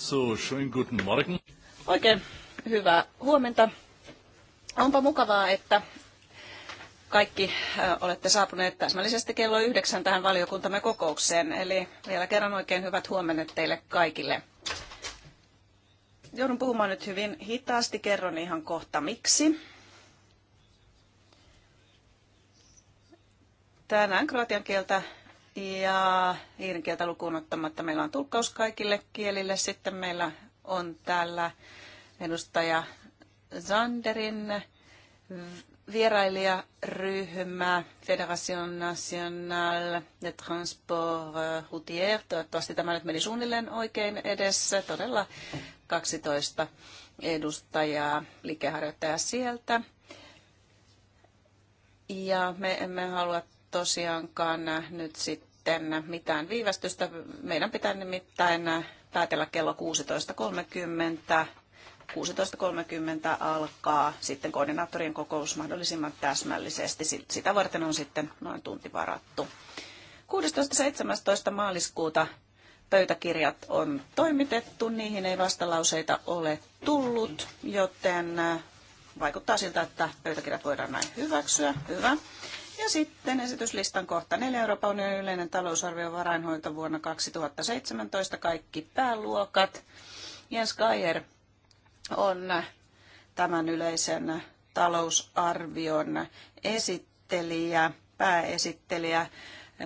So, schönen guten Morgen. Oikein hyvää huomenta. Onpa mukavaa, että kaikki olette saapuneet täsmällisesti kello yhdeksän tähän valiokuntamme kokoukseen. Eli vielä kerran oikein hyvät huomenet teille kaikille. Joudun puhumaan nyt hyvin hitaasti, kerron ihan kohta miksi. Tänään kroatian kieltä ja kieltä lukuun ottamatta meillä on tulkkaus kaikille kielille. Sitten meillä on täällä edustaja Zanderin vierailijaryhmä Federation Nationale de Transport Routier. Toivottavasti tämä nyt meni suunnilleen oikein edessä. Todella 12 edustajaa, liikeharjoittajaa sieltä. Ja me emme halua tosiaankaan nyt sitten mitään viivästystä. Meidän pitää nimittäin päätellä kello 16.30. 16.30 alkaa sitten koordinaattorien kokous mahdollisimman täsmällisesti. Sitä varten on sitten noin tunti varattu. 16.17. maaliskuuta pöytäkirjat on toimitettu, niihin ei vastalauseita ole tullut, joten vaikuttaa siltä, että pöytäkirjat voidaan näin hyväksyä. Hyvä. Ja sitten esityslistan kohta 4 Euroopan unionin yleinen talousarvio varainhoito vuonna 2017, kaikki pääluokat. Jens Geier on tämän yleisen talousarvion esittelijä, pääesittelijä.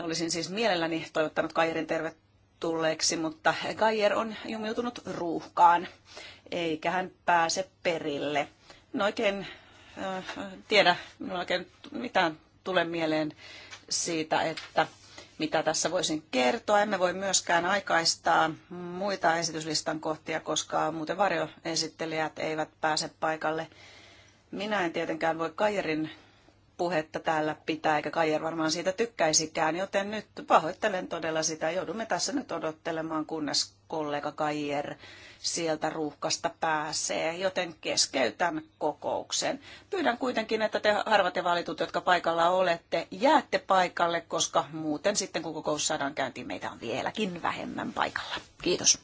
Olisin siis mielelläni toivottanut Kaijerin tervetulleeksi, mutta Kajer on jumiutunut ruuhkaan, eikä hän pääse perille. No oikein äh, tiedä, no oikein mitään tule mieleen siitä, että mitä tässä voisin kertoa. Emme voi myöskään aikaistaa muita esityslistan kohtia, koska muuten varjoesittelijät eivät pääse paikalle. Minä en tietenkään voi Kajerin puhetta täällä pitää, eikä Kajer varmaan siitä tykkäisikään, joten nyt pahoittelen todella sitä. Joudumme tässä nyt odottelemaan, kunnes kollega Kajer sieltä ruuhkasta pääsee, joten keskeytän kokouksen. Pyydän kuitenkin, että te harvat ja valitut, jotka paikalla olette, jäätte paikalle, koska muuten sitten kun kokous saadaan käyntiin, meitä on vieläkin vähemmän paikalla. Kiitos.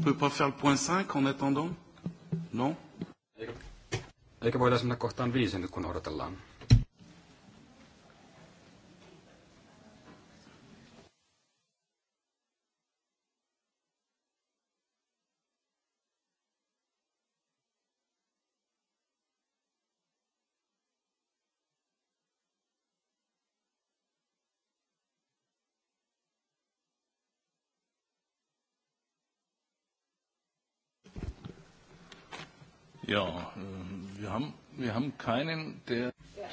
ne peut pas faire le point 5 en attendant? Non? Eikö voitaisiin mennä kohtaan viisi nyt, kun odotellaan? Äh,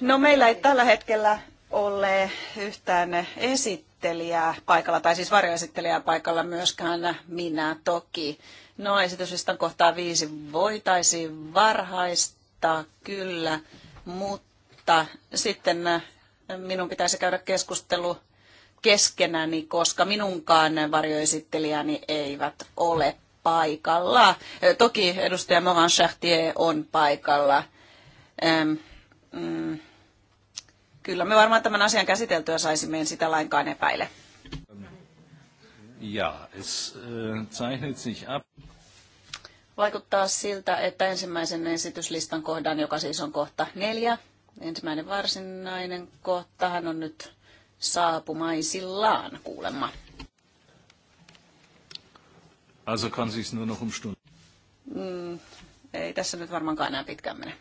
no meillä ei tällä hetkellä ole yhtään esittelijää paikalla, tai siis varjoesittelijää paikalla myöskään minä toki. No esityslistan kohtaa viisi voitaisiin varhaistaa kyllä, mutta sitten minun pitäisi käydä keskustelu keskenäni, koska minunkaan varjoesittelijäni eivät ole paikalla. Toki edustaja Moran Chartier on paikalla. Ähm, mm, kyllä me varmaan tämän asian käsiteltyä saisimme, en sitä lainkaan epäile. Ja, es äh, sich ab. Vaikuttaa siltä, että ensimmäisen esityslistan kohdan, joka siis on kohta neljä, ensimmäinen varsinainen kohtahan on nyt saapumaisillaan kuulemma. Also kann sich's nur noch um Stunden. Mm, ei tässä nyt varmaankaan enää pitkään mene.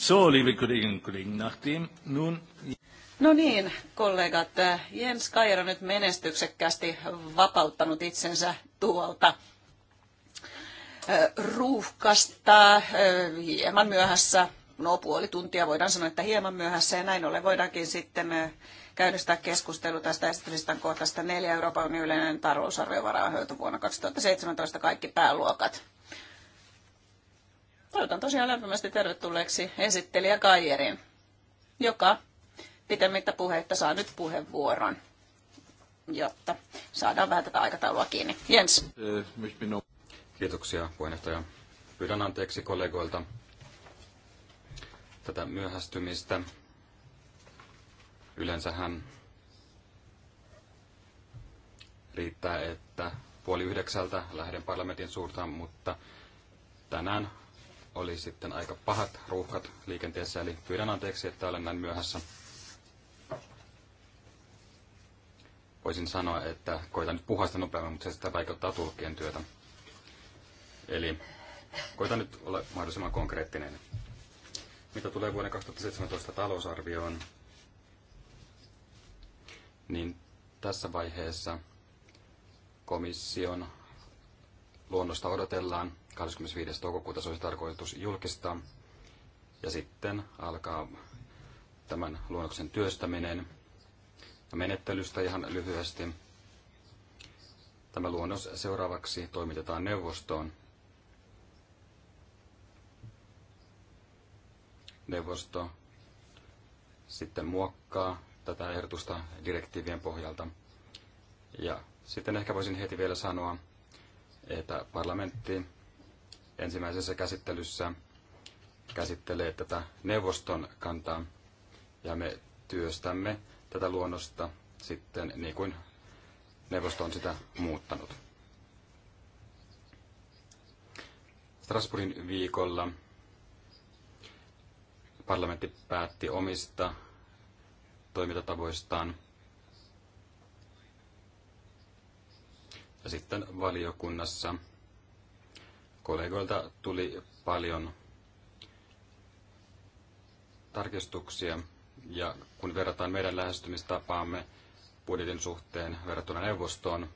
So, liebe Kolleginnen und Kollegen, nachdem nun... No niin, kollegat. Jens Kajer on nyt menestyksekkäästi vapauttanut itsensä tuolta ruuhkasta, hieman myöhässä, no puoli tuntia voidaan sanoa, että hieman myöhässä ja näin ollen voidaankin sitten käynnistää keskustelu tästä esityslistan kohtaista neljä Euroopan yleinen talousarvio vuonna 2017 kaikki pääluokat. Toivotan tosiaan lämpimästi tervetulleeksi esittelijä Kaijerin, joka pitemmittä puheitta saa nyt puheenvuoron, jotta saadaan vähän tätä aikataulua kiinni. Jens. Kiitoksia puheenjohtaja. Pyydän anteeksi kollegoilta tätä myöhästymistä. Yleensähän riittää, että puoli yhdeksältä lähden parlamentin suurtaan, mutta tänään oli sitten aika pahat ruuhkat liikenteessä, eli pyydän anteeksi, että olen näin myöhässä. Voisin sanoa, että koitan nyt sitä nopeammin, mutta se sitä vaikuttaa tulkkien työtä. Eli koitan nyt olla mahdollisimman konkreettinen. Mitä tulee vuoden 2017 talousarvioon, niin tässä vaiheessa komission luonnosta odotellaan 25. toukokuuta se olisi tarkoitus julkistaa. Ja sitten alkaa tämän luonnoksen työstäminen. Menettelystä ihan lyhyesti. Tämä luonnos seuraavaksi toimitetaan neuvostoon. Neuvosto sitten muokkaa tätä ehdotusta direktiivien pohjalta. Ja sitten ehkä voisin heti vielä sanoa, että parlamentti ensimmäisessä käsittelyssä käsittelee tätä neuvoston kantaa ja me työstämme tätä luonnosta sitten niin kuin neuvosto on sitä muuttanut. Strasbourgin viikolla parlamentti päätti omista toimintatavoistaan. Ja sitten valiokunnassa – kollegoilta tuli paljon tarkistuksia ja kun verrataan meidän lähestymistapaamme budjetin suhteen verrattuna neuvostoon,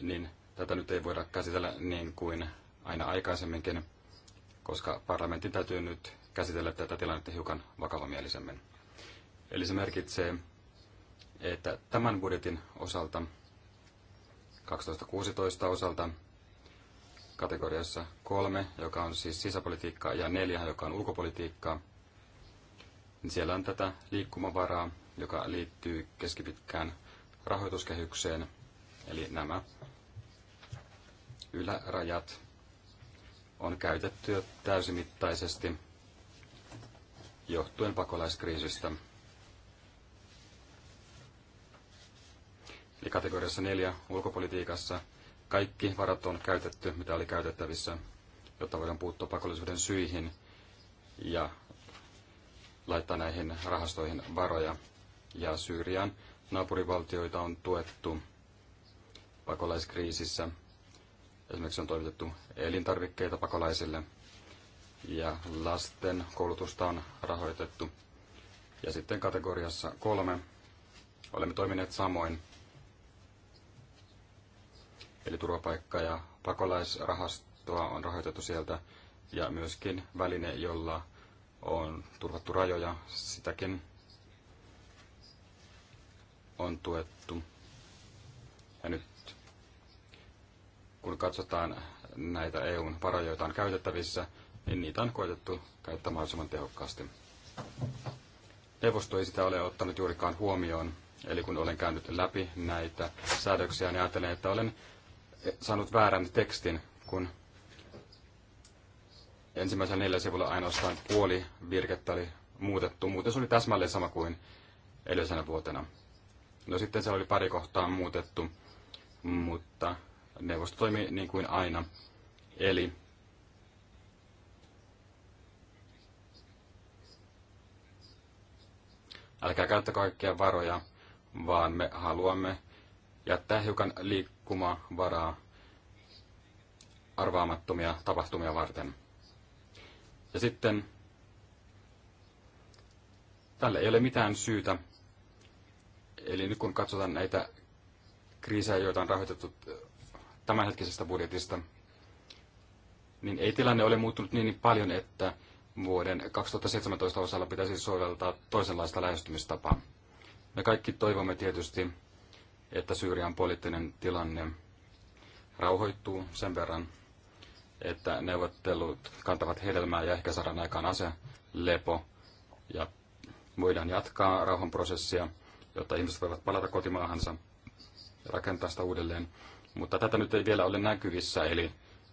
niin tätä nyt ei voida käsitellä niin kuin aina aikaisemminkin, koska parlamentin täytyy nyt käsitellä tätä tilannetta hiukan vakavamielisemmin. Eli se merkitsee, että tämän budjetin osalta – 2016 osalta kategoriassa kolme, joka on siis sisäpolitiikkaa, ja neljä, joka on ulkopolitiikkaa, niin siellä on tätä liikkumavaraa, joka liittyy keskipitkään rahoituskehykseen, eli nämä ylärajat on käytetty täysimittaisesti johtuen pakolaiskriisistä. Ja kategoriassa neljä ulkopolitiikassa kaikki varat on käytetty, mitä oli käytettävissä, jotta voidaan puuttua pakollisuuden syihin ja laittaa näihin rahastoihin varoja. Ja Syyrian naapurivaltioita on tuettu pakolaiskriisissä. Esimerkiksi on toimitettu elintarvikkeita pakolaisille ja lasten koulutusta on rahoitettu. Ja sitten kategoriassa kolme olemme toimineet samoin Eli turvapaikka- ja pakolaisrahastoa on rahoitettu sieltä ja myöskin väline, jolla on turvattu rajoja, sitäkin on tuettu. Ja nyt kun katsotaan näitä EUn varoja, joita on käytettävissä, niin niitä on koetettu käyttää mahdollisimman tehokkaasti. Neuvosto ei sitä ole ottanut juurikaan huomioon, eli kun olen käynyt läpi näitä säädöksiä, niin ajattelen, että olen saanut väärän tekstin, kun ensimmäisellä neljä sivulla ainoastaan puoli virkettä oli muutettu. Muuten se oli täsmälleen sama kuin edellisenä vuotena. No sitten siellä oli pari kohtaa muutettu, mutta neuvosto toimi niin kuin aina. Eli älkää käyttäkö kaikkia varoja, vaan me haluamme jättää hiukan liikkeelle varaa arvaamattomia tapahtumia varten. Ja sitten tälle ei ole mitään syytä. Eli nyt kun katsotaan näitä kriisejä, joita on rahoitettu äh, tämänhetkisestä budjetista, niin ei tilanne ole muuttunut niin paljon, että vuoden 2017 osalla pitäisi soveltaa toisenlaista lähestymistapaa. Me kaikki toivomme tietysti, että Syyrian poliittinen tilanne rauhoittuu sen verran, että neuvottelut kantavat hedelmää ja ehkä saadaan aikaan ase, lepo ja voidaan jatkaa rauhanprosessia, jotta ihmiset voivat palata kotimaahansa ja rakentaa sitä uudelleen. Mutta tätä nyt ei vielä ole näkyvissä, eli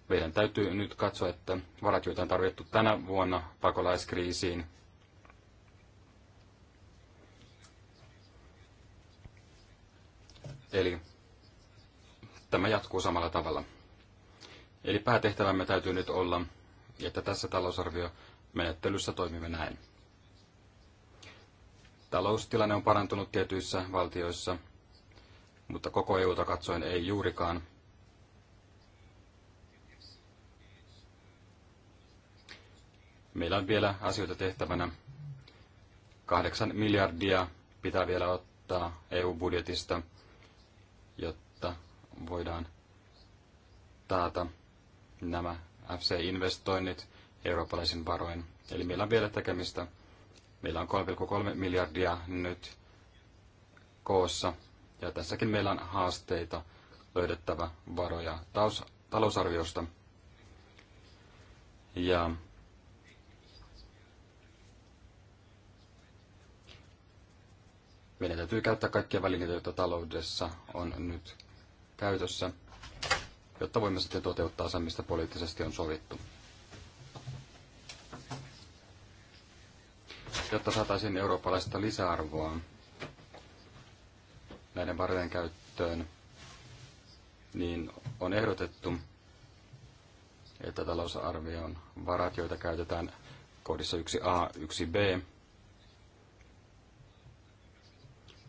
meidän täytyy nyt katsoa, että varat, joita on tarvittu tänä vuonna pakolaiskriisiin, Eli tämä jatkuu samalla tavalla. Eli päätehtävämme täytyy nyt olla, että tässä talousarviomenettelyssä toimimme näin. Taloustilanne on parantunut tietyissä valtioissa, mutta koko EUta katsoen ei juurikaan. Meillä on vielä asioita tehtävänä. Kahdeksan miljardia pitää vielä ottaa EU-budjetista – voidaan taata nämä FC-investoinnit eurooppalaisin varoin. Eli meillä on vielä tekemistä. Meillä on 3,3 miljardia nyt koossa. Ja tässäkin meillä on haasteita löydettävä varoja taus, talousarviosta. Ja meidän täytyy käyttää kaikkia välineitä, joita taloudessa on nyt käytössä, jotta voimme sitten toteuttaa sen, mistä poliittisesti on sovittu. Jotta saataisiin eurooppalaista lisäarvoa näiden varojen käyttöön, niin on ehdotettu, että talousarvion varat, joita käytetään kohdissa 1a, 1b,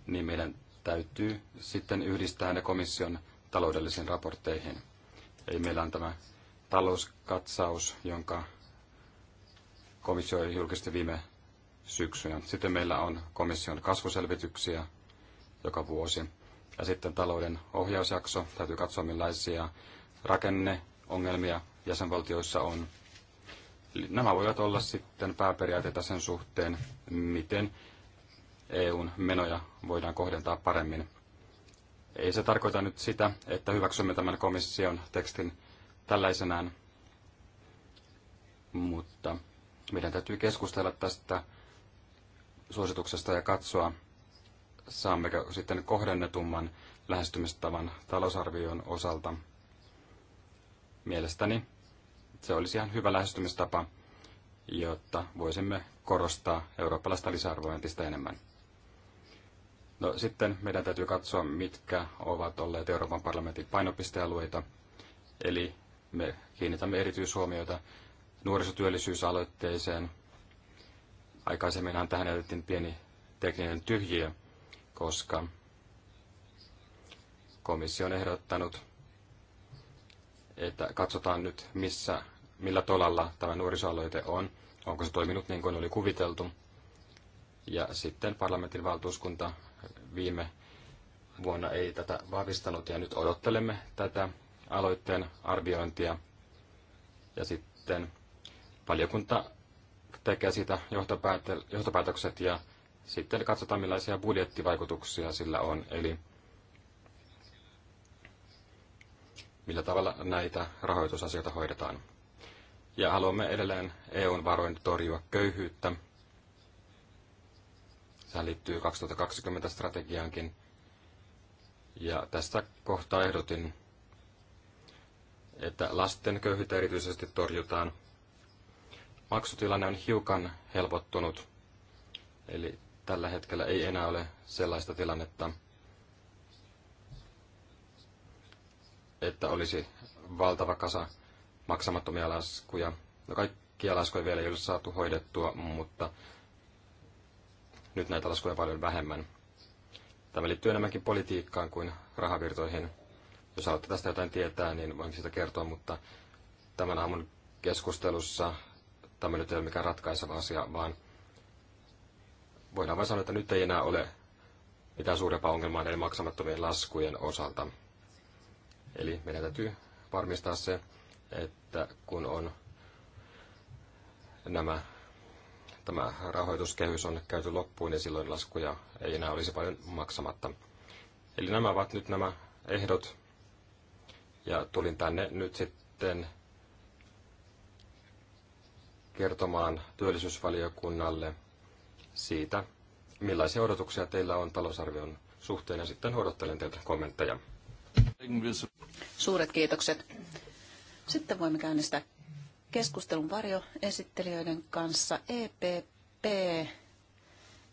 niin meidän täytyy sitten yhdistää ne komission taloudellisiin raportteihin. Eli meillä on tämä talouskatsaus, jonka komissio julkisti viime syksynä. Sitten meillä on komission kasvuselvityksiä joka vuosi. Ja sitten talouden ohjausjakso. Täytyy katsoa, millaisia rakenneongelmia jäsenvaltioissa on. nämä voivat olla sitten pääperiaatteita sen suhteen, miten EUn menoja voidaan kohdentaa paremmin. Ei se tarkoita nyt sitä, että hyväksymme tämän komission tekstin tällaisenaan, mutta meidän täytyy keskustella tästä suosituksesta ja katsoa, saammeko sitten kohdennetumman lähestymistavan talousarvion osalta. Mielestäni se olisi ihan hyvä lähestymistapa, jotta voisimme korostaa eurooppalaista lisäarvoa entistä enemmän. No, sitten meidän täytyy katsoa, mitkä ovat olleet Euroopan parlamentin painopistealueita. Eli me kiinnitämme erityishuomiota nuorisotyöllisyysaloitteeseen. Aikaisemminhan tähän jätettiin pieni tekninen tyhjiö, koska komissio on ehdottanut, että katsotaan nyt, missä, millä tolalla tämä nuorisoaloite on, onko se toiminut niin kuin oli kuviteltu. Ja sitten parlamentin valtuuskunta viime vuonna ei tätä vahvistanut ja nyt odottelemme tätä aloitteen arviointia ja sitten valiokunta tekee siitä johtopäätökset ja sitten katsotaan millaisia budjettivaikutuksia sillä on, eli millä tavalla näitä rahoitusasioita hoidetaan. Ja haluamme edelleen EUn varoin torjua köyhyyttä. Sehän liittyy 2020 strategiaankin. Ja tästä kohtaa ehdotin, että lasten köyhyyttä erityisesti torjutaan. Maksutilanne on hiukan helpottunut, eli tällä hetkellä ei enää ole sellaista tilannetta, että olisi valtava kasa maksamattomia laskuja. No kaikkia laskuja vielä ei ole saatu hoidettua, mutta nyt näitä laskuja on paljon vähemmän. Tämä liittyy enemmänkin politiikkaan kuin rahavirtoihin. Jos haluatte tästä jotain tietää, niin voin sitä kertoa, mutta tämän aamun keskustelussa tämä nyt ei ole mikään ratkaiseva asia, vaan voidaan vain sanoa, että nyt ei enää ole mitään suurempaa ongelmaa näiden maksamattomien laskujen osalta. Eli meidän täytyy varmistaa se, että kun on nämä tämä rahoituskehys on käyty loppuun ja silloin laskuja ei enää olisi paljon maksamatta. Eli nämä ovat nyt nämä ehdot. Ja tulin tänne nyt sitten kertomaan työllisyysvaliokunnalle siitä, millaisia odotuksia teillä on talousarvion suhteen ja sitten odottelen teiltä kommentteja. Suuret kiitokset. Sitten voimme käynnistää keskustelun varjo esittelijöiden kanssa. EPP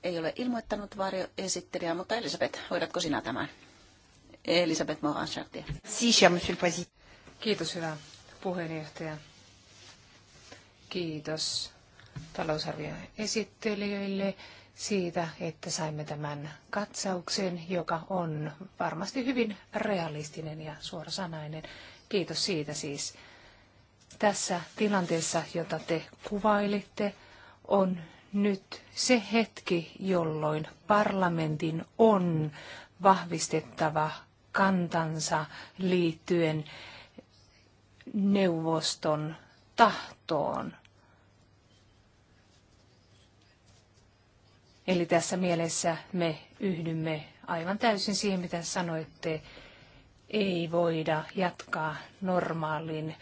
ei ole ilmoittanut varjo esittelijää, mutta Elisabeth, hoidatko sinä tämän? Elisabeth morin Si, monsieur le président. Kiitos, hyvä puheenjohtaja. Kiitos talousarvion esittelijöille siitä, että saimme tämän katsauksen, joka on varmasti hyvin realistinen ja suorasanainen. Kiitos siitä siis tässä tilanteessa, jota te kuvailitte, on nyt se hetki, jolloin parlamentin on vahvistettava kantansa liittyen neuvoston tahtoon. Eli tässä mielessä me yhdymme aivan täysin siihen, mitä sanoitte. Ei voida jatkaa normaalin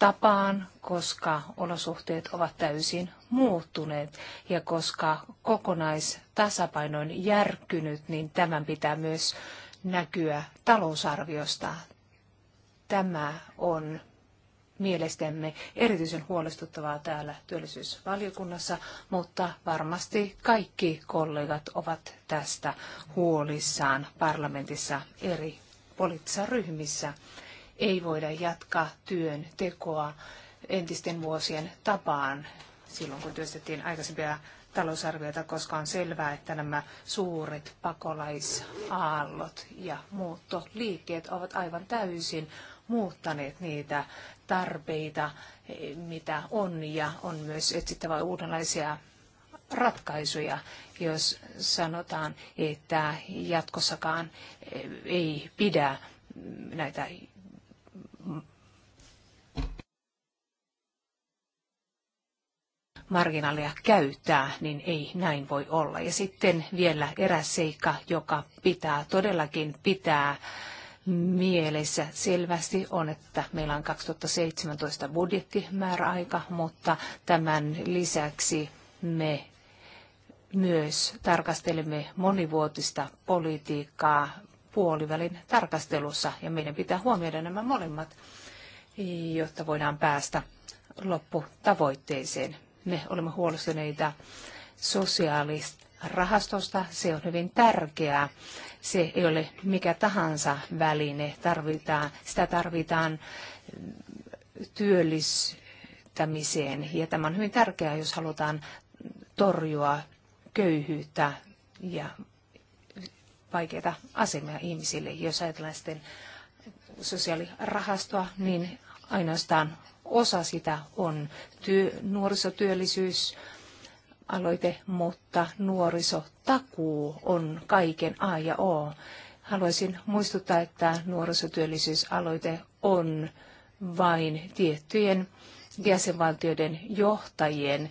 tapaan, koska olosuhteet ovat täysin muuttuneet ja koska kokonaistasapaino on järkkynyt, niin tämän pitää myös näkyä talousarviosta. Tämä on mielestämme erityisen huolestuttavaa täällä työllisyysvaliokunnassa, mutta varmasti kaikki kollegat ovat tästä huolissaan parlamentissa eri poliittisissa ryhmissä ei voida jatkaa työn tekoa entisten vuosien tapaan silloin, kun työstettiin aikaisempia talousarviota, koska on selvää, että nämä suuret pakolaisaallot ja muuttoliikkeet ovat aivan täysin muuttaneet niitä tarpeita, mitä on, ja on myös etsittävä uudenlaisia ratkaisuja, jos sanotaan, että jatkossakaan ei pidä näitä marginaaleja käyttää, niin ei näin voi olla. Ja sitten vielä eräs seikka, joka pitää todellakin pitää mielessä selvästi on, että meillä on 2017 budjettimääräaika, mutta tämän lisäksi me myös tarkastelemme monivuotista politiikkaa puolivälin tarkastelussa ja meidän pitää huomioida nämä molemmat, jotta voidaan päästä lopputavoitteeseen me olemme huolestuneita sosiaalista rahastosta. Se on hyvin tärkeää. Se ei ole mikä tahansa väline. Tarvitaan, sitä tarvitaan työllistämiseen. Ja tämä on hyvin tärkeää, jos halutaan torjua köyhyyttä ja vaikeita asemia ihmisille. Jos ajatellaan sitten sosiaalirahastoa, niin ainoastaan osa sitä on työ, nuorisotyöllisyys, aloite, mutta nuorisotakuu on kaiken A ja O. Haluaisin muistuttaa, että nuorisotyöllisyysaloite on vain tiettyjen jäsenvaltioiden johtajien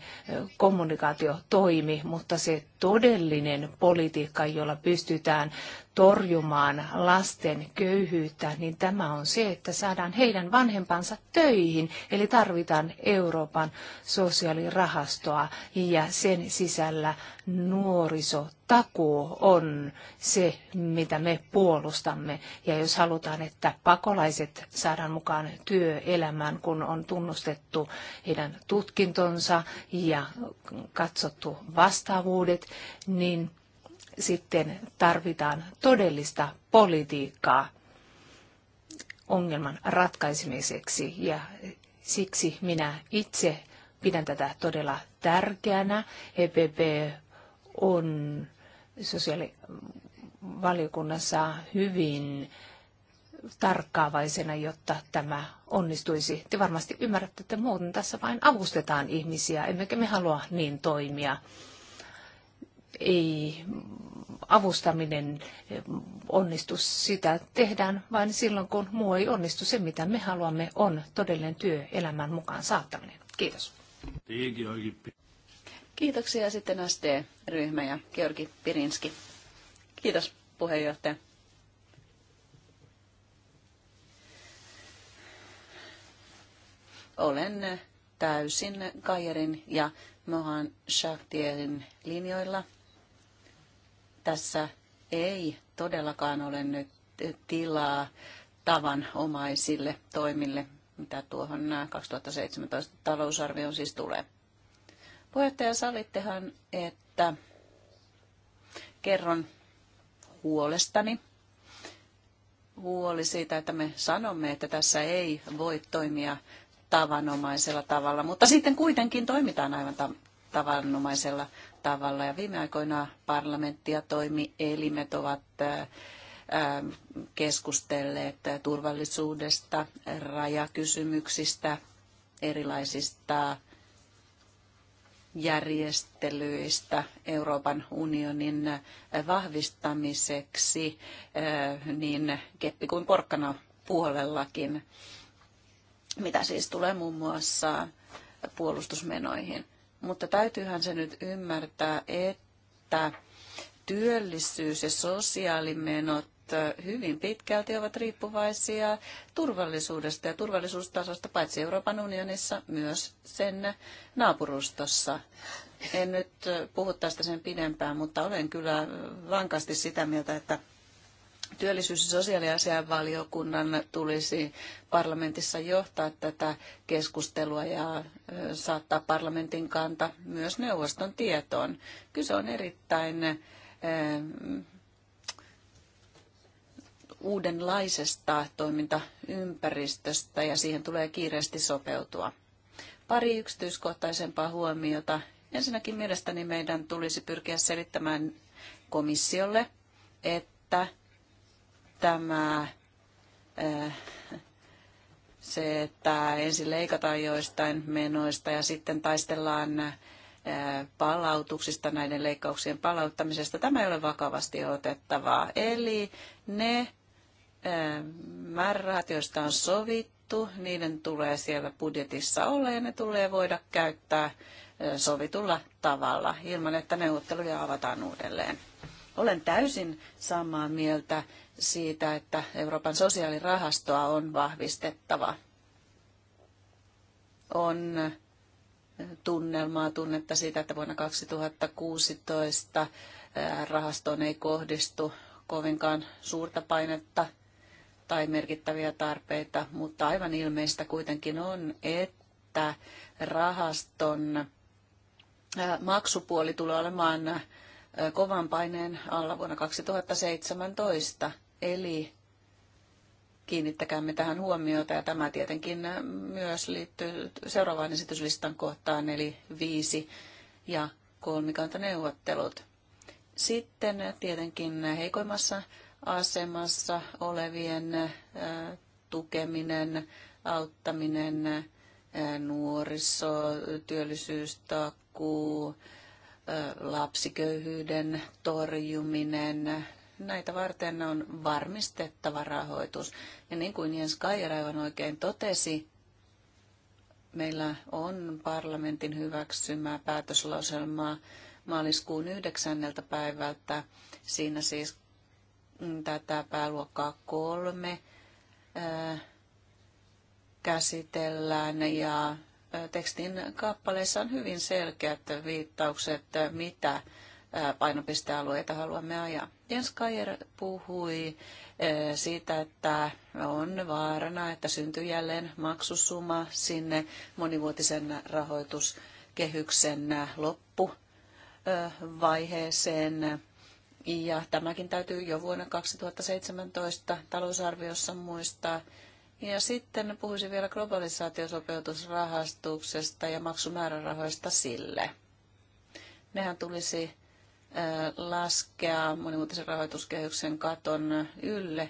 kommunikaatiotoimi, mutta se todellinen politiikka, jolla pystytään torjumaan lasten köyhyyttä, niin tämä on se, että saadaan heidän vanhempansa töihin. Eli tarvitaan Euroopan sosiaalirahastoa ja sen sisällä nuorisotakuu on se, mitä me puolustamme. Ja jos halutaan, että pakolaiset saadaan mukaan työelämään, kun on tunnustettu heidän tutkintonsa ja katsottu vastaavuudet, niin sitten tarvitaan todellista politiikkaa ongelman ratkaisemiseksi. Ja siksi minä itse pidän tätä todella tärkeänä. EPP on sosiaalivaliokunnassa hyvin tarkkaavaisena, jotta tämä onnistuisi. Te varmasti ymmärrätte, että muuten tässä vain avustetaan ihmisiä, emmekä me halua niin toimia ei avustaminen eh, onnistu. Sitä tehdään vain silloin, kun muu ei onnistu. Se, mitä me haluamme, on todellinen työ elämän mukaan saattaminen. Kiitos. Kiitoksia sitten ST-ryhmä ja Georgi Pirinski. Kiitos puheenjohtaja. Olen täysin Kajerin ja Mohan Shaftierin linjoilla – tässä ei todellakaan ole nyt tilaa tavanomaisille toimille, mitä tuohon 2017 talousarvioon siis tulee. Puheenjohtaja, sallittehan, että kerron huolestani. Huoli siitä, että me sanomme, että tässä ei voi toimia tavanomaisella tavalla, mutta sitten kuitenkin toimitaan aivan ta- tavanomaisella tavalla. Ja viime aikoina parlamentti ja toimielimet ovat keskustelleet turvallisuudesta, rajakysymyksistä, erilaisista järjestelyistä Euroopan unionin vahvistamiseksi niin keppi kuin porkkana puolellakin, mitä siis tulee muun muassa puolustusmenoihin. Mutta täytyyhän se nyt ymmärtää, että työllisyys ja sosiaalimenot hyvin pitkälti ovat riippuvaisia turvallisuudesta ja turvallisuustasosta paitsi Euroopan unionissa myös sen naapurustossa. En nyt puhu tästä sen pidempään, mutta olen kyllä vankasti sitä mieltä, että työllisyys- ja sosiaaliasianvaliokunnan tulisi parlamentissa johtaa tätä keskustelua ja saattaa parlamentin kanta myös neuvoston tietoon. Kyse on erittäin uudenlaisesta toimintaympäristöstä ja siihen tulee kiireesti sopeutua. Pari yksityiskohtaisempaa huomiota. Ensinnäkin mielestäni meidän tulisi pyrkiä selittämään komissiolle, että tämä eh, se, että ensin leikataan joistain menoista ja sitten taistellaan eh, palautuksista, näiden leikkauksien palauttamisesta. Tämä ei ole vakavasti otettavaa. Eli ne eh, määrärahat, joista on sovittu, niiden tulee siellä budjetissa olla ja ne tulee voida käyttää sovitulla tavalla ilman, että neuvotteluja avataan uudelleen. Olen täysin samaa mieltä siitä, että Euroopan sosiaalirahastoa on vahvistettava. On tunnelmaa, tunnetta siitä, että vuonna 2016 rahastoon ei kohdistu kovinkaan suurta painetta tai merkittäviä tarpeita, mutta aivan ilmeistä kuitenkin on, että rahaston maksupuoli tulee olemaan kovan paineen alla vuonna 2017. Eli kiinnittäkäämme tähän huomiota ja tämä tietenkin myös liittyy seuraavaan esityslistan kohtaan eli viisi ja kolmikantaneuvottelut. Sitten tietenkin heikoimmassa asemassa olevien tukeminen, auttaminen, nuoriso, työllisyystakuu, lapsiköyhyyden torjuminen, Näitä varten on varmistettava rahoitus. Ja niin kuin Jens Kajer aivan oikein totesi, meillä on parlamentin hyväksymää päätöslauselmaa maaliskuun 9. päivältä. Siinä siis mm, tätä pääluokkaa kolme käsitellään ja tekstin kappaleissa on hyvin selkeät viittaukset, mitä painopistealueita haluamme ajaa. Jens Kajer puhui siitä, että on vaarana, että syntyy jälleen maksusuma sinne monivuotisen rahoituskehyksen loppuvaiheeseen. Ja tämäkin täytyy jo vuonna 2017 talousarviossa muistaa. Ja sitten puhuisin vielä globalisaatiosopeutusrahastuksesta ja maksumäärärahoista sille. Nehän tulisi laskea monimuotoisen rahoituskehyksen katon ylle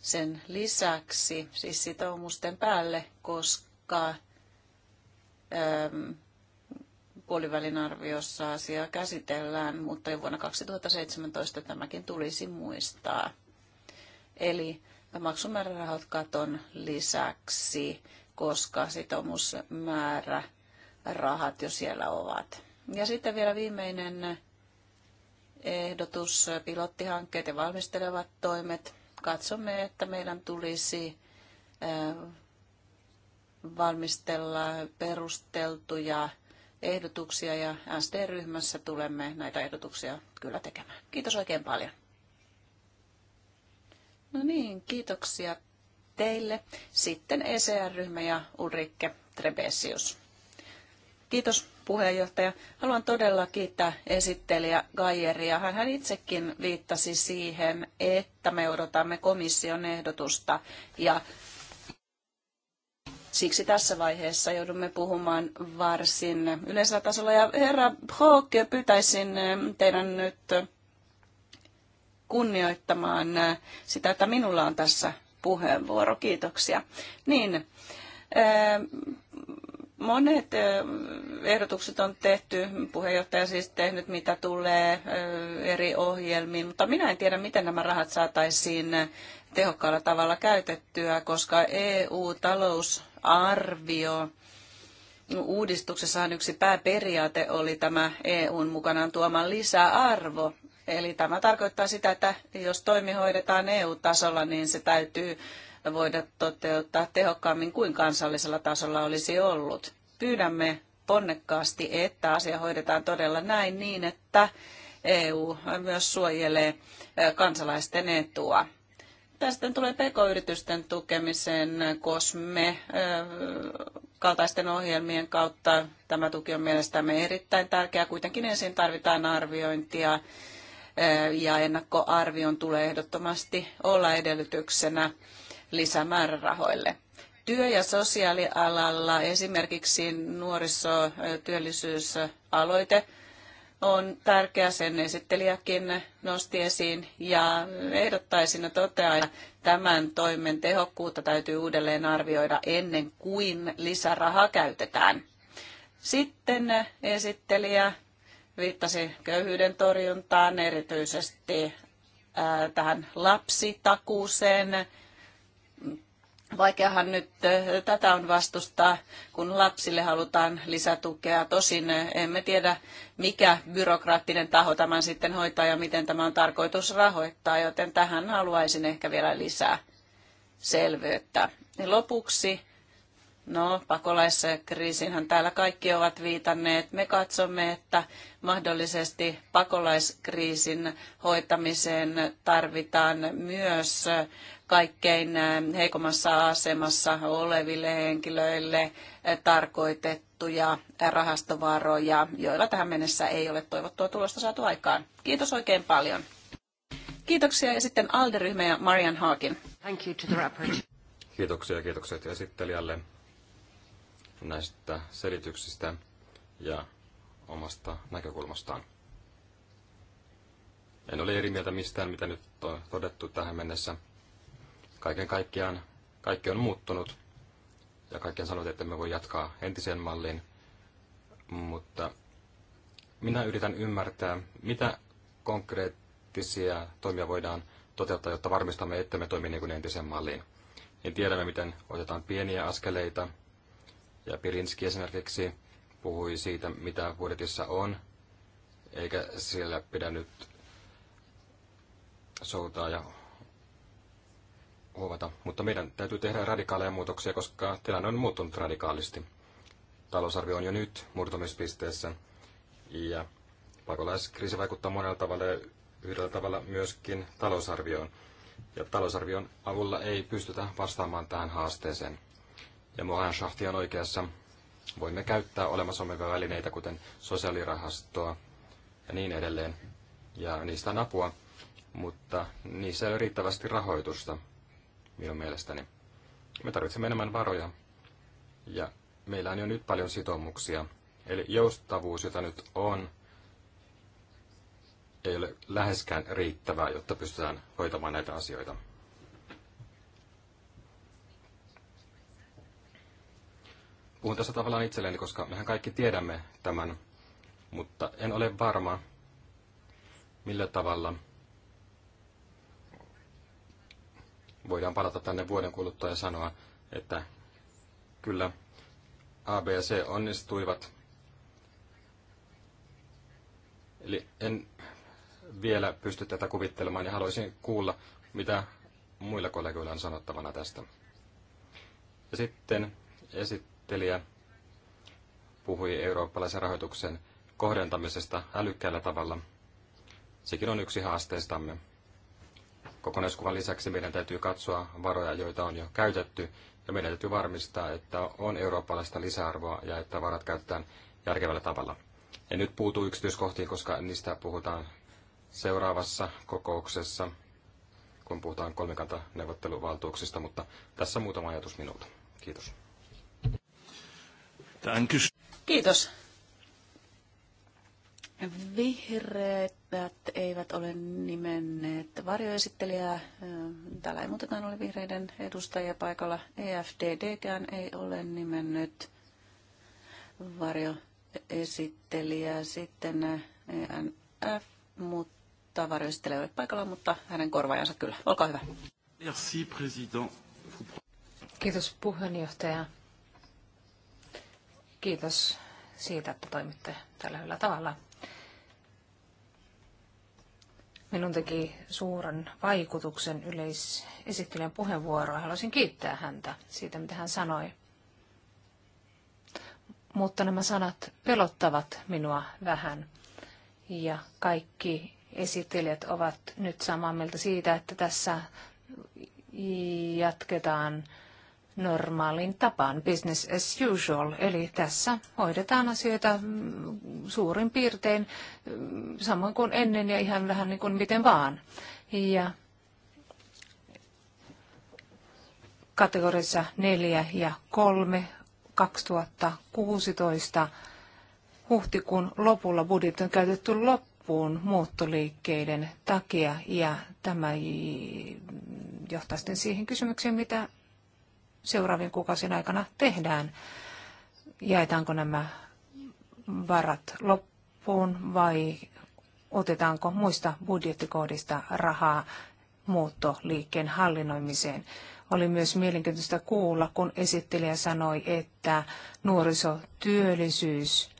sen lisäksi, siis sitoumusten päälle, koska puolivälin arviossa asiaa käsitellään, mutta jo vuonna 2017 tämäkin tulisi muistaa. Eli maksumäärärahat katon lisäksi, koska sitoumusmäärä rahat jo siellä ovat. Ja sitten vielä viimeinen ehdotus, pilottihankkeet ja valmistelevat toimet. Katsomme, että meidän tulisi valmistella perusteltuja ehdotuksia ja SD-ryhmässä tulemme näitä ehdotuksia kyllä tekemään. Kiitos oikein paljon. No niin, kiitoksia teille. Sitten ECR-ryhmä ja Ulrike Trebesius. Kiitos puheenjohtaja. Haluan todella kiittää esittelijä Gajeria. Hän itsekin viittasi siihen, että me odotamme komission ehdotusta ja Siksi tässä vaiheessa joudumme puhumaan varsin yleisellä tasolla. Ja herra Brock, pyytäisin teidän nyt kunnioittamaan sitä, että minulla on tässä puheenvuoro. Kiitoksia. Niin, Monet ehdotukset on tehty, puheenjohtaja siis tehnyt, mitä tulee eri ohjelmiin, mutta minä en tiedä, miten nämä rahat saataisiin tehokkaalla tavalla käytettyä, koska EU-talousarvio uudistuksessahan yksi pääperiaate oli tämä EUn mukanaan tuoma lisäarvo. Eli tämä tarkoittaa sitä, että jos toimi hoidetaan EU-tasolla, niin se täytyy voida toteuttaa tehokkaammin kuin kansallisella tasolla olisi ollut. Pyydämme ponnekkaasti, että asia hoidetaan todella näin niin, että EU myös suojelee eh, kansalaisten etua. Tästä tulee pk-yritysten tukemisen kosme eh, kaltaisten ohjelmien kautta. Tämä tuki on mielestämme erittäin tärkeää. Kuitenkin ensin tarvitaan arviointia eh, ja ennakkoarvion tulee ehdottomasti olla edellytyksenä lisämäärärahoille. Työ- ja sosiaalialalla esimerkiksi nuorisotyöllisyysaloite on tärkeä, sen esittelijäkin nosti esiin ja ehdottaisin ja toteaa, että tämän toimen tehokkuutta täytyy uudelleen arvioida ennen kuin lisäraha käytetään. Sitten esittelijä viittasi köyhyyden torjuntaan, erityisesti tähän lapsitakuuseen Vaikeahan nyt eh, tätä on vastustaa, kun lapsille halutaan lisätukea. Tosin eh, emme tiedä, mikä byrokraattinen taho tämän sitten hoitaa ja miten tämä on tarkoitus rahoittaa, joten tähän haluaisin ehkä vielä lisää selvyyttä. Lopuksi, no pakolaiskriisinhan täällä kaikki ovat viitanneet. Me katsomme, että mahdollisesti pakolaiskriisin hoitamiseen tarvitaan myös eh, kaikkein heikommassa asemassa oleville henkilöille tarkoitettuja rahastovaroja, joilla tähän mennessä ei ole toivottua tulosta saatu aikaan. Kiitos oikein paljon. Kiitoksia ja sitten Alderyhmä ja Marian Haakin. Thank you to the Kiitoksia ja kiitokset esittelijälle näistä selityksistä ja omasta näkökulmastaan. En ole eri mieltä mistään, mitä nyt on todettu tähän mennessä kaiken kaikkiaan kaikki on muuttunut ja kaikki on sanonut, että me voi jatkaa entiseen malliin, mutta minä yritän ymmärtää, mitä konkreettisia toimia voidaan toteuttaa, jotta varmistamme, että me toimii niin kuin entiseen malliin. Niin tiedämme, miten otetaan pieniä askeleita. Ja Pirinski esimerkiksi puhui siitä, mitä budjetissa on, eikä siellä pidä nyt soutaa ja huovata, mutta meidän täytyy tehdä radikaaleja muutoksia, koska tilanne on muuttunut radikaalisti. Talousarvio on jo nyt murtumispisteessä ja pakolaiskriisi vaikuttaa monella tavalla ja yhdellä tavalla myöskin talousarvioon. Ja talousarvion avulla ei pystytä vastaamaan tähän haasteeseen. Ja Mohan Shahti on oikeassa. Voimme käyttää olemassa olevia välineitä, kuten sosiaalirahastoa ja niin edelleen. Ja niistä on apua, mutta niissä ei ole riittävästi rahoitusta minun mielestäni. Me tarvitsemme enemmän varoja ja meillä on jo nyt paljon sitoumuksia. Eli joustavuus, jota nyt on, ei ole läheskään riittävää, jotta pystytään hoitamaan näitä asioita. Puhun tässä tavallaan itselleni, koska mehän kaikki tiedämme tämän, mutta en ole varma, millä tavalla voidaan palata tänne vuoden kuluttua ja sanoa, että kyllä A, B ja C onnistuivat. Eli en vielä pysty tätä kuvittelemaan ja haluaisin kuulla, mitä muilla kollegoilla on sanottavana tästä. Ja sitten esittelijä puhui eurooppalaisen rahoituksen kohdentamisesta älykkäällä tavalla. Sekin on yksi haasteistamme kokonaiskuvan lisäksi meidän täytyy katsoa varoja, joita on jo käytetty, ja meidän täytyy varmistaa, että on eurooppalaista lisäarvoa ja että varat käytetään järkevällä tavalla. En nyt puutu yksityiskohtiin, koska niistä puhutaan seuraavassa kokouksessa, kun puhutaan kolmikantaneuvotteluvaltuuksista, mutta tässä muutama ajatus minulta. Kiitos. Kiitos. Vihreät vihreät eivät ole nimenneet varjoesittelijää. Täällä ei muutetaan ole vihreiden edustajia paikalla. EFDDkään ei ole nimennyt varjoesittelijää. Sitten ENF, mutta varjoesittelijä ei ole paikalla, mutta hänen korvaajansa kyllä. Olkaa hyvä. Merci, president. Kiitos puheenjohtaja. Kiitos siitä, että toimitte tällä hyvällä tavalla. Minun teki suuren vaikutuksen yleisesittelijän puheenvuoroa. Haluaisin kiittää häntä siitä, mitä hän sanoi. Mutta nämä sanat pelottavat minua vähän. Ja kaikki esittelijät ovat nyt samaa mieltä siitä, että tässä jatketaan normaalin tapaan, business as usual. Eli tässä hoidetaan asioita mm, suurin piirtein mm, samoin kuin ennen ja ihan vähän niin kuin miten vaan. Ja kategoriassa 4 ja 3 2016 huhtikuun lopulla budjetti on käytetty loppuun muuttoliikkeiden takia ja tämä johtaa sitten siihen kysymykseen, mitä seuraavien kuukausien aikana tehdään. Jaetaanko nämä varat loppuun vai otetaanko muista budjettikohdista rahaa muuttoliikkeen hallinnoimiseen. Oli myös mielenkiintoista kuulla, kun esittelijä sanoi, että nuorisotyöllisyys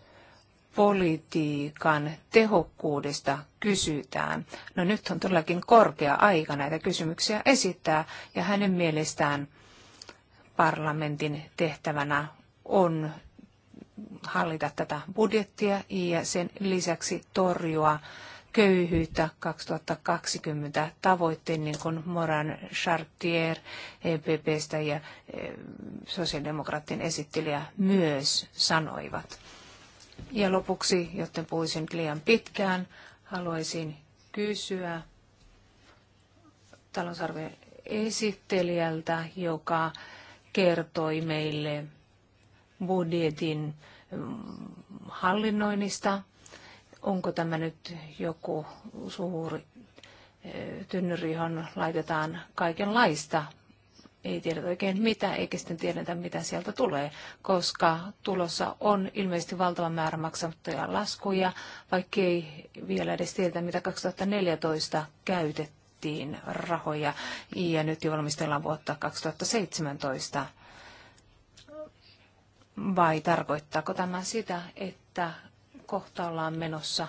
politiikan tehokkuudesta kysytään. No nyt on todellakin korkea aika näitä kysymyksiä esittää ja hänen mielestään parlamentin tehtävänä on hallita tätä budjettia ja sen lisäksi torjua köyhyyttä 2020 tavoitteen, niin kuin Moran Chartier EPPstä ja e, sosiaalidemokraattien esittelijä myös sanoivat. Ja lopuksi, joten puhuisin liian pitkään, haluaisin kysyä talousarvion esittelijältä, joka kertoi meille budjetin mm, hallinnoinnista. Onko tämä nyt joku suuri eh, tynnyri, johon laitetaan kaikenlaista? Ei tiedä oikein mitä, eikä sitten tiedetä mitä sieltä tulee, koska tulossa on ilmeisesti valtava määrä maksamattuja laskuja, vaikka ei vielä edes tiedetä mitä 2014 käytettiin käytettiin rahoja ja nyt jo valmistellaan vuotta 2017. Vai tarkoittaako tämä sitä, että kohta ollaan menossa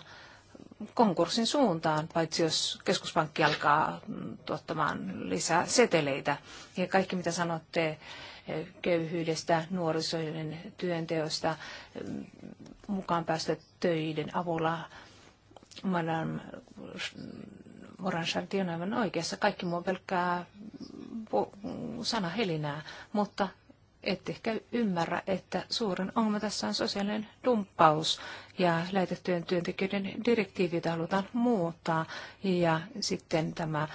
konkurssin suuntaan, paitsi jos keskuspankki alkaa tuottamaan lisää seteleitä. Ja kaikki mitä sanotte köyhyydestä, nuorisoiden työnteosta, mukaan päästä töiden avulla, Madame Moran on aivan oikeassa. Kaikki muu on pelkkää sanahelinää, mutta et ehkä ymmärrä, että suurin ongelma tässä on sosiaalinen dumppaus ja lähetettyjen työntekijöiden direktiiviä halutaan muuttaa. Ja sitten tämä äh,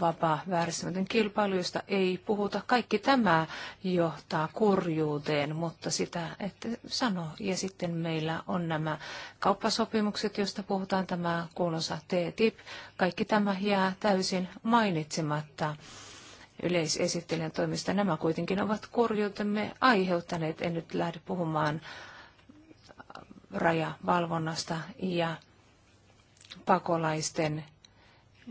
vapaa vääristämätön kilpailu, josta ei puhuta. Kaikki tämä johtaa kurjuuteen, mutta sitä että sano. Ja sitten meillä on nämä kauppasopimukset, joista puhutaan, tämä kuulonsa TTIP. Kaikki tämä jää täysin mainitsematta yleisesittelijän toimista. Nämä kuitenkin ovat kurjuutemme aiheuttaneet. En nyt lähde puhumaan rajavalvonnasta ja pakolaisten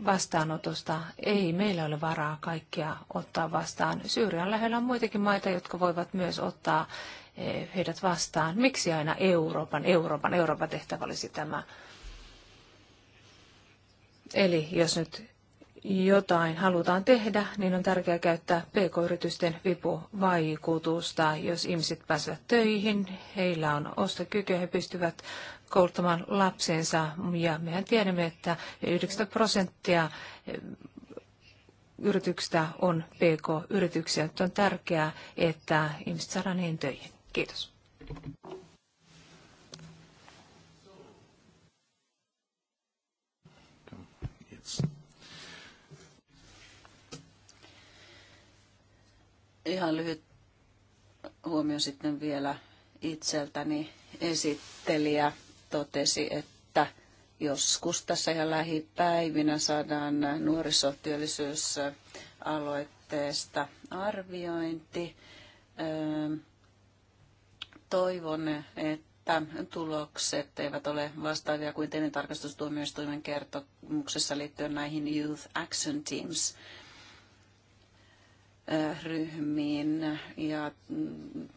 vastaanotosta. Ei meillä ole varaa kaikkia ottaa vastaan. Syyrian lähellä on muitakin maita, jotka voivat myös ottaa eh, heidät vastaan. Miksi aina Euroopan, Euroopan, Euroopan tehtävä olisi tämä? Eli jos nyt jotain halutaan tehdä, niin on tärkeää käyttää pk-yritysten vipuvaikutusta. Jos ihmiset pääsevät töihin, heillä on ostokykyä, he pystyvät kouluttamaan lapsensa. Ja mehän tiedämme, että 90 prosenttia eh, yrityksistä on pk-yrityksiä. Nyt on tärkeää, että ihmiset saadaan niihin töihin. Kiitos. Ihan lyhyt huomio sitten vielä itseltäni. Esittelijä totesi, että joskus tässä ja lähipäivinä saadaan nuorisotyöllisyysaloitteesta arviointi. Öö, toivon, että tulokset eivät ole vastaavia kuin teidän tarkastustuomioistuimen kertomuksessa liittyen näihin Youth Action Teams – ryhmiin ja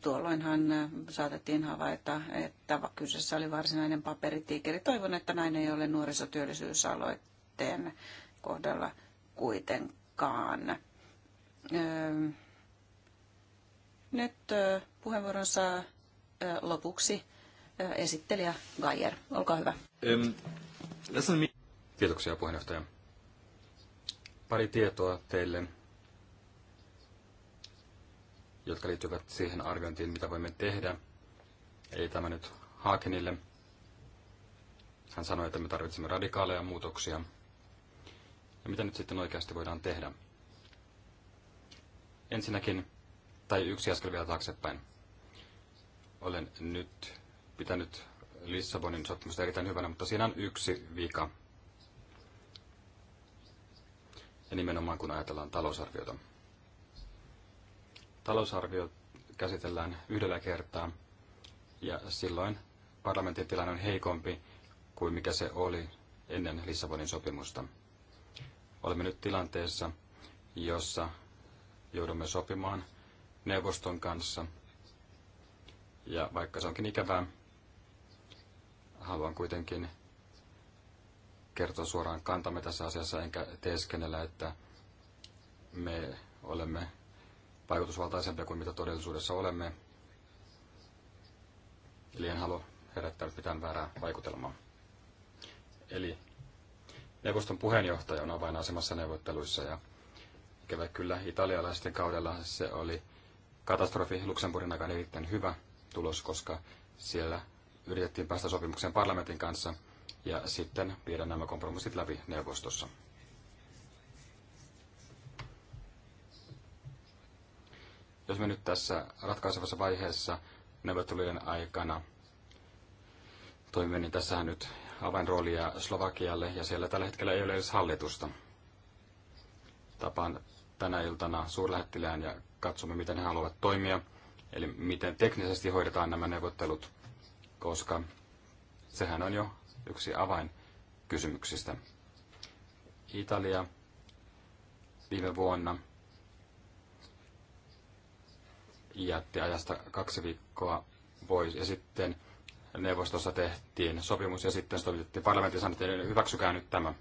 tuolloinhan saatettiin havaita, että kyseessä oli varsinainen paperitiikeri. Toivon, että näin ei ole nuorisotyöllisyysaloitteen kohdalla kuitenkaan. Nyt puheenvuoron saa lopuksi esittelijä Gajer. Olkaa hyvä. Kiitoksia puheenjohtaja. Pari tietoa teille jotka liittyvät siihen arviointiin, mitä voimme tehdä. ei tämä nyt Haakenille. Hän sanoi, että me tarvitsemme radikaaleja muutoksia. Ja mitä nyt sitten oikeasti voidaan tehdä? Ensinnäkin, tai yksi askel vielä taaksepäin. Olen nyt pitänyt Lissabonin sopimusta erittäin hyvänä, mutta siinä on yksi vika. Ja nimenomaan kun ajatellaan talousarviota talousarvio käsitellään yhdellä kertaa ja silloin parlamentin tilanne on heikompi kuin mikä se oli ennen Lissabonin sopimusta. Olemme nyt tilanteessa, jossa joudumme sopimaan neuvoston kanssa. Ja vaikka se onkin ikävää, haluan kuitenkin kertoa suoraan kantamme tässä asiassa, enkä teeskennellä, että me olemme vaikutusvaltaisempia kuin mitä todellisuudessa olemme. Eli en halua herättää mitään väärää vaikutelmaa. Eli neuvoston puheenjohtaja on avainasemassa neuvotteluissa ja ikävä kyllä italialaisten kaudella se oli katastrofi Luxemburgin aikaan erittäin hyvä tulos, koska siellä yritettiin päästä sopimukseen parlamentin kanssa ja sitten viedä nämä kompromissit läpi neuvostossa. Jos me nyt tässä ratkaisevassa vaiheessa neuvottelujen aikana toimimme, niin tässähän nyt avainroolia Slovakialle, ja siellä tällä hetkellä ei ole edes hallitusta. Tapaan tänä iltana suurlähettilään ja katsomme, miten he haluavat toimia, eli miten teknisesti hoidetaan nämä neuvottelut, koska sehän on jo yksi avainkysymyksistä. Italia viime vuonna jätti ajasta kaksi viikkoa pois. Ja sitten neuvostossa tehtiin sopimus ja sitten se toimitettiin parlamentin sanottiin, että hyväksykää nyt tämä.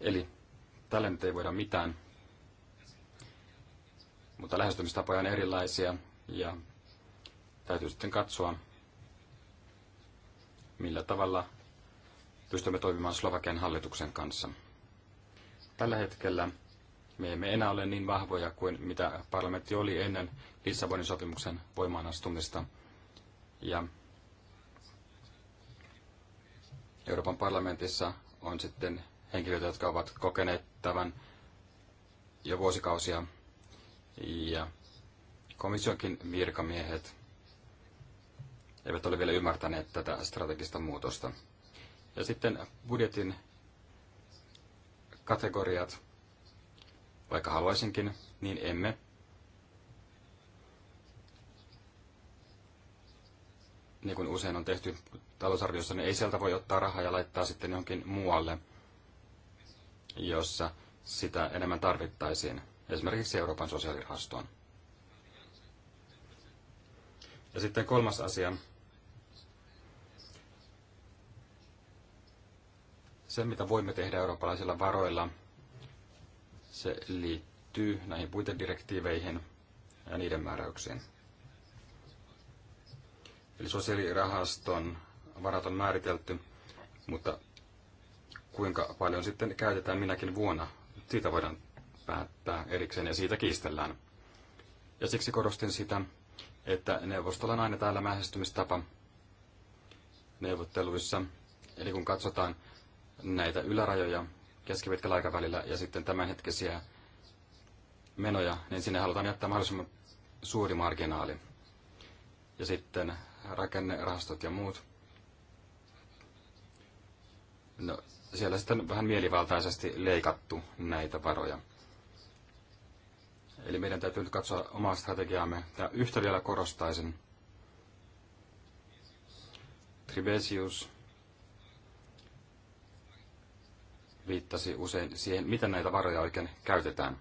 Eli tälle nyt ei voida mitään. Mutta lähestymistapoja on erilaisia ja täytyy sitten katsoa, millä tavalla pystymme toimimaan Slovakian hallituksen kanssa. Tällä hetkellä me emme enää ole niin vahvoja kuin mitä parlamentti oli ennen Lissabonin sopimuksen voimaanastumista. Ja Euroopan parlamentissa on sitten henkilöitä, jotka ovat kokeneet tämän jo vuosikausia. Ja komissionkin virkamiehet eivät ole vielä ymmärtäneet tätä strategista muutosta. Ja sitten budjetin kategoriat vaikka haluaisinkin, niin emme. Niin kuin usein on tehty talousarviossa, niin ei sieltä voi ottaa rahaa ja laittaa sitten johonkin muualle, jossa sitä enemmän tarvittaisiin, esimerkiksi Euroopan sosiaalirahastoon. Ja sitten kolmas asia. Se, mitä voimme tehdä eurooppalaisilla varoilla, se liittyy näihin puitedirektiiveihin ja niiden määräyksiin. Eli sosiaalirahaston varat on määritelty, mutta kuinka paljon sitten käytetään minäkin vuonna, siitä voidaan päättää erikseen ja siitä kiistellään. Ja siksi korostin sitä, että neuvostolla on aina täällä lähestymistapa neuvotteluissa. Eli kun katsotaan näitä ylärajoja, keskipitkällä aikavälillä ja sitten tämänhetkisiä menoja, niin sinne halutaan jättää mahdollisimman suuri marginaali. Ja sitten rakennerahastot ja muut. No, siellä sitten vähän mielivaltaisesti leikattu näitä varoja. Eli meidän täytyy nyt katsoa omaa strategiaamme. Ja yhtä vielä korostaisin. Tribesius viittasi usein siihen, miten näitä varoja oikein käytetään.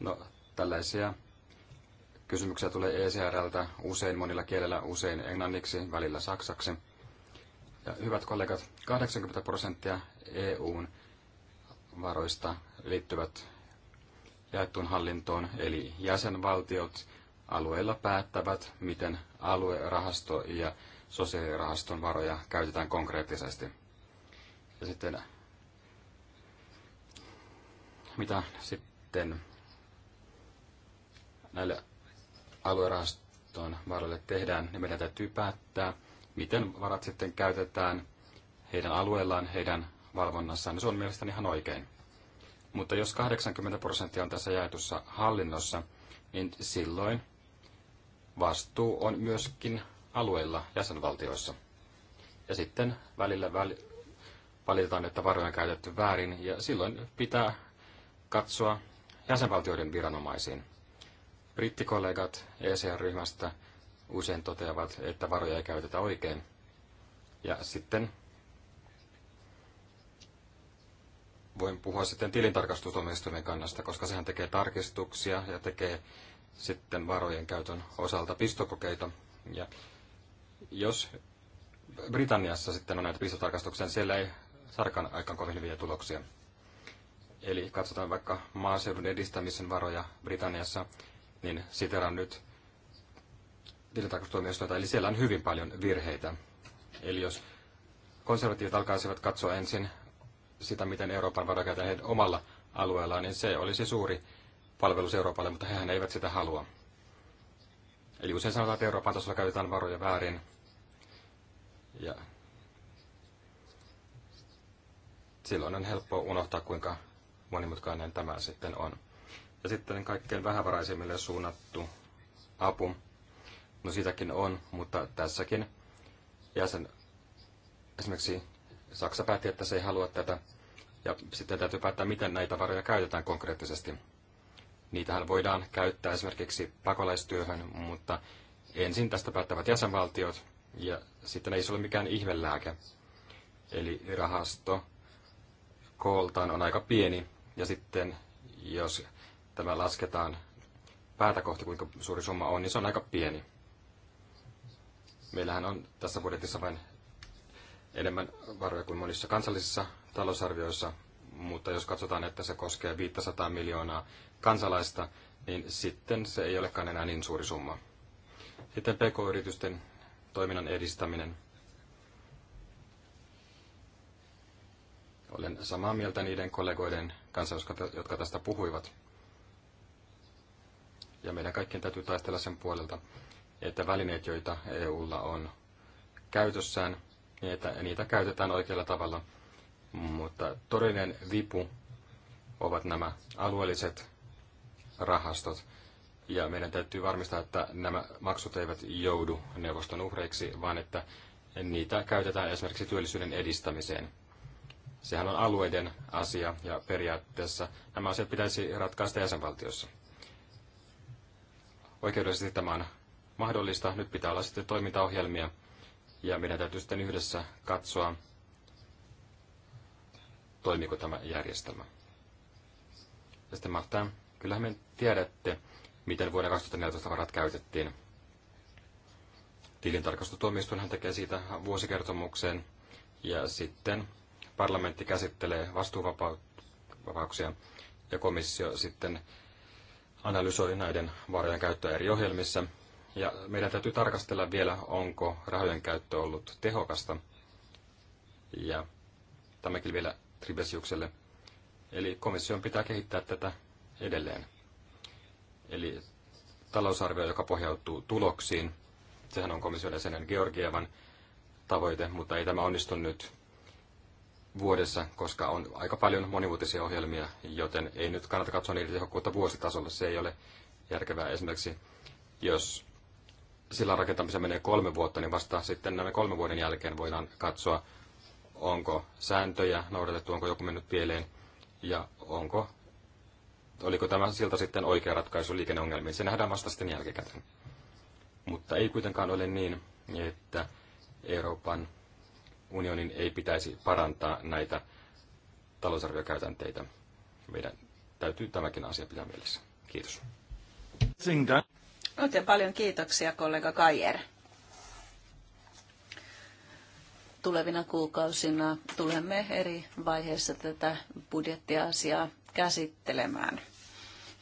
No, tällaisia kysymyksiä tulee ECRltä usein monilla kielellä, usein englanniksi, välillä saksaksi. Ja hyvät kollegat, 80 prosenttia EUn varoista liittyvät jaettuun hallintoon, eli jäsenvaltiot alueilla päättävät, miten aluerahasto ja sosiaalirahaston varoja käytetään konkreettisesti. Ja sitten mitä sitten näille aluerahaston varoille tehdään, niin meidän täytyy päättää, miten varat sitten käytetään heidän alueellaan, heidän valvonnassaan. Se on mielestäni ihan oikein. Mutta jos 80 prosenttia on tässä jaetussa hallinnossa, niin silloin vastuu on myöskin alueilla jäsenvaltioissa. Ja sitten välillä väl, valitetaan, että varoja on käytetty väärin, ja silloin pitää katsoa jäsenvaltioiden viranomaisiin. Brittikollegat ECR-ryhmästä usein toteavat, että varoja ei käytetä oikein. Ja sitten voin puhua sitten tilintarkastustuomioistuimen kannasta, koska sehän tekee tarkistuksia ja tekee sitten varojen käytön osalta pistokokeita. Ja jos Britanniassa sitten on näitä pistotarkastuksia, niin siellä ei sarkan aikaan kovin hyviä tuloksia. Eli katsotaan vaikka maaseudun edistämisen varoja Britanniassa, niin on nyt tilintarkastustuomioistuinta, eli siellä on hyvin paljon virheitä. Eli jos konservatiivit alkaisivat katsoa ensin sitä, miten Euroopan varoja käytetään heidän omalla alueellaan, niin se olisi suuri palvelus Euroopalle, mutta hehän eivät sitä halua. Eli usein sanotaan, että Euroopan tasolla käytetään varoja väärin, ja silloin on helppo unohtaa, kuinka monimutkainen tämä sitten on. Ja sitten kaikkein vähävaraisimmille suunnattu apu. No siitäkin on, mutta tässäkin jäsen, esimerkiksi Saksa päätti, että se ei halua tätä. Ja sitten täytyy päättää, miten näitä varoja käytetään konkreettisesti. Niitähän voidaan käyttää esimerkiksi pakolaistyöhön, mutta ensin tästä päättävät jäsenvaltiot ja sitten ei se ole mikään ihmelääke. Eli rahasto kooltaan on aika pieni. Ja sitten jos tämä lasketaan päätä kohti, kuinka suuri summa on, niin se on aika pieni. Meillähän on tässä budjetissa vain enemmän varoja kuin monissa kansallisissa talousarvioissa, mutta jos katsotaan, että se koskee 500 miljoonaa kansalaista, niin sitten se ei olekaan enää niin suuri summa. Sitten pk-yritysten toiminnan edistäminen. Olen samaa mieltä niiden kollegoiden kanssa, jotka tästä puhuivat. Ja meidän kaikkien täytyy taistella sen puolelta, että välineet, joita EUlla on käytössään, niin että niitä käytetään oikealla tavalla. Mutta todellinen vipu ovat nämä alueelliset rahastot, ja meidän täytyy varmistaa, että nämä maksut eivät joudu neuvoston uhreiksi, vaan että niitä käytetään esimerkiksi työllisyyden edistämiseen. Sehän on alueiden asia ja periaatteessa nämä asiat pitäisi ratkaista jäsenvaltiossa. Oikeudellisesti tämä on mahdollista. Nyt pitää olla sitten toimintaohjelmia ja meidän täytyy sitten yhdessä katsoa, toimiko tämä järjestelmä. Ja sitten Martin, kyllähän me tiedätte, miten vuoden 2014 varat käytettiin. Tilintarkastustuomioistuinhan tekee siitä vuosikertomukseen ja sitten parlamentti käsittelee vastuuvapauksia ja komissio sitten analysoi näiden varojen käyttöä eri ohjelmissa. Ja meidän täytyy tarkastella vielä, onko rahojen käyttö ollut tehokasta. Ja tämäkin vielä Tribesiukselle. Eli komission pitää kehittää tätä edelleen. Eli talousarvio, joka pohjautuu tuloksiin. Sehän on komission jäsenen Georgievan tavoite, mutta ei tämä onnistu nyt vuodessa, koska on aika paljon monivuotisia ohjelmia, joten ei nyt kannata katsoa niitä tehokkuutta vuositasolla. Se ei ole järkevää esimerkiksi, jos sillä rakentamisen menee kolme vuotta, niin vasta sitten nämä kolme vuoden jälkeen voidaan katsoa, onko sääntöjä noudatettu, onko joku mennyt pieleen ja onko oliko tämä silta sitten oikea ratkaisu liikenneongelmiin. Se nähdään vasta sitten jälkikäteen. Mutta ei kuitenkaan ole niin, että Euroopan unionin ei pitäisi parantaa näitä talousarviokäytänteitä. Meidän täytyy tämäkin asia pitää mielessä. Kiitos. Oikein paljon kiitoksia kollega Kajer. Tulevina kuukausina tulemme eri vaiheissa tätä budjettiasiaa käsittelemään.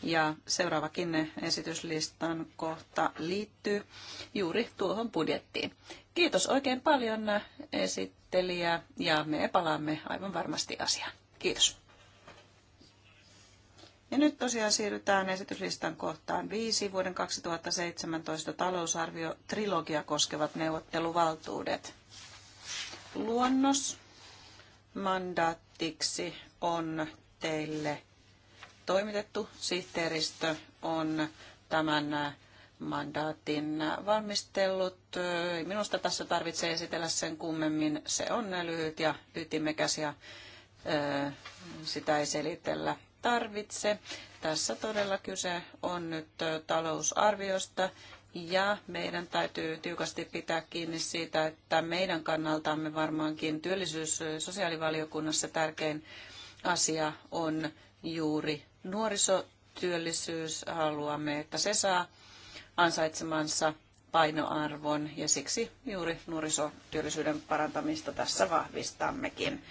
Ja seuraavakin esityslistan kohta liittyy juuri tuohon budjettiin. Kiitos oikein paljon esittelijä ja me palaamme aivan varmasti asiaan. Kiitos. Ja nyt tosiaan siirrytään esityslistan kohtaan viisi vuoden 2017 talousarvio trilogia koskevat neuvotteluvaltuudet. Luonnos mandaattiksi on teille toimitettu. Sihteeristö on tämän mandaatin valmistellut. Minusta tässä tarvitsee esitellä sen kummemmin. Se on lyhyt ja ytimekäs ja sitä ei selitellä tarvitse. Tässä todella kyse on nyt talousarviosta ja meidän täytyy tiukasti pitää kiinni siitä, että meidän kannaltamme varmaankin työllisyys- ja sosiaalivaliokunnassa tärkein asia on juuri nuorisotyöllisyys haluamme, että se saa ansaitsemansa painoarvon ja siksi juuri nuorisotyöllisyyden parantamista tässä vahvistammekin.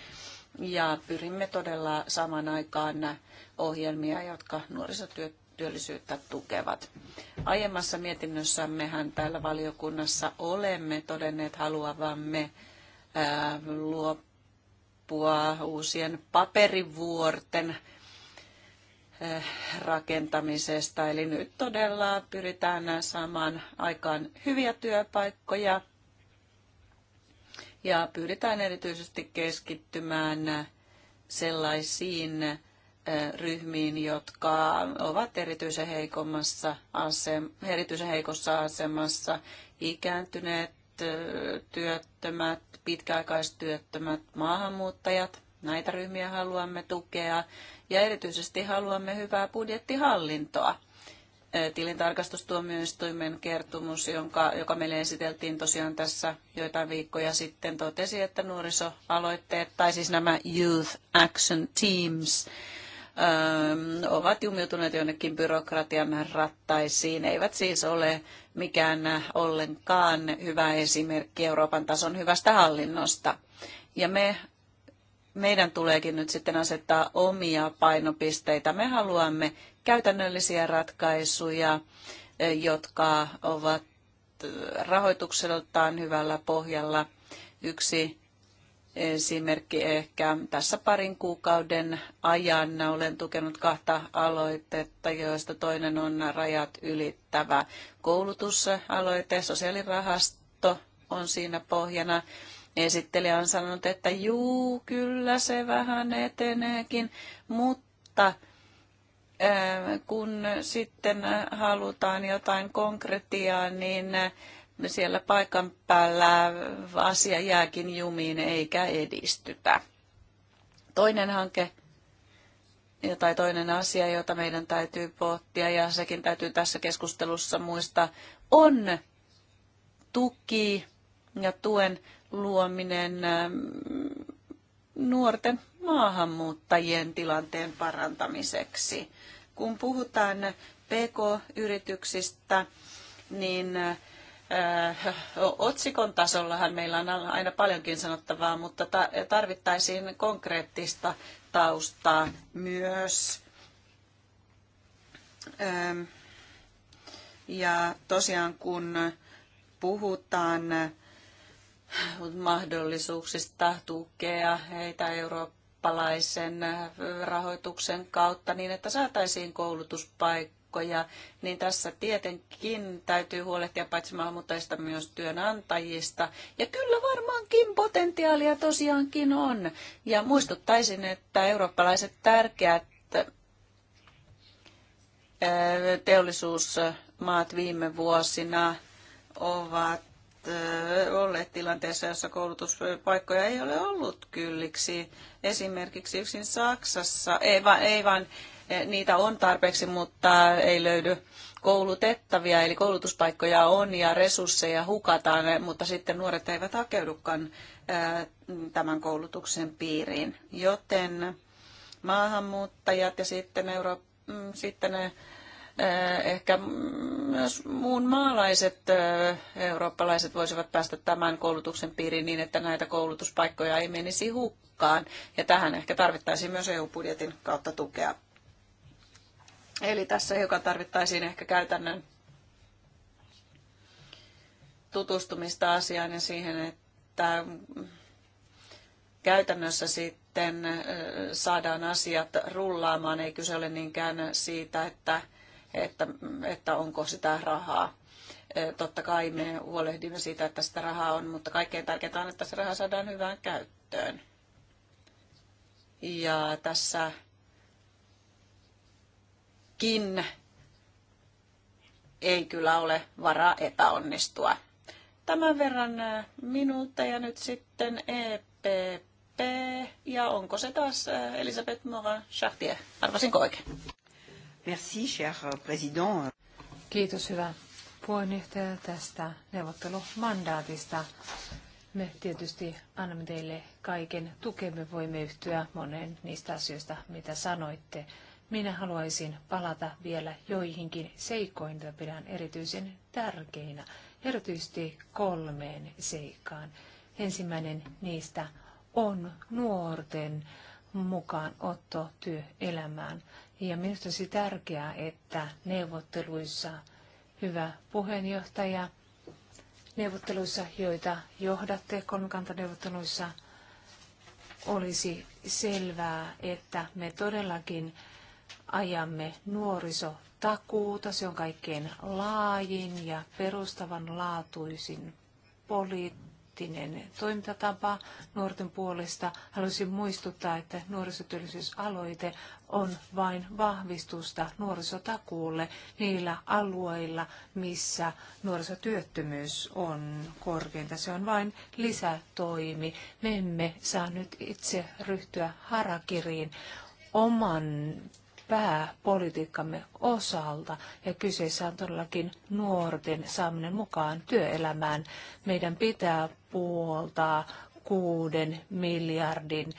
Ja pyrimme todella saman aikaan ohjelmia, jotka nuorisotyöllisyyttä tukevat. Aiemmassa mietinnössämmehän täällä valiokunnassa olemme todenneet haluavamme ää, luopua uusien paperivuorten Eh, rakentamisesta. Eli nyt todella pyritään saamaan aikaan hyviä työpaikkoja ja pyritään erityisesti keskittymään sellaisiin eh, ryhmiin, jotka ovat erityisen, heikommassa asem, erityisen heikossa asemassa, ikääntyneet, eh, työttömät, pitkäaikaistyöttömät, maahanmuuttajat – Näitä ryhmiä haluamme tukea ja erityisesti haluamme hyvää budjettihallintoa. Tilintarkastustuomioistuimen kertomus, jonka, joka meille esiteltiin tosiaan tässä joitain viikkoja sitten, totesi, että nuorisoaloitteet, tai siis nämä Youth Action Teams, ovat jumiutuneet jonnekin byrokratian rattaisiin, eivät siis ole mikään ollenkaan hyvä esimerkki Euroopan tason hyvästä hallinnosta. Ja me meidän tuleekin nyt sitten asettaa omia painopisteitä. Me haluamme käytännöllisiä ratkaisuja, eh, jotka ovat eh, rahoitukseltaan hyvällä pohjalla. Yksi esimerkki ehkä tässä parin kuukauden ajan olen tukenut kahta aloitetta, joista toinen on rajat ylittävä koulutusaloite, sosiaalirahasto on siinä pohjana. Esittelijä on sanonut, että juu, kyllä se vähän eteneekin, mutta kun sitten halutaan jotain konkretiaa, niin siellä paikan päällä asia jääkin jumiin eikä edistytä. Toinen hanke tai toinen asia, jota meidän täytyy pohtia ja sekin täytyy tässä keskustelussa muistaa, on tuki ja tuen luominen ähm, nuorten maahanmuuttajien tilanteen parantamiseksi. Kun puhutaan PK-yrityksistä, niin äh, otsikon tasollahan meillä on aina paljonkin sanottavaa, mutta tarvittaisiin konkreettista taustaa myös. Ähm, ja tosiaan kun puhutaan mahdollisuuksista tukea heitä eurooppalaisen rahoituksen kautta niin, että saataisiin koulutuspaikkoja, niin tässä tietenkin täytyy huolehtia paitsi maahanmuuttajista myös työnantajista. Ja kyllä varmaankin potentiaalia tosiaankin on. Ja muistuttaisin, että eurooppalaiset tärkeät teollisuusmaat viime vuosina ovat olleet tilanteessa, jossa koulutuspaikkoja ei ole ollut kylliksi. Esimerkiksi yksin Saksassa, ei vaan, ei vaan niitä on tarpeeksi, mutta ei löydy koulutettavia, eli koulutuspaikkoja on ja resursseja hukataan, mutta sitten nuoret eivät hakeudukaan tämän koulutuksen piiriin. Joten maahanmuuttajat ja sitten, Euro- mm, sitten Äh, ehkä myös muun maalaiset äh, eurooppalaiset voisivat päästä tämän koulutuksen piiriin niin, että näitä koulutuspaikkoja ei menisi hukkaan. Ja tähän ehkä tarvittaisiin myös EU-budjetin kautta tukea. Eli tässä joka tarvittaisiin ehkä käytännön tutustumista asiaan ja siihen, että käytännössä sitten äh, saadaan asiat rullaamaan. Ei kyse ole niinkään siitä, että että, että onko sitä rahaa. Totta kai me huolehdimme siitä, että sitä rahaa on, mutta kaikkein tärkeintä on, että se raha saadaan hyvään käyttöön. Ja tässäkin ei kyllä ole varaa epäonnistua. Tämän verran minulta ja nyt sitten EPP. Ja onko se taas Elisabeth Moran Chartier? Arvasinko oikein? Merci, cher euh, président. Kiitos hyvä puheenjohtaja tästä neuvottelumandaatista. Me tietysti annamme teille kaiken tukemme, voimme yhtyä moneen niistä asioista, mitä sanoitte. Minä haluaisin palata vielä joihinkin seikkoihin, joita pidän erityisen tärkeinä, erityisesti kolmeen seikkaan. Ensimmäinen niistä on nuorten mukaanotto työelämään. Ja minusta olisi tärkeää, että neuvotteluissa hyvä puheenjohtaja, neuvotteluissa, joita johdatte kolmikantaneuvotteluissa, olisi selvää, että me todellakin ajamme nuorisotakuuta. Se on kaikkein laajin ja perustavanlaatuisin poliittinen kriittinen toimintatapa nuorten puolesta. Haluaisin muistuttaa, että nuorisotyöllisyysaloite on vain vahvistusta nuorisotakuulle niillä alueilla, missä nuorisotyöttömyys on korkeinta. Se on vain lisätoimi. Me emme saa nyt itse ryhtyä harakiriin oman pääpolitiikkamme osalta. Ja kyseessä on todellakin nuorten saaminen mukaan työelämään. Meidän pitää puoltaa kuuden miljardin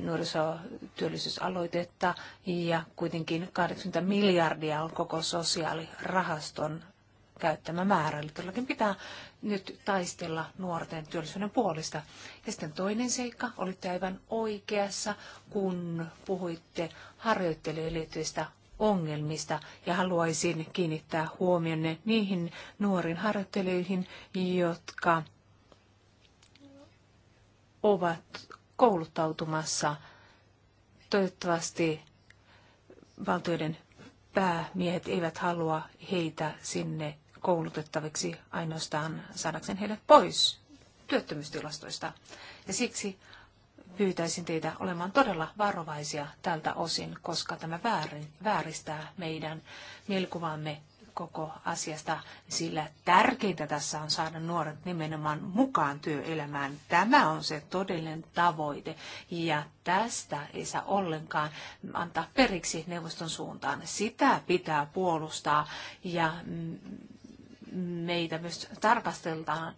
nuorisotyöllisyysaloitetta ja kuitenkin 80 miljardia on koko sosiaalirahaston käyttämä määrä. Eli todellakin pitää nyt taistella nuorten työllisyyden puolesta. Ja sitten toinen seikka, olitte aivan oikeassa, kun puhuitte harjoittelijoille liittyvistä ongelmista ja haluaisin kiinnittää huomionne niihin nuoriin harjoittelijoihin, jotka ovat kouluttautumassa toivottavasti valtioiden päämiehet eivät halua heitä sinne koulutettaviksi ainoastaan saadakseen heidät pois työttömyystilastoista. Ja siksi pyytäisin teitä olemaan todella varovaisia tältä osin, koska tämä väärin, vääristää meidän mielikuvaamme koko asiasta, sillä tärkeintä tässä on saada nuoret nimenomaan mukaan työelämään. Tämä on se todellinen tavoite ja tästä ei saa ollenkaan antaa periksi neuvoston suuntaan. Sitä pitää puolustaa ja mm, meitä myös tarkasteltaan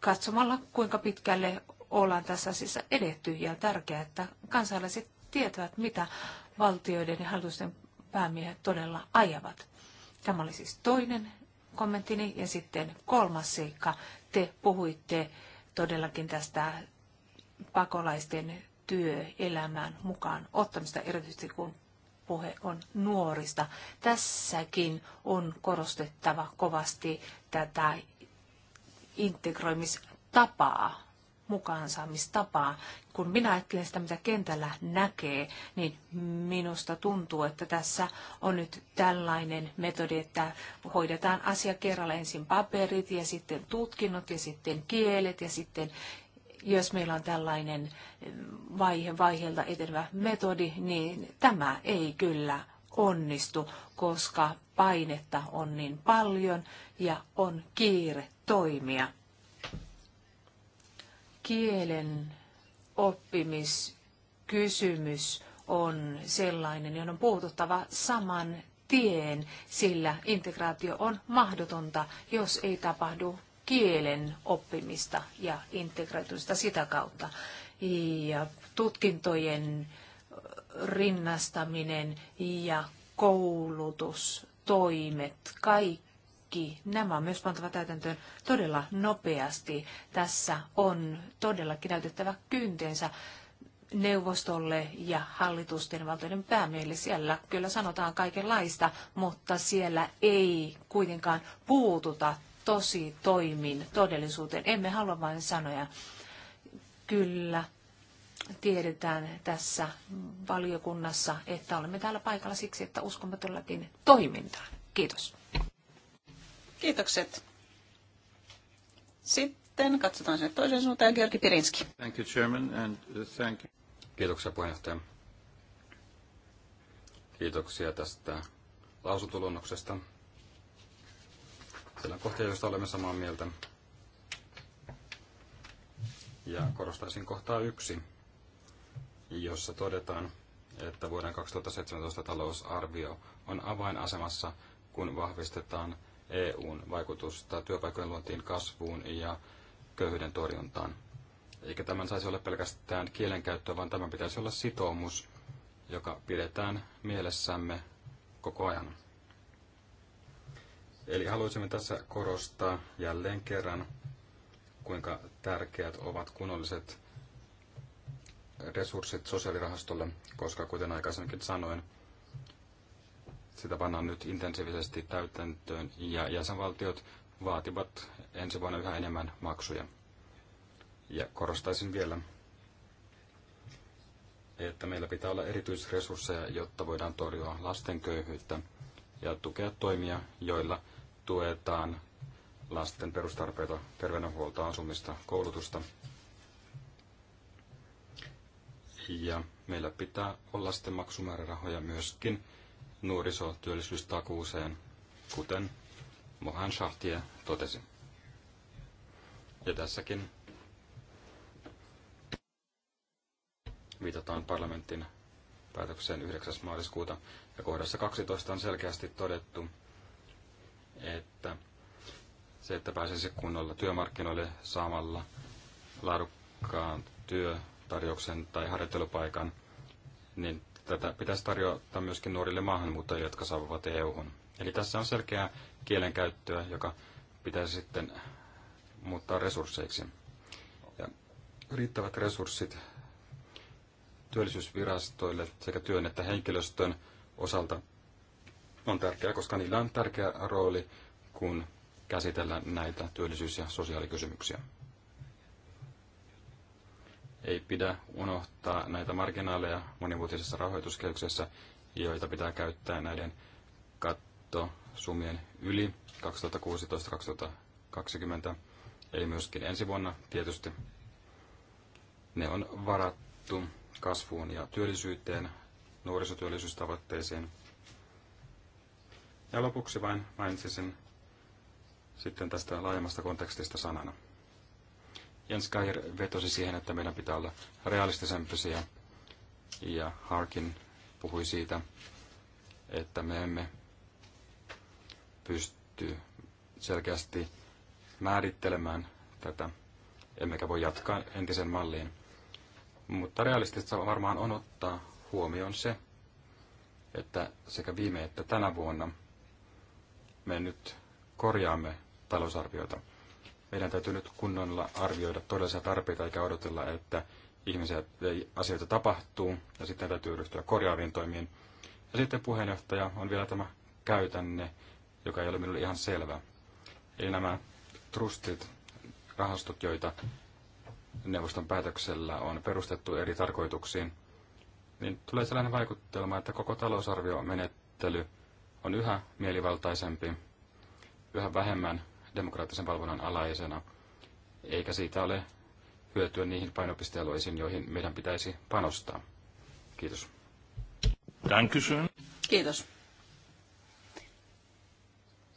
katsomalla, kuinka pitkälle ollaan tässä asiassa edetty. Ja on tärkeää, että kansalaiset tietävät, mitä valtioiden ja hallitusten päämiehet todella ajavat. Tämä oli siis toinen kommenttini. Ja sitten kolmas seikka. Te puhuitte todellakin tästä pakolaisten työelämään mukaan ottamista, erityisesti kun puhe on nuorista. Tässäkin on korostettava kovasti tätä integroimistapaa, mukaansaamistapaa. Kun minä ajattelen sitä, mitä kentällä näkee, niin minusta tuntuu, että tässä on nyt tällainen metodi, että hoidetaan asia kerralla ensin paperit ja sitten tutkinnot ja sitten kielet ja sitten jos meillä on tällainen eh, vaihe vaiheelta etenevä metodi, niin tämä ei kyllä onnistu, koska painetta on niin paljon ja on kiire toimia. Kielen oppimiskysymys on sellainen, johon on puututtava saman tien, sillä integraatio on mahdotonta, jos ei tapahdu kielen oppimista ja integroitumista sitä kautta. Ja tutkintojen rinnastaminen ja koulutustoimet, kaikki nämä on myös pantava täytäntöön todella nopeasti. Tässä on todellakin näytettävä kyntensä neuvostolle ja hallitusten valtioiden päämiehille. Siellä kyllä sanotaan kaikenlaista, mutta siellä ei kuitenkaan puututa tosi toimin todellisuuteen. Emme halua vain sanoja. Kyllä, tiedetään tässä valiokunnassa, että olemme täällä paikalla siksi, että uskomme todellakin toimintaan. Kiitos. Kiitokset. Sitten katsotaan sinne toiseen suuntaan. Georgi Pirinski. Thank you, Chairman, and uh, thank you. Kiitoksia puheenjohtaja. Kiitoksia tästä lausuntoluonnoksesta. Siellä on kohtia, joista olemme samaa mieltä. Ja korostaisin kohtaa yksi, jossa todetaan, että vuoden 2017 talousarvio on avainasemassa, kun vahvistetaan EUn vaikutusta työpaikojen luontiin kasvuun ja köyhyyden torjuntaan. Eikä tämän saisi olla pelkästään kielenkäyttöä, vaan tämän pitäisi olla sitoumus, joka pidetään mielessämme koko ajan. Eli haluaisimme tässä korostaa jälleen kerran, kuinka tärkeät ovat kunnolliset resurssit sosiaalirahastolle, koska kuten aikaisemminkin sanoin, sitä pannaan nyt intensiivisesti täytäntöön ja jäsenvaltiot vaativat ensi vuonna yhä enemmän maksuja. Ja korostaisin vielä, että meillä pitää olla erityisresursseja, jotta voidaan torjua lasten köyhyyttä ja tukea toimia, joilla tuetaan lasten perustarpeita, terveydenhuoltoa, asumista, koulutusta. Ja meillä pitää olla sitten maksumäärärahoja myöskin nuorisotyöllisyystakuuseen, kuten Mohan Shahtie totesi. Ja tässäkin viitataan parlamentin päätökseen 9. maaliskuuta. Ja kohdassa 12 on selkeästi todettu, että se, että pääsisi kunnolla työmarkkinoille saamalla laadukkaan työtarjouksen tai harjoittelupaikan, niin tätä pitäisi tarjota myöskin nuorille maahanmuuttajille, jotka saavat eu Eli tässä on selkeää kielenkäyttöä, joka pitäisi sitten muuttaa resursseiksi. Ja riittävät resurssit työllisyysvirastoille sekä työn että henkilöstön osalta on tärkeää, koska niillä on tärkeä rooli, kun käsitellään näitä työllisyys- ja sosiaalikysymyksiä. Ei pidä unohtaa näitä marginaaleja monivuotisessa rahoituskehyksessä, joita pitää käyttää näiden kattosumien yli 2016-2020, eli myöskin ensi vuonna tietysti. Ne on varattu kasvuun ja työllisyyteen, nuorisotyöllisyystavoitteisiin – ja lopuksi vain mainitsisin sitten tästä laajemmasta kontekstista sanana. Jens Kajer vetosi siihen, että meidän pitää olla realistisempisia, ja Harkin puhui siitä, että me emme pysty selkeästi määrittelemään tätä, emmekä voi jatkaa entisen malliin. Mutta realistista varmaan on ottaa huomioon se, että sekä viime että tänä vuonna – me nyt korjaamme talousarviota. Meidän täytyy nyt kunnolla arvioida todellisia tarpeita eikä odotella, että ihmisiä, asioita tapahtuu ja sitten täytyy ryhtyä korjaaviin toimiin. Ja sitten puheenjohtaja on vielä tämä käytänne, joka ei ole minulle ihan selvä. Eli nämä trustit, rahastot, joita neuvoston päätöksellä on perustettu eri tarkoituksiin, niin tulee sellainen vaikutelma, että koko talousarvio menettely on yhä mielivaltaisempi, yhä vähemmän demokraattisen valvonnan alaisena, eikä siitä ole hyötyä niihin painopistealueisiin, joihin meidän pitäisi panostaa. Kiitos. Dankeschön. Kiitos.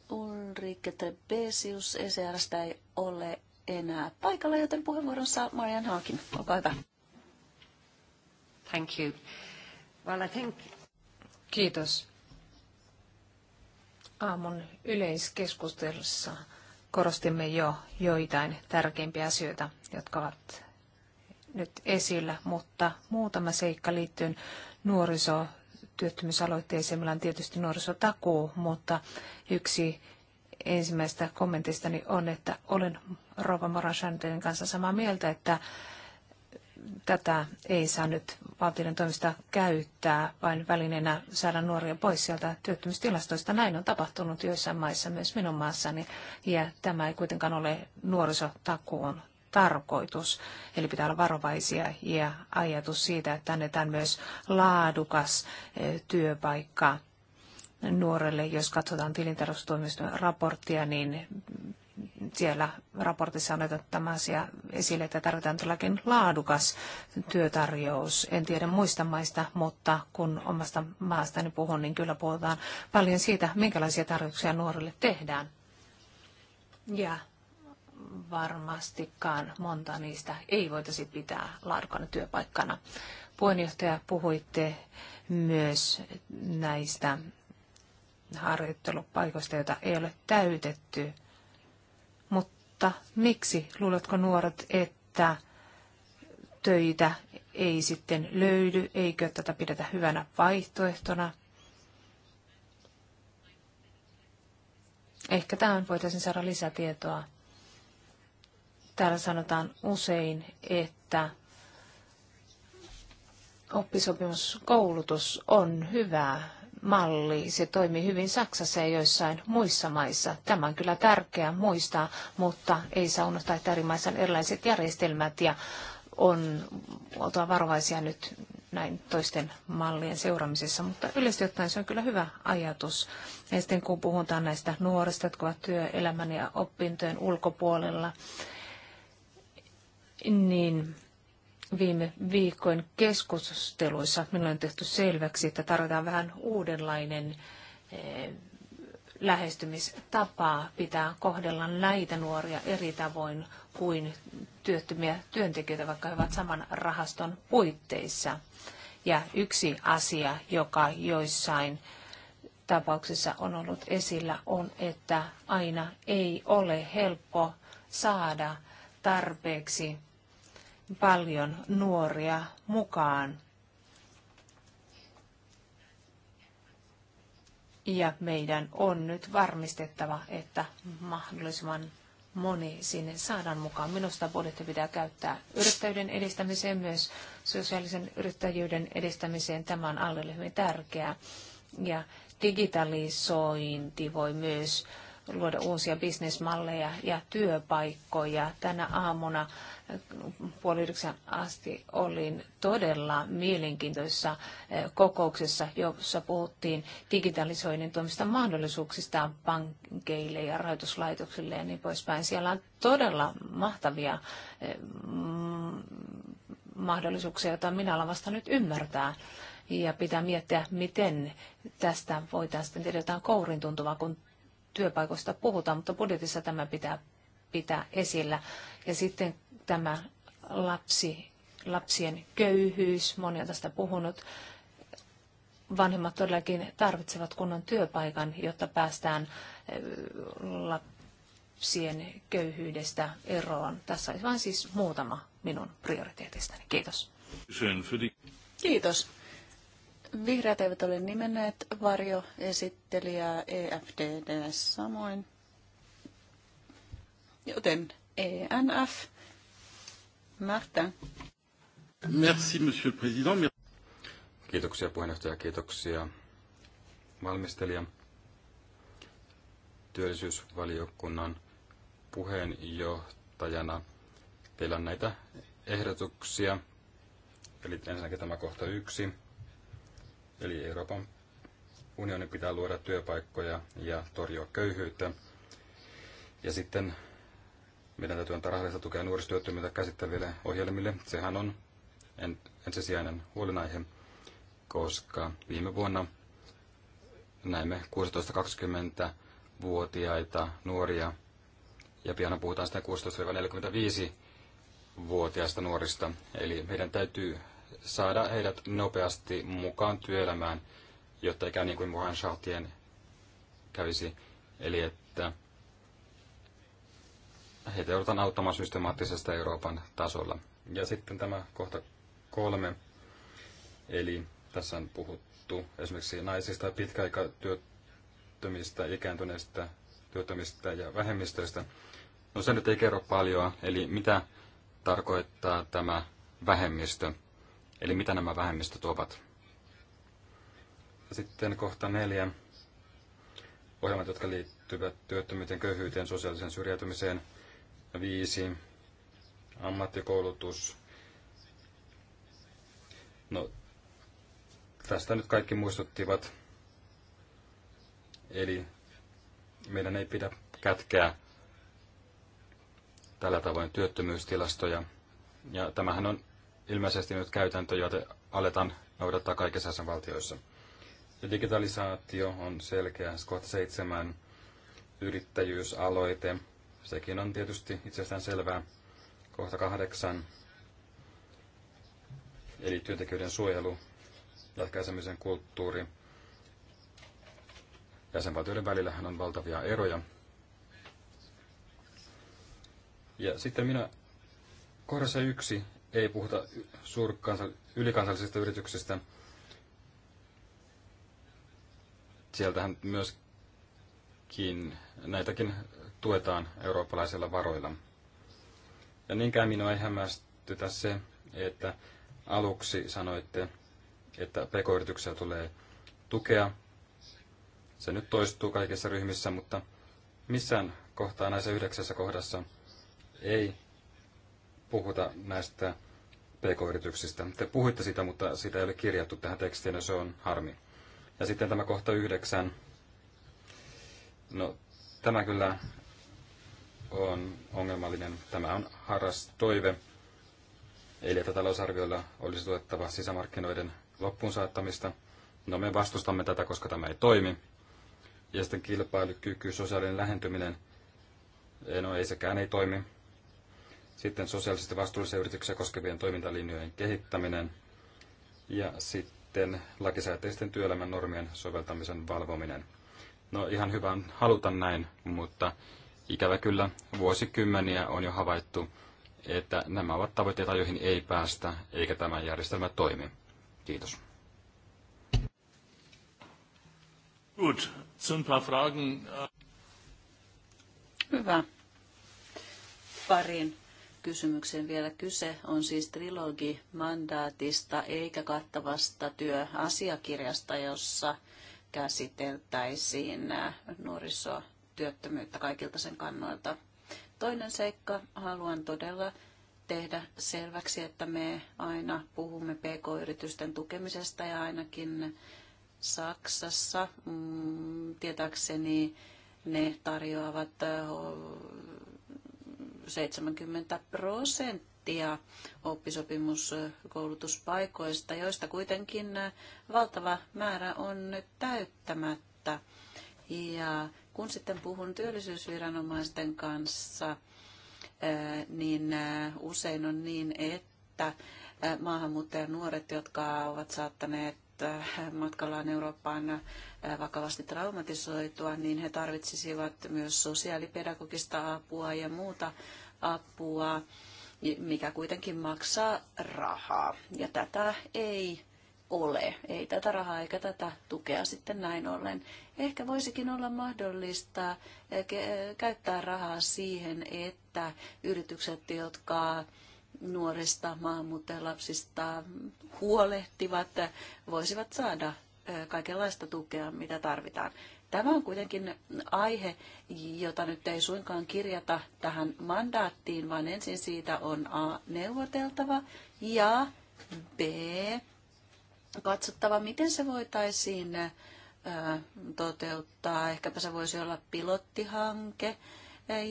Ulrike Trebesius ECRstä ei ole enää paikalla, joten puheenvuoron saa Marian Haakin. Olkaa hyvä. Thank you. Well, I think... Kiitos aamun yleiskeskustelussa korostimme jo joitain tärkeimpiä asioita, jotka ovat nyt esillä, mutta muutama seikka liittyen nuorisotyöttömyysaloitteeseen. Meillä on tietysti nuorisotakuu, mutta yksi ensimmäistä kommentistani on, että olen Rova Moran kanssa samaa mieltä, että tätä ei saa nyt valtioiden toimista käyttää vain välineenä saada nuoria pois sieltä työttömyystilastoista. Näin on tapahtunut joissain maissa, myös minun maassani, ja tämä ei kuitenkaan ole nuorisotakuun tarkoitus. Eli pitää olla varovaisia ja ajatus siitä, että annetaan myös laadukas työpaikka nuorelle. Jos katsotaan tilintarvostoimiston raporttia, niin siellä raportissa on otettu tämä asia esille, että tarvitaan todellakin laadukas työtarjous. En tiedä muista maista, mutta kun omasta maastani puhun, niin kyllä puhutaan paljon siitä, minkälaisia tarjouksia nuorille tehdään. Ja varmastikaan monta niistä ei voitaisi pitää laadukkaana työpaikkana. Puheenjohtaja, puhuitte myös näistä harjoittelupaikoista, joita ei ole täytetty. Mutta miksi luuletko nuoret, että töitä ei sitten löydy, eikö tätä pidetä hyvänä vaihtoehtona? Ehkä tähän voitaisiin saada lisätietoa. Täällä sanotaan usein, että oppisopimuskoulutus on hyvää malli. Se toimii hyvin Saksassa ja joissain muissa maissa. Tämä on kyllä tärkeää muistaa, mutta ei saa unohtaa, että eri maissa on erilaiset järjestelmät ja on oltava varovaisia nyt näin toisten mallien seuraamisessa, mutta yleisesti ottaen se on kyllä hyvä ajatus. Ja sitten kun puhutaan näistä nuorista, jotka ovat työelämän ja opintojen ulkopuolella, niin viime viikkojen keskusteluissa minulle on tehty selväksi, että tarvitaan vähän uudenlainen eh, lähestymistapa pitää kohdella näitä nuoria eri tavoin kuin työttömiä työntekijöitä, vaikka he ovat saman rahaston puitteissa. Ja yksi asia, joka joissain tapauksissa on ollut esillä, on, että aina ei ole helppo saada tarpeeksi paljon nuoria mukaan. Ja meidän on nyt varmistettava, että mahdollisimman moni sinne saadaan mukaan. Minusta budjetti pitää käyttää yrittäjyyden edistämiseen, myös sosiaalisen yrittäjyyden edistämiseen. Tämä on alle hyvin tärkeää. Ja digitalisointi voi myös äh, luoda uusia bisnesmalleja ja työpaikkoja. Tänä aamuna puoli yhdeksän asti olin todella mielenkiintoisessa eh, kokouksessa, jossa puhuttiin digitalisoinnin tuomista mahdollisuuksista pankeille ja rahoituslaitoksille ja niin poispäin. Siellä on todella mahtavia eh, mm, mahdollisuuksia, joita minä olen vasta nyt ymmärtää. Ja pitää miettiä, miten tästä voitaisiin tehdä jotain kourin tuntuvaa, kun työpaikoista puhutaan, mutta budjetissa tämä pitää pitää esillä. Ja sitten tämä lapsi, lapsien köyhyys, moni on tästä puhunut. Vanhemmat todellakin tarvitsevat kunnon työpaikan, jotta päästään eh, lapsien köyhyydestä eroon. Tässä olisi vain siis muutama minun prioriteetistani. Kiitos. Kiitos. Vihreät eivät ole nimenneet varjoesittelijää EFDD samoin. Joten ENF. Martin. Merci, monsieur le président. Kiitoksia puheenjohtaja, kiitoksia valmistelija. Työllisyysvaliokunnan puheenjohtajana teillä on näitä ehdotuksia. Eli ensinnäkin tämä kohta yksi Eli Euroopan unionin pitää luoda työpaikkoja ja torjua köyhyyttä. Ja sitten meidän täytyy antaa rahallista tukea nuorisotyöttömyyttä käsitteleville ohjelmille. Sehän on ensisijainen huolenaihe, koska viime vuonna näimme 16-20-vuotiaita nuoria, ja pian puhutaan sitä 16-45-vuotiaista nuorista. Eli meidän täytyy saada heidät nopeasti mukaan työelämään, jotta ei niin kuin Mohan Shahtien kävisi. Eli että heitä joudutaan auttamaan systemaattisesta Euroopan tasolla. Ja sitten tämä kohta kolme. Eli tässä on puhuttu esimerkiksi naisista, pitkäaikatyöttömistä, ikääntyneistä työttömistä ja vähemmistöistä. No se nyt ei kerro paljon, eli mitä tarkoittaa tämä vähemmistö? Eli mitä nämä vähemmistöt ovat. Sitten kohta neljä. Ohjelmat, jotka liittyvät työttömyyteen, köyhyyteen, sosiaaliseen syrjäytymiseen. Viisi. Ammattikoulutus. No, tästä nyt kaikki muistuttivat. Eli meidän ei pidä kätkeä tällä tavoin työttömyystilastoja. Ja tämähän on ilmeisesti nyt käytäntö, jota aletaan noudattaa kaikissa jäsenvaltioissa. Ja digitalisaatio on selkeä, kohta 7 yrittäjyysaloite, sekin on tietysti itsestään selvää, kohta kahdeksan, eli työntekijöiden suojelu, jatkaisemisen kulttuuri. Jäsenvaltioiden välillähän on valtavia eroja. Ja sitten minä kohdassa yksi ei puhuta suurkansal- ylikansallisista yrityksistä. Sieltähän myöskin näitäkin tuetaan eurooppalaisilla varoilla. Ja niinkään minua ei hämmästytä se, että aluksi sanoitte, että pk-yrityksiä tulee tukea. Se nyt toistuu kaikissa ryhmissä, mutta missään kohtaa näissä yhdeksässä kohdassa ei puhuta näistä pk-yrityksistä. Te puhuitte sitä, mutta sitä ei ole kirjattu tähän tekstiin ja se on harmi. Ja sitten tämä kohta yhdeksän. No, tämä kyllä on ongelmallinen. Tämä on harras toive. Eli että talousarviolla olisi tuettava sisämarkkinoiden loppuun saattamista. No me vastustamme tätä, koska tämä ei toimi. Ja sitten kilpailukyky, sosiaalinen lähentyminen, eh, no ei sekään ei toimi. Sitten sosiaalisesti vastuullisia yrityksiä koskevien toimintalinjojen kehittäminen. Ja sitten lakisääteisten työelämän normien soveltamisen valvominen. No ihan hyvä haluta näin, mutta ikävä kyllä vuosikymmeniä on jo havaittu, että nämä ovat tavoitteita, joihin ei päästä, eikä tämä järjestelmä toimi. Kiitos. Gut, sind paar Fragen. Hyvä. Pariin kysymykseen vielä. Kyse on siis trilogimandaatista eikä kattavasta työasiakirjasta, jossa käsiteltäisiin äh, nuorisotyöttömyyttä kaikilta sen kannoilta. Toinen seikka, haluan todella tehdä selväksi, että me aina puhumme pk-yritysten tukemisesta ja ainakin Saksassa mm, tietääkseni ne tarjoavat äh, 70 prosenttia oppisopimuskoulutuspaikoista, joista kuitenkin valtava määrä on nyt täyttämättä. Ja kun sitten puhun työllisyysviranomaisten kanssa, eh, niin eh, usein on niin, että eh, maahanmuuttajanuoret, jotka ovat saattaneet Äh, matkallaan Eurooppaan äh, vakavasti traumatisoitua, niin he tarvitsisivat myös sosiaalipedagogista apua ja muuta apua, mikä kuitenkin maksaa rahaa. Ja tätä ei ole. Ei tätä rahaa eikä tätä tukea sitten näin ollen. Ehkä voisikin olla mahdollista äh, käyttää rahaa siihen, että yritykset, jotka nuoresta maahanmuuttajalapsista huolehtivat voisivat saada kaikenlaista tukea, mitä tarvitaan. Tämä on kuitenkin aihe, jota nyt ei suinkaan kirjata tähän mandaattiin, vaan ensin siitä on A. neuvoteltava ja B. katsottava, miten se voitaisiin toteuttaa. Ehkäpä se voisi olla pilottihanke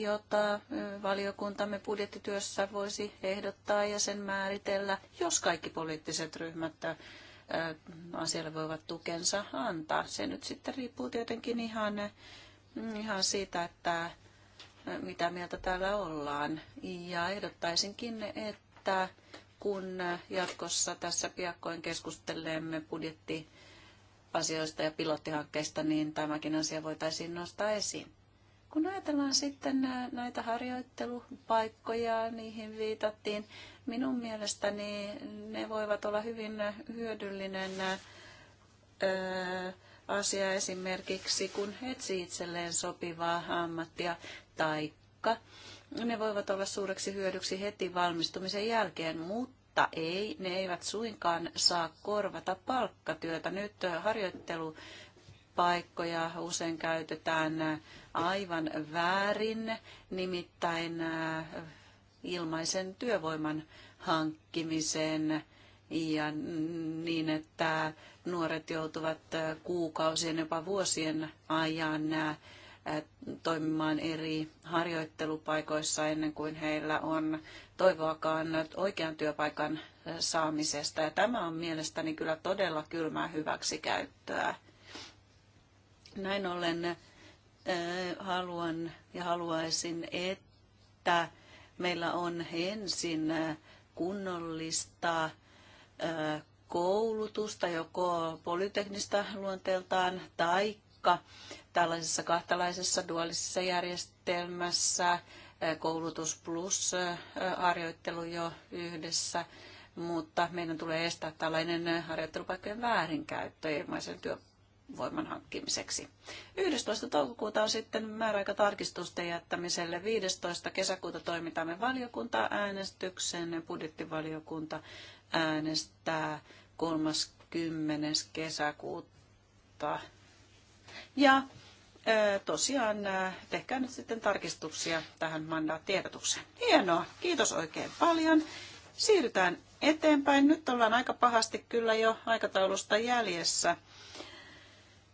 jota valiokuntamme budjettityössä voisi ehdottaa ja sen määritellä, jos kaikki poliittiset ryhmät asialle voivat tukensa antaa. Se nyt sitten riippuu tietenkin ihan, mm, ihan siitä, että mitä mieltä täällä ollaan. Ja ehdottaisinkin, että kun jatkossa tässä piakkoin keskustelemme budjettiasioista asioista ja pilottihankkeista, niin tämäkin asia voitaisiin nostaa esiin. Kun ajatellaan sitten äh, näitä harjoittelupaikkoja, niihin viitattiin, minun mielestäni ne voivat olla hyvin hyödyllinen äh, asia esimerkiksi, kun etsii itselleen sopivaa ammattia taikka. Ne voivat olla suureksi hyödyksi heti valmistumisen jälkeen, mutta ei, ne eivät suinkaan saa korvata palkkatyötä. Nyt harjoittelu paikkoja usein käytetään aivan väärin, nimittäin ilmaisen työvoiman hankkimiseen ja niin, että nuoret joutuvat kuukausien, jopa vuosien ajan toimimaan eri harjoittelupaikoissa ennen kuin heillä on toivoakaan oikean työpaikan saamisesta. Ja tämä on mielestäni kyllä todella kylmää hyväksikäyttöä. Näin ollen haluan ja haluaisin, että meillä on ensin kunnollista koulutusta, joko polyteknistä luonteeltaan tai tällaisessa kahtalaisessa duaalisessa järjestelmässä koulutus plus harjoittelu jo yhdessä, mutta meidän tulee estää tällainen harjoittelupaikkojen väärinkäyttö ilmaisen työ, voiman hankkimiseksi. 11. toukokuuta on sitten määräaika tarkistusten jättämiselle. 15. kesäkuuta toimitamme valiokuntaa äänestykseen, ja Budjettivaliokunta äänestää 30. kesäkuuta. Ja tosiaan tehkää nyt sitten tarkistuksia tähän mandaattiedotukseen. Hienoa, kiitos oikein paljon. Siirrytään eteenpäin. Nyt ollaan aika pahasti kyllä jo aikataulusta jäljessä.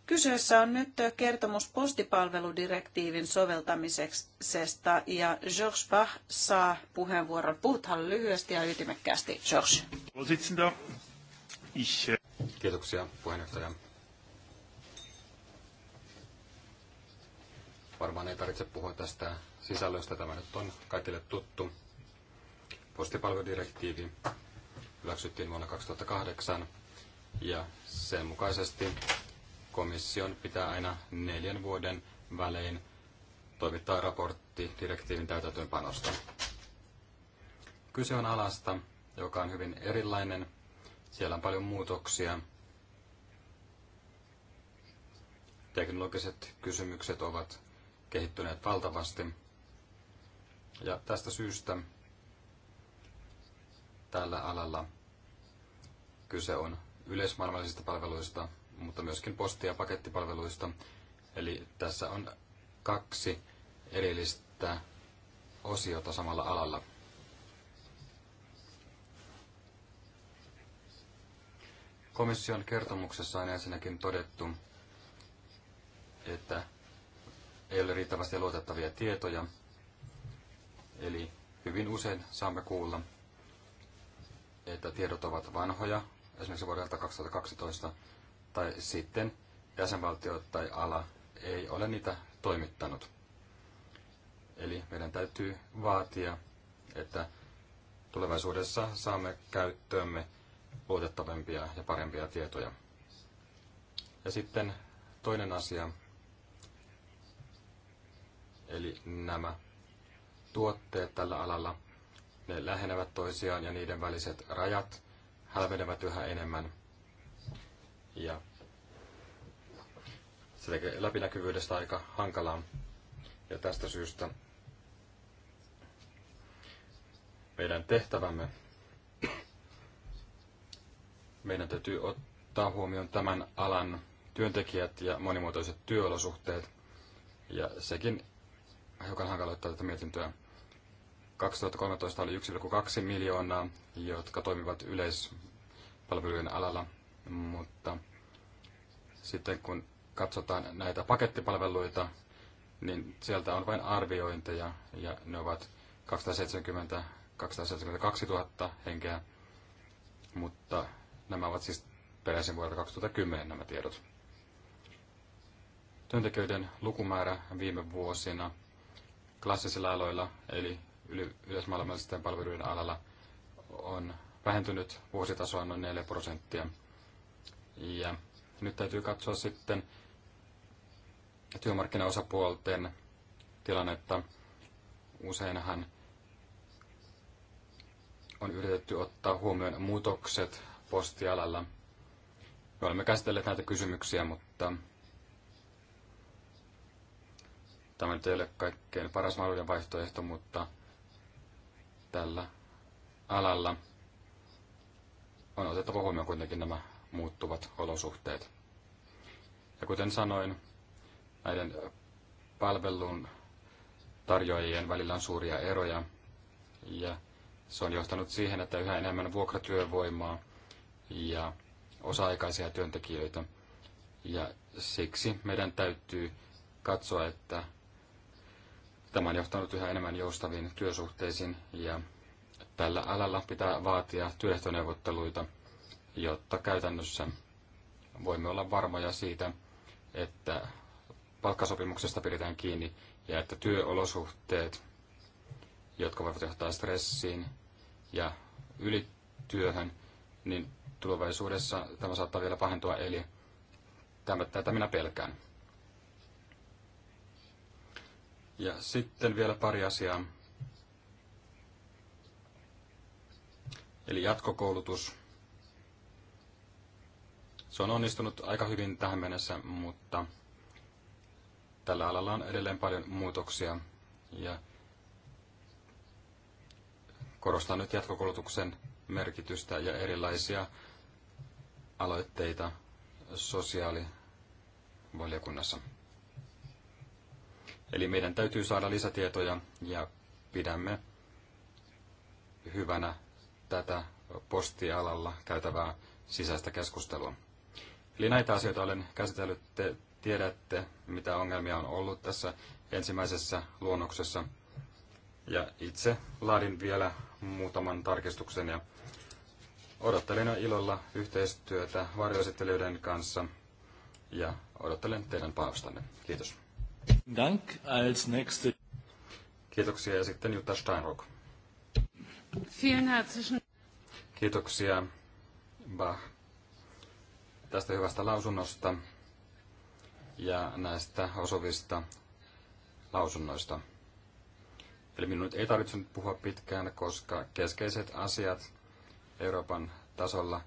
Kyseessä on nyt kertomus postipalveludirektiivin soveltamisesta ja Georges Bach saa puheenvuoron. Puhuthan lyhyesti ja ytimekkäästi, Georges. Eh, Kiitoksia puheenjohtaja. Varmaan ei tarvitse puhua tästä sisällöstä. Tämä nyt on kaikille tuttu. Postipalveludirektiivi hyväksyttiin vuonna 2008 ja sen mukaisesti komission pitää aina neljän vuoden välein toimittaa raportti direktiivin täytäntöönpanosta. Kyse on alasta, joka on hyvin erilainen. Siellä on paljon muutoksia. Teknologiset kysymykset ovat kehittyneet valtavasti. Ja tästä syystä tällä alalla kyse on yleismaailmallisista palveluista, mutta myöskin posti- ja pakettipalveluista. Eli tässä on kaksi erillistä osiota samalla alalla. Komission kertomuksessa on ensinnäkin todettu, että ei ole riittävästi luotettavia tietoja, eli hyvin usein saamme kuulla, että tiedot ovat vanhoja, esimerkiksi vuodelta 2012, tai sitten jäsenvaltio tai ala ei ole niitä toimittanut. Eli meidän täytyy vaatia, että tulevaisuudessa saamme käyttöömme luotettavampia ja parempia tietoja. Ja sitten toinen asia, eli nämä tuotteet tällä alalla, ne lähenevät toisiaan ja niiden väliset rajat hälvenevät yhä enemmän. Ja se tekee läpinäkyvyydestä aika hankalaa. Ja tästä syystä meidän tehtävämme, meidän täytyy ottaa huomioon tämän alan työntekijät ja monimuotoiset työolosuhteet. Ja sekin hiukan hankaloittaa tätä mietintöä. 2013 oli 1,2 miljoonaa, jotka toimivat yleispalvelujen alalla, mutta sitten kun katsotaan näitä pakettipalveluita, niin sieltä on vain arviointeja ja ne ovat 270 272 000 henkeä, mutta nämä ovat siis peräisin vuodelta 2010 nämä tiedot. Työntekijöiden lukumäärä viime vuosina klassisilla aloilla, eli yleismaailmallisten palveluiden alalla, on vähentynyt vuositasoa noin 4 prosenttia. Ja nyt täytyy katsoa sitten, työmarkkinaosapuolten tilannetta. Useinhan on yritetty ottaa huomioon muutokset postialalla. Me olemme käsitelleet näitä kysymyksiä, mutta tämä ei ole kaikkein paras mahdollinen vaihtoehto, mutta tällä alalla on otettava huomioon kuitenkin nämä muuttuvat olosuhteet. Ja kuten sanoin, näiden palvelun tarjoajien välillä on suuria eroja ja se on johtanut siihen, että yhä enemmän vuokratyövoimaa ja osa-aikaisia työntekijöitä. Ja siksi meidän täytyy katsoa, että tämä on johtanut yhä enemmän joustaviin työsuhteisiin ja tällä alalla pitää vaatia työehtoneuvotteluita, jotta käytännössä voimme olla varmoja siitä, että palkkasopimuksesta pidetään kiinni ja että työolosuhteet, jotka voivat johtaa stressiin ja ylityöhön, niin tulevaisuudessa tämä saattaa vielä pahentua, eli tämä, tätä minä pelkään. Ja sitten vielä pari asiaa. Eli jatkokoulutus. Se on onnistunut aika hyvin tähän mennessä, mutta tällä alalla on edelleen paljon muutoksia ja korostan nyt jatkokoulutuksen merkitystä ja erilaisia aloitteita sosiaalivaliokunnassa. Eli meidän täytyy saada lisätietoja ja pidämme hyvänä tätä postialalla käytävää sisäistä keskustelua. Eli näitä asioita olen käsitellyt tiedätte, mitä ongelmia on ollut tässä ensimmäisessä luonnoksessa. Ja itse laadin vielä muutaman tarkistuksen ja odottelen ilolla yhteistyötä varjoesittelijöiden kanssa ja odottelen teidän panostanne. Kiitos. Dank als nächste. Kiitoksia ja sitten Jutta Steinrock. Vielen herzlichen Kiitoksia, Bach tästä hyvästä lausunnosta ja näistä osuvista lausunnoista. Eli minun ei tarvitse nyt puhua pitkään, koska keskeiset asiat Euroopan tasolla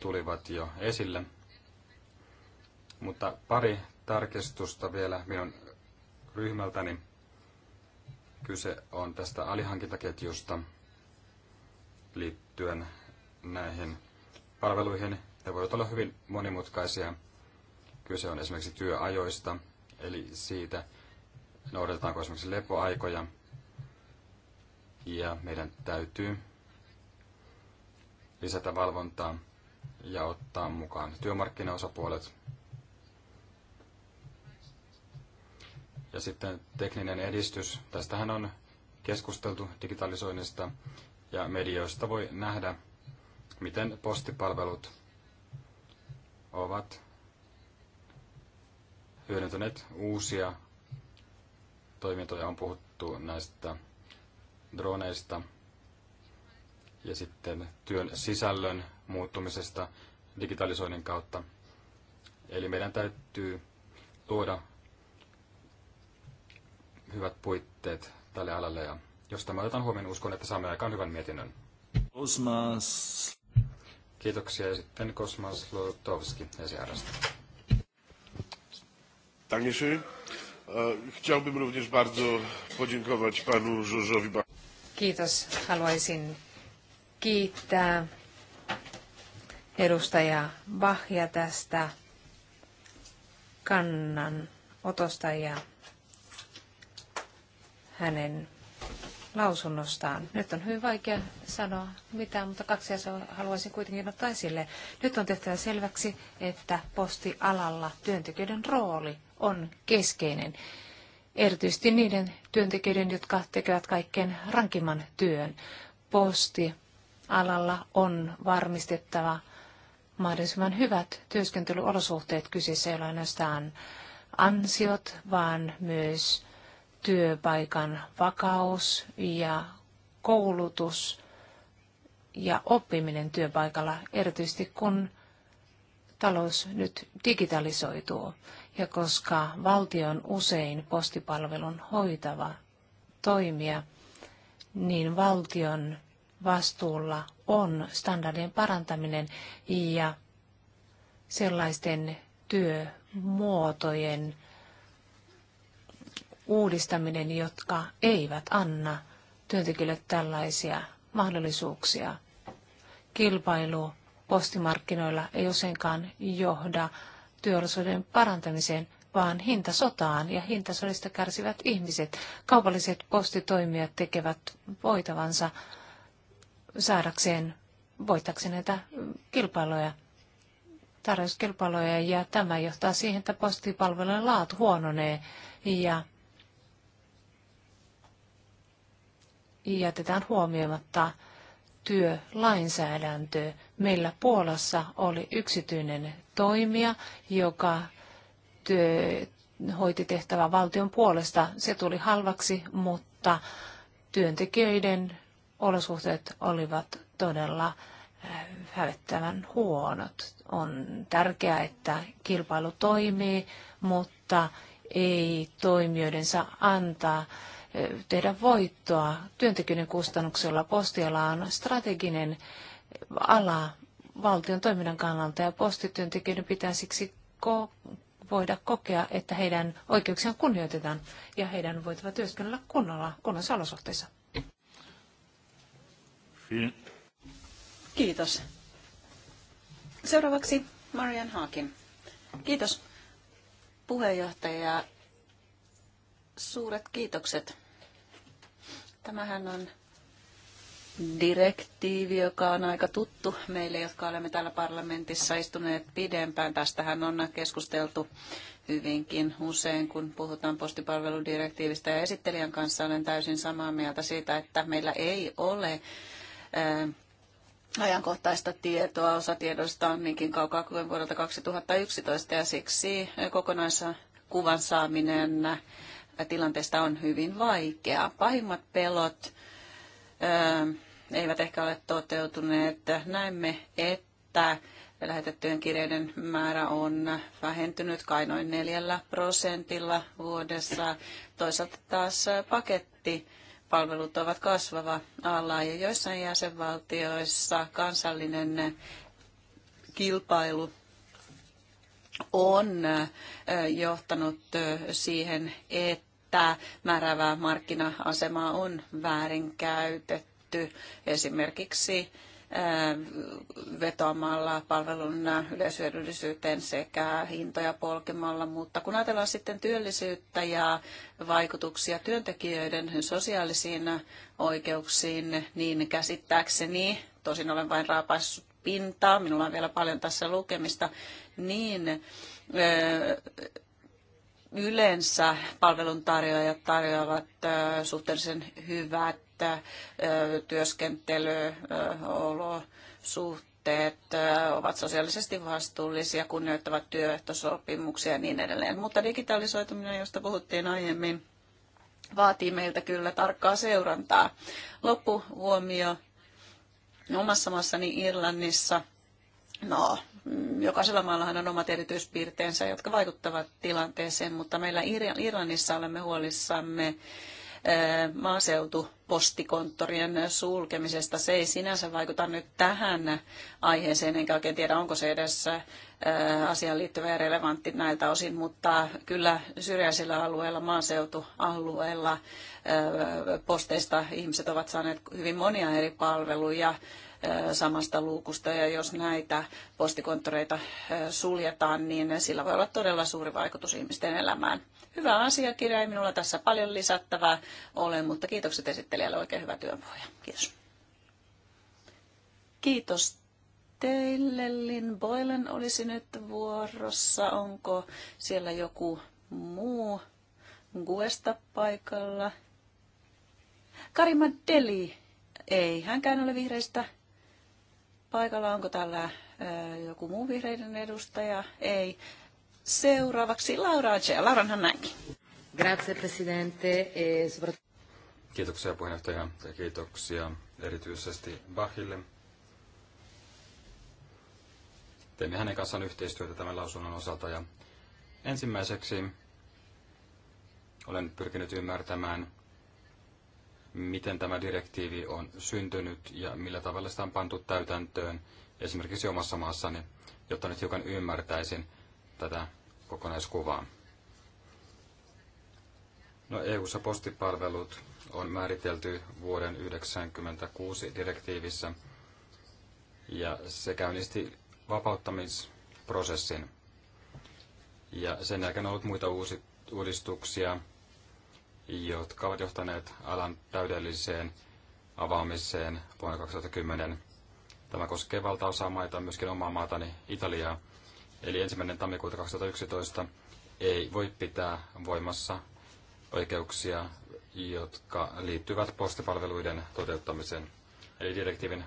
tulivat jo esille. Mutta pari tarkistusta vielä minun ryhmältäni. Kyse on tästä alihankintaketjusta liittyen näihin palveluihin. Ne voivat olla hyvin monimutkaisia Kyse on esimerkiksi työajoista, eli siitä, noudatetaanko esimerkiksi lepoaikoja. Ja meidän täytyy lisätä valvontaa ja ottaa mukaan työmarkkinaosapuolet. Ja sitten tekninen edistys. Tästähän on keskusteltu digitalisoinnista ja medioista voi nähdä, miten postipalvelut ovat hyödyntäneet uusia toimintoja. On puhuttu näistä droneista ja sitten työn sisällön muuttumisesta digitalisoinnin kautta. Eli meidän täytyy luoda hyvät puitteet tälle alalle ja jos tämä otetaan huomioon, niin uskon, että saamme aikaan hyvän mietinnön. Kosmas, Kiitoksia ja sitten Kosmas Lotovski esiarasta. Panie e, Chciałbym również bardzo podziękować panu Kiitos. Haluaisin kiittää edustaja Bahja tästä kannan otosta ja hänen lausunnostaan. Nyt on hyvin vaikea sanoa mitään, mutta kaksi asiaa haluaisin kuitenkin ottaa esille. Nyt on tehtävä selväksi, että postialalla työntekijöiden rooli – on keskeinen. Erityisesti niiden työntekijöiden, jotka tekevät kaikkein rankimman työn. Postialalla on varmistettava mahdollisimman hyvät työskentelyolosuhteet. Kyseessä ei ole ainoastaan ansiot, vaan myös työpaikan vakaus ja koulutus ja oppiminen työpaikalla, erityisesti kun talous nyt digitalisoituu. Ja koska valtio on usein postipalvelun hoitava toimija, niin valtion vastuulla on standardien parantaminen ja sellaisten työmuotojen uudistaminen, jotka eivät anna työntekijöille tällaisia mahdollisuuksia. Kilpailu postimarkkinoilla ei useinkaan johda työllisyyden parantamiseen, vaan hintasotaan ja hintasodista kärsivät ihmiset. Kaupalliset postitoimijat tekevät voitavansa saadakseen, voittakseen näitä kilpailuja, tarjouskilpailuja, ja tämä johtaa siihen, että postipalvelujen laatu huononee ja jätetään huomioimatta työlainsäädäntö. Meillä Puolassa oli yksityinen toimija, joka työ, hoiti tehtävää valtion puolesta. Se tuli halvaksi, mutta työntekijöiden olosuhteet olivat todella äh, hävettävän huonot. On tärkeää, että kilpailu toimii, mutta ei toimijoidensa antaa tehdä voittoa työntekijöiden kustannuksella. Postiala on strateginen ala valtion toiminnan kannalta ja postityöntekijöiden pitää siksi ko- voida kokea, että heidän oikeuksiaan kunnioitetaan ja heidän voitava työskennellä kunnolla, kunnossa olosuhteissa. Kiitos. Seuraavaksi Marian Haakin. Kiitos puheenjohtaja. Suuret kiitokset Tämähän on direktiivi, joka on aika tuttu meille, jotka olemme täällä parlamentissa istuneet pidempään. Tästähän on keskusteltu hyvinkin usein, kun puhutaan postipalveludirektiivistä. Ja esittelijän kanssa olen täysin samaa mieltä siitä, että meillä ei ole ajankohtaista tietoa. Osa tiedoista on niinkin kaukaa kuin vuodelta 2011 ja siksi kuvan saaminen tilanteesta on hyvin vaikea. Pahimmat pelot eivät ehkä ole toteutuneet. Näemme, että lähetettyjen kirjeiden määrä on vähentynyt kai noin neljällä prosentilla vuodessa. Toisaalta taas paketti palvelut ovat kasvava ala ja joissain jäsenvaltioissa kansallinen kilpailu on johtanut siihen, että Tämä määräävää markkina-asemaa on väärinkäytetty esimerkiksi äh, vetoamalla palvelun yleishyödyllisyyteen sekä hintoja polkemalla, mutta kun ajatellaan sitten työllisyyttä ja vaikutuksia työntekijöiden sosiaalisiin oikeuksiin, niin käsittääkseni, tosin olen vain raapaissut pintaa, minulla on vielä paljon tässä lukemista, niin äh, yleensä palveluntarjoajat tarjoavat suhteellisen hyvät työskentelyolosuhteet, ovat sosiaalisesti vastuullisia, kunnioittavat työehtosopimuksia ja niin edelleen. Mutta digitalisoituminen, josta puhuttiin aiemmin, vaatii meiltä kyllä tarkkaa seurantaa. Loppuhuomio omassa maassani Irlannissa. No, Mm, jokaisella maallahan on omat erityispiirteensä, jotka vaikuttavat tilanteeseen, mutta meillä Irlannissa olemme huolissamme eh, maaseutupostikonttorien sulkemisesta. Se ei sinänsä vaikuta nyt tähän aiheeseen, enkä oikein tiedä, onko se edes eh, asiaan liittyvä ja relevantti näiltä osin, mutta kyllä syrjäisillä alueilla, maaseutualueilla eh, posteista ihmiset ovat saaneet hyvin monia eri palveluja samasta luukusta ja jos näitä postikonttoreita suljetaan, niin sillä voi olla todella suuri vaikutus ihmisten elämään. Hyvä asiakirja, ei minulla tässä paljon lisättävää ole, mutta kiitokset esittelijälle, oikein hyvä työpohja. Kiitos. Kiitos teille. Lin Boylen olisi nyt vuorossa. Onko siellä joku muu Guesta paikalla? Karima Deli. Ei, hänkään ole vihreistä paikalla. Onko täällä joku muu vihreiden edustaja? Ei. Seuraavaksi Laura Agea. Lauranhan näinkin. Grazie, presidente. E kiitoksia puheenjohtaja ja kiitoksia erityisesti Bachille. Teimme hänen kanssaan yhteistyötä tämän lausunnon osalta ja ensimmäiseksi olen pyrkinyt ymmärtämään, miten tämä direktiivi on syntynyt ja millä tavalla sitä on pantu täytäntöön esimerkiksi omassa maassani, jotta nyt hiukan ymmärtäisin tätä kokonaiskuvaa. No EU-ssa postipalvelut on määritelty vuoden 1996 direktiivissä ja se käynnisti vapauttamisprosessin. Ja sen jälkeen on ollut muita uusi, uudistuksia, jotka ovat johtaneet alan täydelliseen avaamiseen vuonna 2010. Tämä koskee valtaosaa maita, myöskin omaa maatani Italiaa. Eli ensimmäinen tammikuuta 2011 ei voi pitää voimassa oikeuksia, jotka liittyvät postipalveluiden toteuttamiseen. Eli direktiivin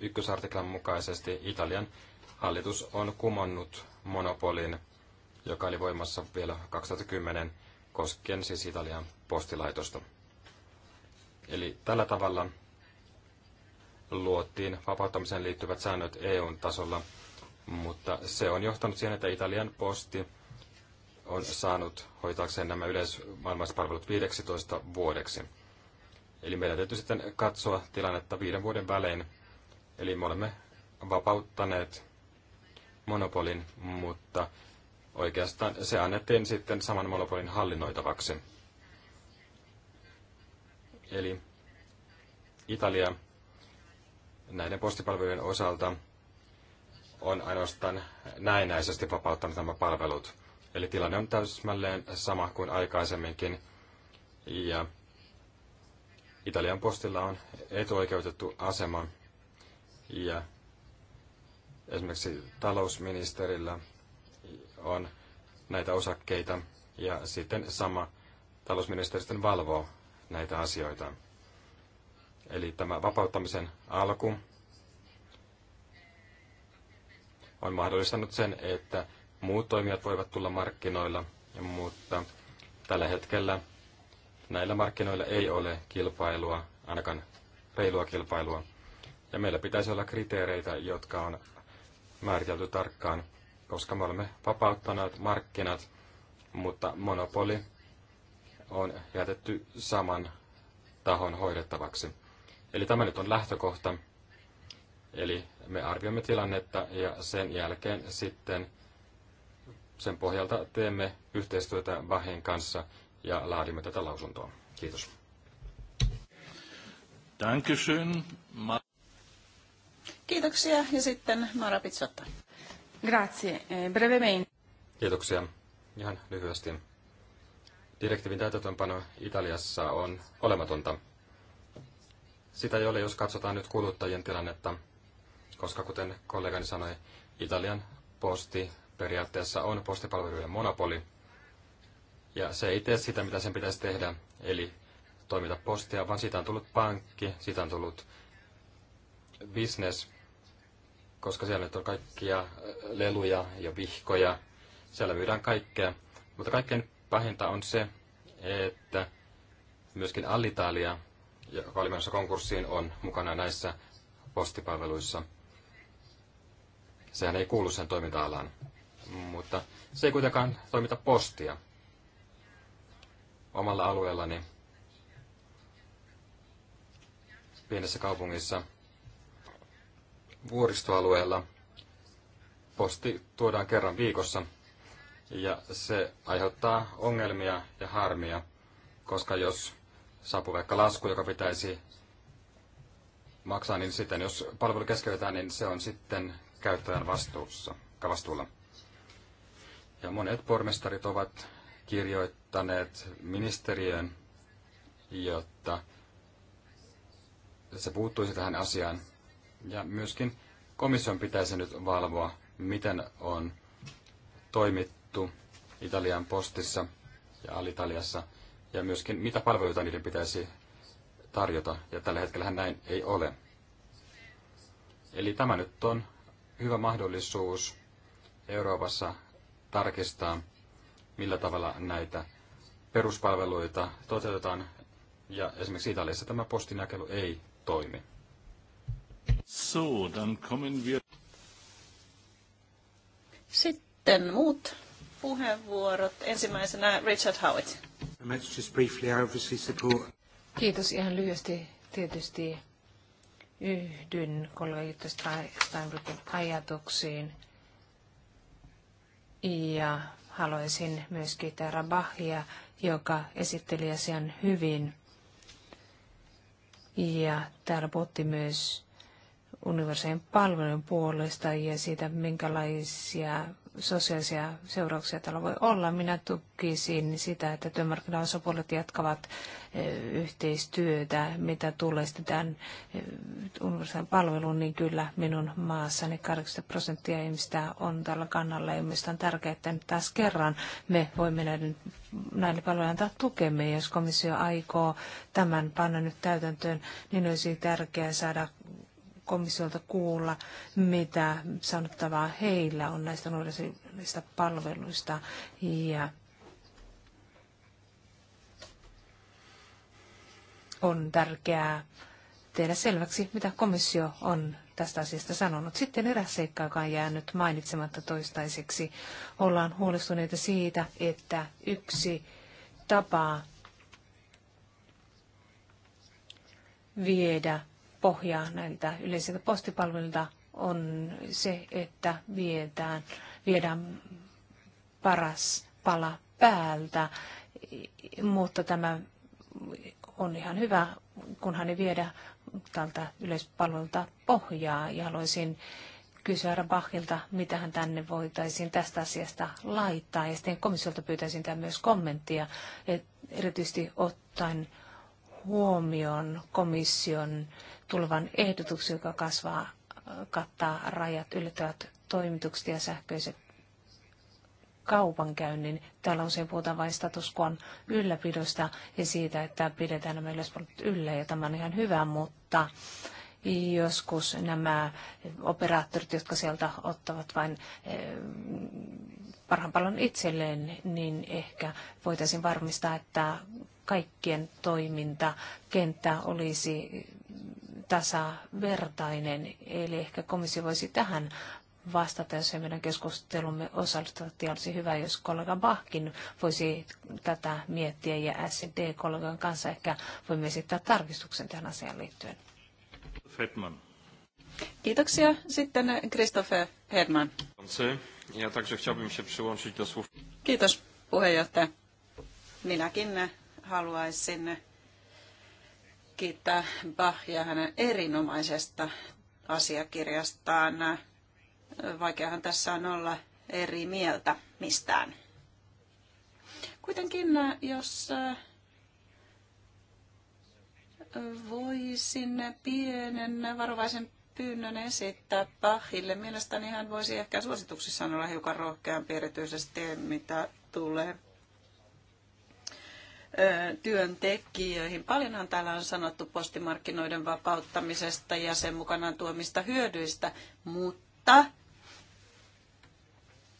ykkösartiklan mukaisesti Italian hallitus on kumonnut monopolin, joka oli voimassa vielä 2010 koskien siis Italian postilaitosta. Eli tällä tavalla luotiin vapauttamiseen liittyvät säännöt EUn tasolla, mutta se on johtanut siihen, että Italian posti on saanut hoitaakseen nämä yleismaailmaispalvelut 15 vuodeksi. Eli meidän täytyy sitten katsoa tilannetta viiden vuoden välein. Eli me olemme vapauttaneet monopolin, mutta Oikeastaan se annettiin sitten saman monopolin hallinnoitavaksi. Eli Italia näiden postipalvelujen osalta on ainoastaan näinäisesti vapauttanut nämä palvelut. Eli tilanne on täsmälleen sama kuin aikaisemminkin. Ja Italian postilla on etuoikeutettu asema. Ja esimerkiksi talousministerillä on näitä osakkeita ja sitten sama sitten valvoo näitä asioita. Eli tämä vapauttamisen alku on mahdollistanut sen, että muut toimijat voivat tulla markkinoilla, mutta tällä hetkellä näillä markkinoilla ei ole kilpailua, ainakaan reilua kilpailua. Ja meillä pitäisi olla kriteereitä, jotka on määritelty tarkkaan koska me olemme vapauttaneet markkinat, mutta monopoli on jätetty saman tahon hoidettavaksi. Eli tämä nyt on lähtökohta. Eli me arvioimme tilannetta ja sen jälkeen sitten sen pohjalta teemme yhteistyötä Bahen kanssa ja laadimme tätä lausuntoa. Kiitos. Kiitoksia ja sitten Mara Pitsotta. Grazie. Eh, brevemente. Kiitoksia. Ihan lyhyesti. Direktiivin täytäntöönpano Italiassa on olematonta. Sitä ei ole, jos katsotaan nyt kuluttajien tilannetta, koska kuten kollegani sanoi, Italian posti periaatteessa on postipalveluiden monopoli, ja se ei tee sitä, mitä sen pitäisi tehdä, eli toimita postia, vaan siitä on tullut pankki, siitä on tullut business, koska siellä nyt on kaikkia leluja ja vihkoja. Siellä myydään kaikkea. Mutta kaikkein pahinta on se, että myöskin Alitalia, joka oli menossa konkurssiin, on mukana näissä postipalveluissa. Sehän ei kuulu sen toiminta-alaan. Mutta se ei kuitenkaan toimita postia omalla alueellani pienessä kaupungissa – vuoristoalueella posti tuodaan kerran viikossa ja se aiheuttaa ongelmia ja harmia, koska jos saapuu vaikka lasku, joka pitäisi maksaa, niin sitten jos palvelu keskeytetään, niin se on sitten käyttäjän vastuussa, vastuulla. Ja monet pormestarit ovat kirjoittaneet ministeriön, jotta se puuttuisi tähän asiaan. Ja myöskin komission pitäisi nyt valvoa, miten on toimittu Italian postissa ja Alitaliassa, ja myöskin mitä palveluita niiden pitäisi tarjota, ja tällä hetkellä näin ei ole. Eli tämä nyt on hyvä mahdollisuus Euroopassa tarkistaa, millä tavalla näitä peruspalveluita toteutetaan, ja esimerkiksi Italiassa tämä postinjakelu ei toimi. So, dann kommen wir... Sitten muut puheenvuorot. Ensimmäisenä Richard Howitt. Just briefly, obviously support. Kiitos ihan lyhyesti. Tietysti yhdyn kollega Steinbrückin ajatuksiin ja haluaisin myös kiittää Rabahia, joka esitteli asian hyvin. Ja täällä puhuttiin myös universaalien palvelujen puolesta ja siitä, minkälaisia sosiaalisia seurauksia tällä voi olla. Minä tukisin sitä, että työmarkkinaosapuolet jatkavat eh, yhteistyötä, mitä tulee sitten tämän eh, universaalin palveluun, niin kyllä minun maassani 80 prosenttia ihmistä on tällä kannalla. Ja minusta on tärkeää, että nyt taas kerran me voimme näiden, näiden palvelujen antaa tukemme. Jos komissio aikoo tämän panna nyt täytäntöön, niin olisi tärkeää saada komissiolta kuulla, mitä sanottavaa heillä on näistä nuorisollisista palveluista ja on tärkeää tehdä selväksi, mitä komissio on tästä asiasta sanonut. Sitten eräs seikka, joka on jäänyt mainitsematta toistaiseksi. Ollaan huolestuneita siitä, että yksi tapa viedä pohja näiltä yleisiltä postipalveluilta on se, että viedään, viedään paras pala päältä, mutta tämä on ihan hyvä, kunhan ne viedä tältä yleispalvelulta pohjaa ja haluaisin kysyä Rabahilta, mitä hän tänne voitaisiin tästä asiasta laittaa. Ja sitten komissiolta pyytäisin tämän myös kommenttia, että erityisesti ottaen huomioon komission tulevan ehdotuksen, joka kasvaa, kattaa rajat ylittävät toimitukset ja sähköiset kaupankäynnin. Täällä usein puhutaan vain status quo ylläpidosta ja siitä, että pidetään nämä yleispalvelut yllä ja tämä on ihan hyvä, mutta joskus nämä operaattorit, jotka sieltä ottavat vain eh, parhaan paljon itselleen, niin ehkä voitaisiin varmistaa, että kaikkien toimintakenttä olisi tasavertainen. Eli ehkä komissio voisi tähän vastata, jos meidän keskustelumme osallistuvat. Ja olisi hyvä, jos kollega Bahkin voisi tätä miettiä ja SD-kollegan kanssa ehkä voimme esittää tarkistuksen tähän asiaan liittyen. Fetman. Kiitoksia. Sitten Christopher Hedman. Ja takse, chciałbym się przyłączyć do słów. Kiitos puheenjohtaja. Minäkin haluaisin kiittää Bachia hänen erinomaisesta asiakirjastaan. Vaikeahan tässä on olla eri mieltä mistään. Kuitenkin jos äh, voisin pienen varovaisen pyynnön esittää Pahille. Mielestäni hän voisi ehkä suosituksissaan olla hiukan rohkeampi erityisesti, mitä tulee työntekijöihin. Paljonhan täällä on sanottu postimarkkinoiden vapauttamisesta ja sen mukanaan tuomista hyödyistä, mutta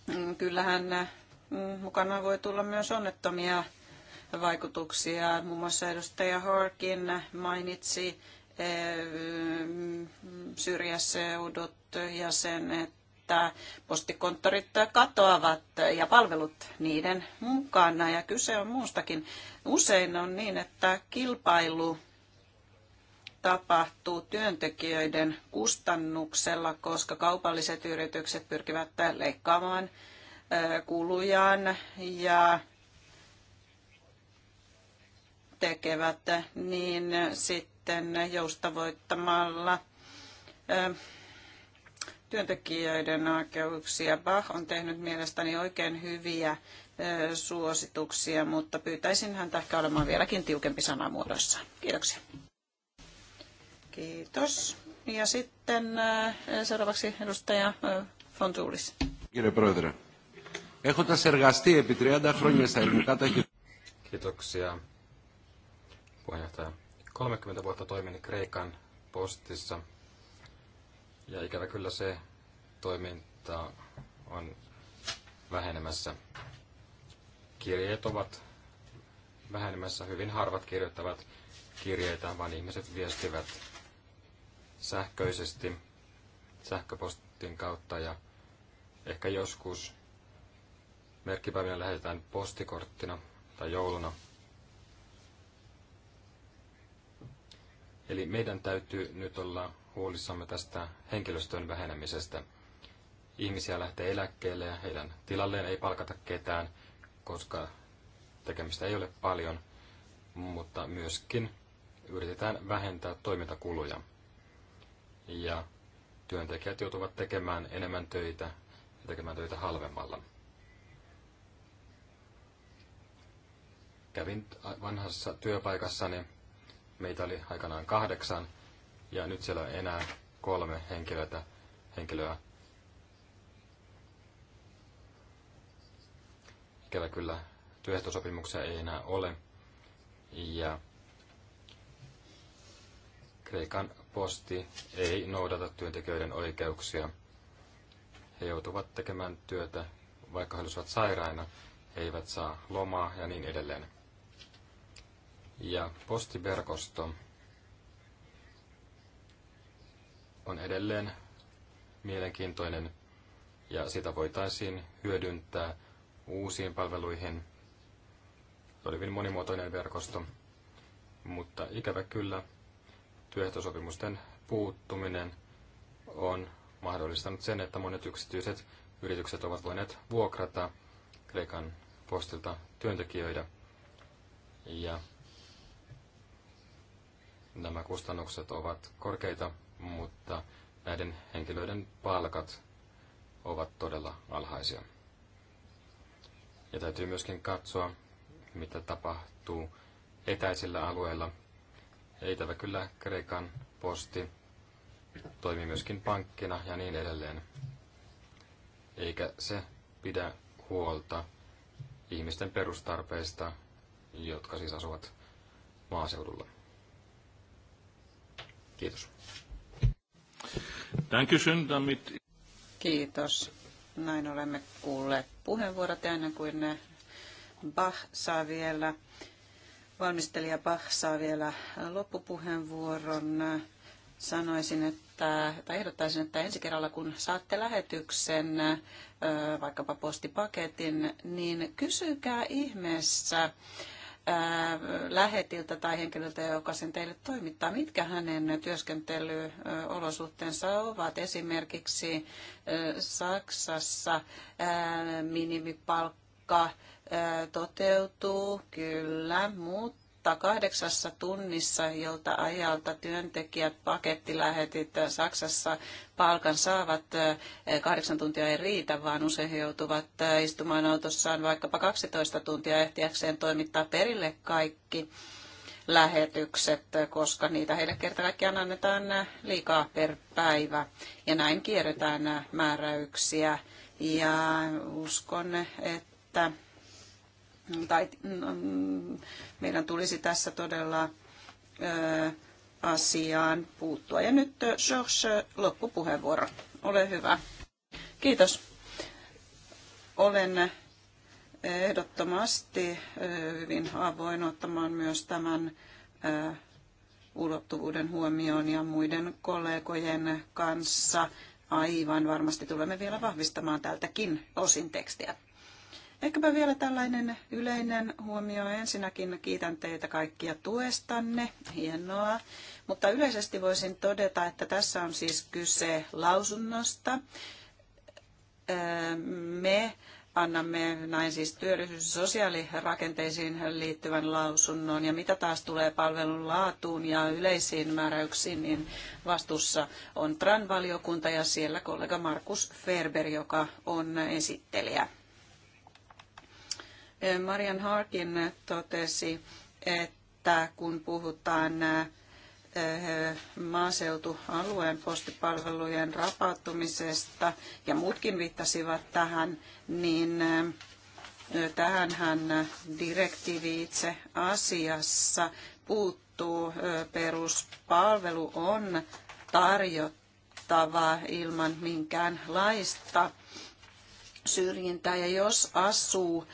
mm, kyllähän mm, mukana voi tulla myös onnettomia vaikutuksia. Muun muassa edustaja Horkin mainitsi mm, syrjäseudut ja sen, että että postikonttorit katoavat ja palvelut niiden mukana ja kyse on muustakin. Usein on niin, että kilpailu tapahtuu työntekijöiden kustannuksella, koska kaupalliset yritykset pyrkivät leikkaamaan kulujaan ja tekevät niin sitten joustavoittamalla työntekijöiden oikeuksia. Bach on tehnyt mielestäni oikein hyviä suosituksia, mutta pyytäisin häntä ehkä olemaan vieläkin tiukempi sanamuodossa. Kiitoksia. Kiitos. Ja sitten seuraavaksi edustaja Fontoulis. Κύριε Πρόεδρε, Kiitoksia, puheenjohtaja. 30 vuotta toimin Kreikan postissa ja ikävä kyllä se toiminta on vähenemässä. Kirjeet ovat vähenemässä. Hyvin harvat kirjoittavat kirjeitä, vaan ihmiset viestivät sähköisesti sähköpostin kautta ja ehkä joskus merkkipäivinä lähetetään postikorttina tai jouluna. Eli meidän täytyy nyt olla huolissamme tästä henkilöstön vähenemisestä. Ihmisiä lähtee eläkkeelle ja heidän tilalleen ei palkata ketään, koska tekemistä ei ole paljon, mutta myöskin yritetään vähentää toimintakuluja. Ja työntekijät joutuvat tekemään enemmän töitä ja tekemään töitä halvemmalla. Kävin vanhassa työpaikassani, meitä oli aikanaan kahdeksan, ja nyt siellä on enää kolme henkilötä, henkilöä. Ikävä kyllä työehtosopimuksia ei enää ole. Ja Kreikan posti ei noudata työntekijöiden oikeuksia. He joutuvat tekemään työtä, vaikka he olisivat sairaina, he eivät saa lomaa ja niin edelleen. Ja postiverkosto on edelleen mielenkiintoinen ja sitä voitaisiin hyödyntää uusiin palveluihin. Se oli hyvin monimuotoinen verkosto, mutta ikävä kyllä työehtosopimusten puuttuminen on mahdollistanut sen, että monet yksityiset yritykset ovat voineet vuokrata Kreikan postilta työntekijöitä. Ja nämä kustannukset ovat korkeita mutta näiden henkilöiden palkat ovat todella alhaisia. Ja täytyy myöskin katsoa, mitä tapahtuu etäisillä alueilla. Ei tämä kyllä Kreikan posti toimi myöskin pankkina ja niin edelleen. Eikä se pidä huolta ihmisten perustarpeista, jotka siis asuvat maaseudulla. Kiitos. Dankeschön, damit... Kiitos. Näin olemme kuulleet puheenvuorot ennen kuin ne eh, Bach saa vielä, valmistelija Bach saa vielä loppupuheenvuoron. Eh, sanoisin, että, tai ehdottaisin, että ensi kerralla kun saatte lähetyksen, eh, vaikkapa postipaketin, niin kysykää ihmeessä lähetiltä tai henkilöltä, joka sen teille toimittaa, mitkä hänen työskentelyolosuhteensa ovat. Esimerkiksi Saksassa minimipalkka toteutuu, kyllä, mutta kahdeksassa tunnissa, jolta ajalta työntekijät pakettilähetit Saksassa palkan saavat, kahdeksan tuntia ei riitä, vaan usein he joutuvat istumaan autossaan vaikkapa 12 tuntia ehtiäkseen toimittaa perille kaikki lähetykset, koska niitä heille kerta kaikkiaan annetaan liikaa per päivä. Ja näin kierretään määräyksiä. Ja uskon, että tai mm, meidän tulisi tässä todella asiaan puuttua. Ja nyt George, loppupuheenvuoro. Ole hyvä. Kiitos. Olen ehdottomasti hyvin avoin ottamaan myös tämän ulottuvuuden huomioon ja muiden kollegojen kanssa. Aivan varmasti tulemme vielä vahvistamaan tältäkin osin tekstiä. Ehkäpä vielä tällainen yleinen huomio. Ensinnäkin kiitän teitä kaikkia tuestanne. Hienoa. Mutta yleisesti voisin todeta, että tässä on siis kyse lausunnosta. Öö, me annamme näin siis työllisyys- ja sosiaalirakenteisiin liittyvän lausunnon. Ja mitä taas tulee palvelun laatuun ja yleisiin määräyksiin, niin vastuussa on TRAN-valiokunta ja siellä kollega Markus Ferber, joka on esittelijä. Marian Harkin totesi, että kun puhutaan eh, maaseutualueen postipalvelujen rapautumisesta, ja muutkin viittasivat tähän, niin eh, tähänhän direktiivi itse asiassa puuttuu. Eh, peruspalvelu on tarjottava ilman minkäänlaista syrjintää ja jos asuu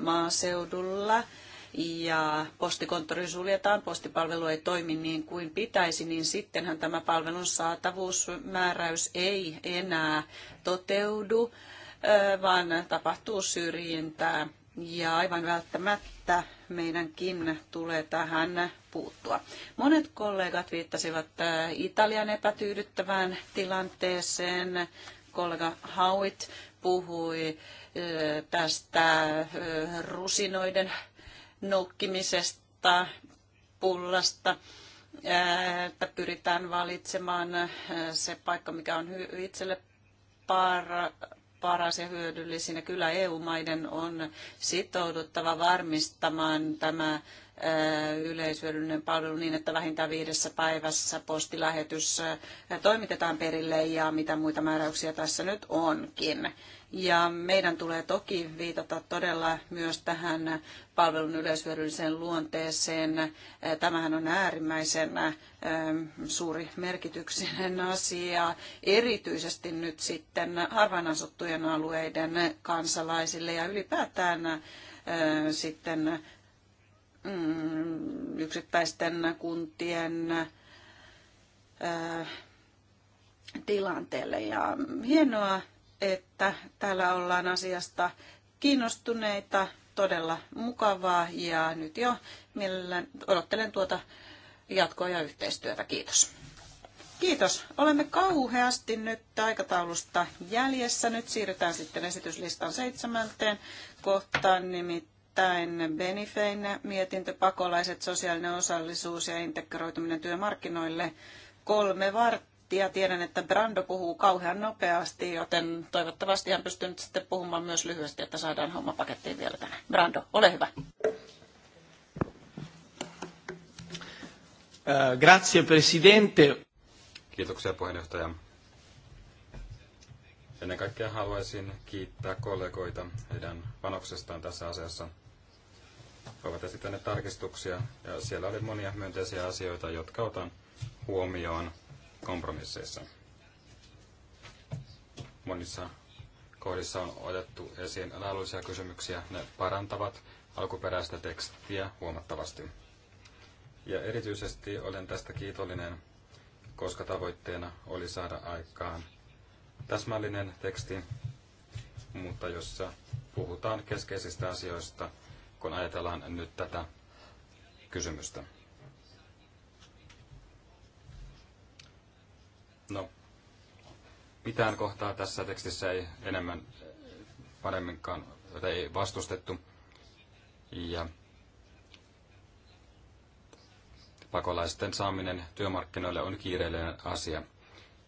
maaseudulla ja postikonttori suljetaan, postipalvelu ei toimi niin kuin pitäisi, niin sittenhän tämä palvelun saatavuusmääräys ei enää toteudu, vaan tapahtuu syrjintää. Ja aivan välttämättä meidänkin tulee tähän puuttua. Monet kollegat viittasivat Italian epätyydyttävään tilanteeseen. Kollega Howitt puhui tästä rusinoiden nokkimisesta, pullasta, että pyritään valitsemaan se paikka, mikä on itselle para, paras ja hyödyllisin. Ja kyllä EU-maiden on sitouduttava varmistamaan tämä yleishyödyllinen palvelu niin, että vähintään viidessä päivässä postilähetys toimitetaan perille ja mitä muita määräyksiä tässä nyt onkin. Ja meidän tulee toki viitata todella myös tähän palvelun yleishyödylliseen luonteeseen. Tämähän on äärimmäisen suuri merkityksinen asia, erityisesti nyt sitten harvaan asuttujen alueiden kansalaisille ja ylipäätään sitten Mm, yksittäisten kuntien äh, tilanteelle. Ja hienoa, että täällä ollaan asiasta kiinnostuneita, todella mukavaa ja nyt jo mielellään odottelen tuota jatkoa ja yhteistyötä. Kiitos. Kiitos. Olemme kauheasti nyt aikataulusta jäljessä. Nyt siirrytään sitten esityslistan seitsemänteen kohtaan, nimittäin Nimittäin Benifein mietintö Pakolaiset, sosiaalinen osallisuus ja integroituminen työmarkkinoille kolme varttia. Tiedän, että Brando puhuu kauhean nopeasti, joten toivottavasti hän pystyy nyt sitten puhumaan myös lyhyesti, että saadaan homma pakettiin vielä tänään. Brando, ole hyvä. Eh, grazie Presidente. Kiitoksia puheenjohtaja. Ennen kaikkea haluaisin kiittää kollegoita heidän panoksestaan tässä asiassa esittää ne tarkistuksia ja siellä oli monia myönteisiä asioita, jotka otan huomioon kompromisseissa. Monissa kohdissa on otettu esiin laadullisia kysymyksiä. Ne parantavat alkuperäistä tekstiä huomattavasti. Ja erityisesti olen tästä kiitollinen, koska tavoitteena oli saada aikaan täsmällinen teksti, mutta jossa puhutaan keskeisistä asioista – kun ajatellaan nyt tätä kysymystä. No, mitään kohtaa tässä tekstissä ei enemmän paremminkaan tai ei vastustettu. Ja pakolaisten saaminen työmarkkinoille on kiireellinen asia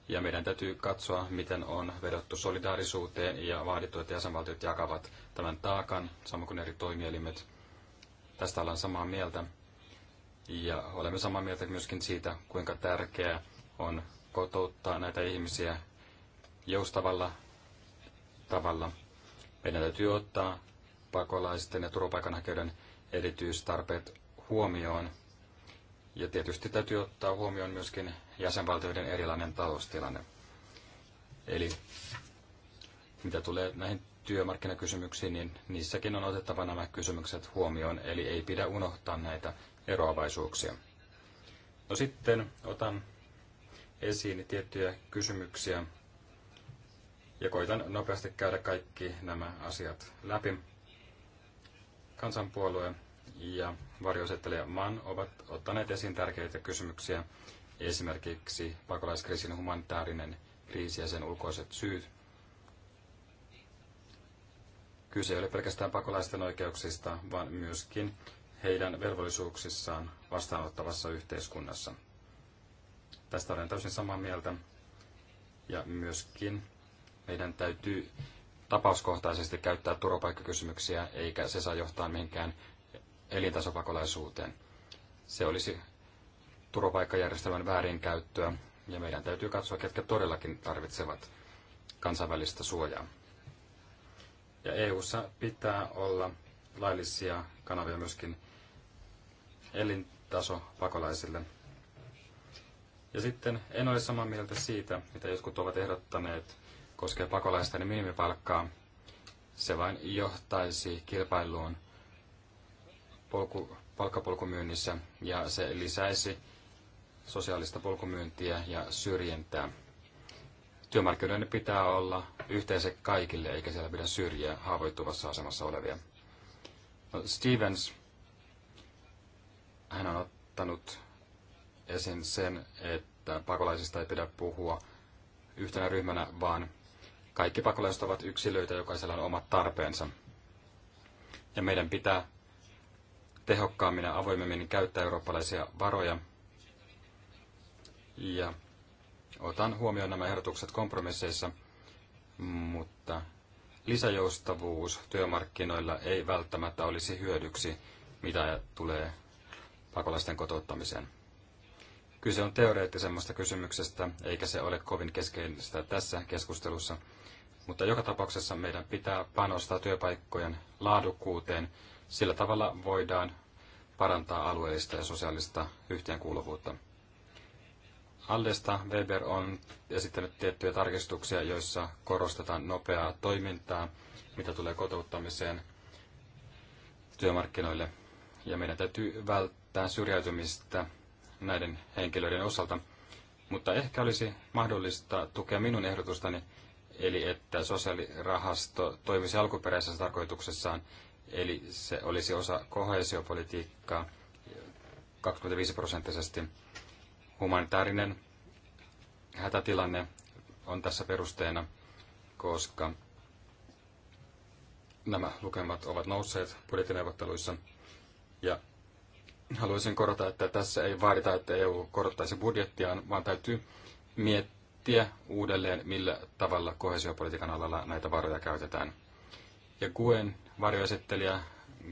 ja meidän täytyy katsoa, miten on vedottu solidaarisuuteen ja vaadittu, että jäsenvaltiot jakavat tämän taakan, samoin kuin eri toimielimet. Tästä ollaan samaa mieltä. Ja olemme samaa mieltä myöskin siitä, kuinka tärkeää on kotouttaa näitä ihmisiä joustavalla tavalla. Meidän täytyy ottaa pakolaisten ja turvapaikanhakijoiden erityistarpeet huomioon ja tietysti täytyy ottaa huomioon myöskin jäsenvaltioiden erilainen taloustilanne. Eli mitä tulee näihin työmarkkinakysymyksiin, niin niissäkin on otettava nämä kysymykset huomioon, eli ei pidä unohtaa näitä eroavaisuuksia. No sitten otan esiin tiettyjä kysymyksiä ja koitan nopeasti käydä kaikki nämä asiat läpi. Kansanpuolue ja varjoisettelija Mann ovat ottaneet esiin tärkeitä kysymyksiä, esimerkiksi pakolaiskriisin humanitaarinen kriisi ja sen ulkoiset syyt. Kyse ei ole pelkästään pakolaisten oikeuksista, vaan myöskin heidän velvollisuuksissaan vastaanottavassa yhteiskunnassa. Tästä olen täysin samaa mieltä. Ja myöskin meidän täytyy tapauskohtaisesti käyttää turvapaikkakysymyksiä, eikä se saa johtaa mihinkään elintasopakolaisuuteen. Se olisi turvapaikkajärjestelmän väärinkäyttöä, ja meidän täytyy katsoa, ketkä todellakin tarvitsevat kansainvälistä suojaa. Ja EU:ssa pitää olla laillisia kanavia myöskin elintasopakolaisille. Ja sitten en ole samaa mieltä siitä, mitä jotkut ovat ehdottaneet koskee pakolaisten minimipalkkaa. Se vain johtaisi kilpailuun polku, palkkapolkumyynnissä ja se lisäisi sosiaalista polkumyyntiä ja syrjintää. Työmarkkinoiden pitää olla yhteensä kaikille, eikä siellä pidä syrjiä haavoittuvassa asemassa olevia. No, Stevens, hän on ottanut esiin sen, että pakolaisista ei pidä puhua yhtenä ryhmänä, vaan kaikki pakolaiset ovat yksilöitä, jokaisella on omat tarpeensa. Ja meidän pitää tehokkaammin ja avoimemmin käyttää eurooppalaisia varoja. Ja otan huomioon nämä ehdotukset kompromisseissa, mutta lisäjoustavuus työmarkkinoilla ei välttämättä olisi hyödyksi, mitä tulee pakolaisten kotouttamiseen. Kyse on teoreettisemmasta kysymyksestä, eikä se ole kovin keskeistä tässä keskustelussa, mutta joka tapauksessa meidän pitää panostaa työpaikkojen laadukkuuteen sillä tavalla voidaan parantaa alueellista ja sosiaalista yhteenkuuluvuutta. Allesta Weber on esittänyt tiettyjä tarkistuksia, joissa korostetaan nopeaa toimintaa, mitä tulee kotouttamiseen työmarkkinoille. Ja meidän täytyy välttää syrjäytymistä näiden henkilöiden osalta. Mutta ehkä olisi mahdollista tukea minun ehdotustani, eli että sosiaalirahasto toimisi alkuperäisessä tarkoituksessaan, Eli se olisi osa kohesiopolitiikkaa 25 prosenttisesti. Humanitaarinen hätätilanne on tässä perusteena, koska nämä lukemat ovat nousseet budjettineuvotteluissa. Ja haluaisin korota, että tässä ei vaadita, että EU korottaisi budjettiaan, vaan täytyy miettiä uudelleen, millä tavalla kohesiopolitiikan alalla näitä varoja käytetään. Ja Guen Varjoesittelijä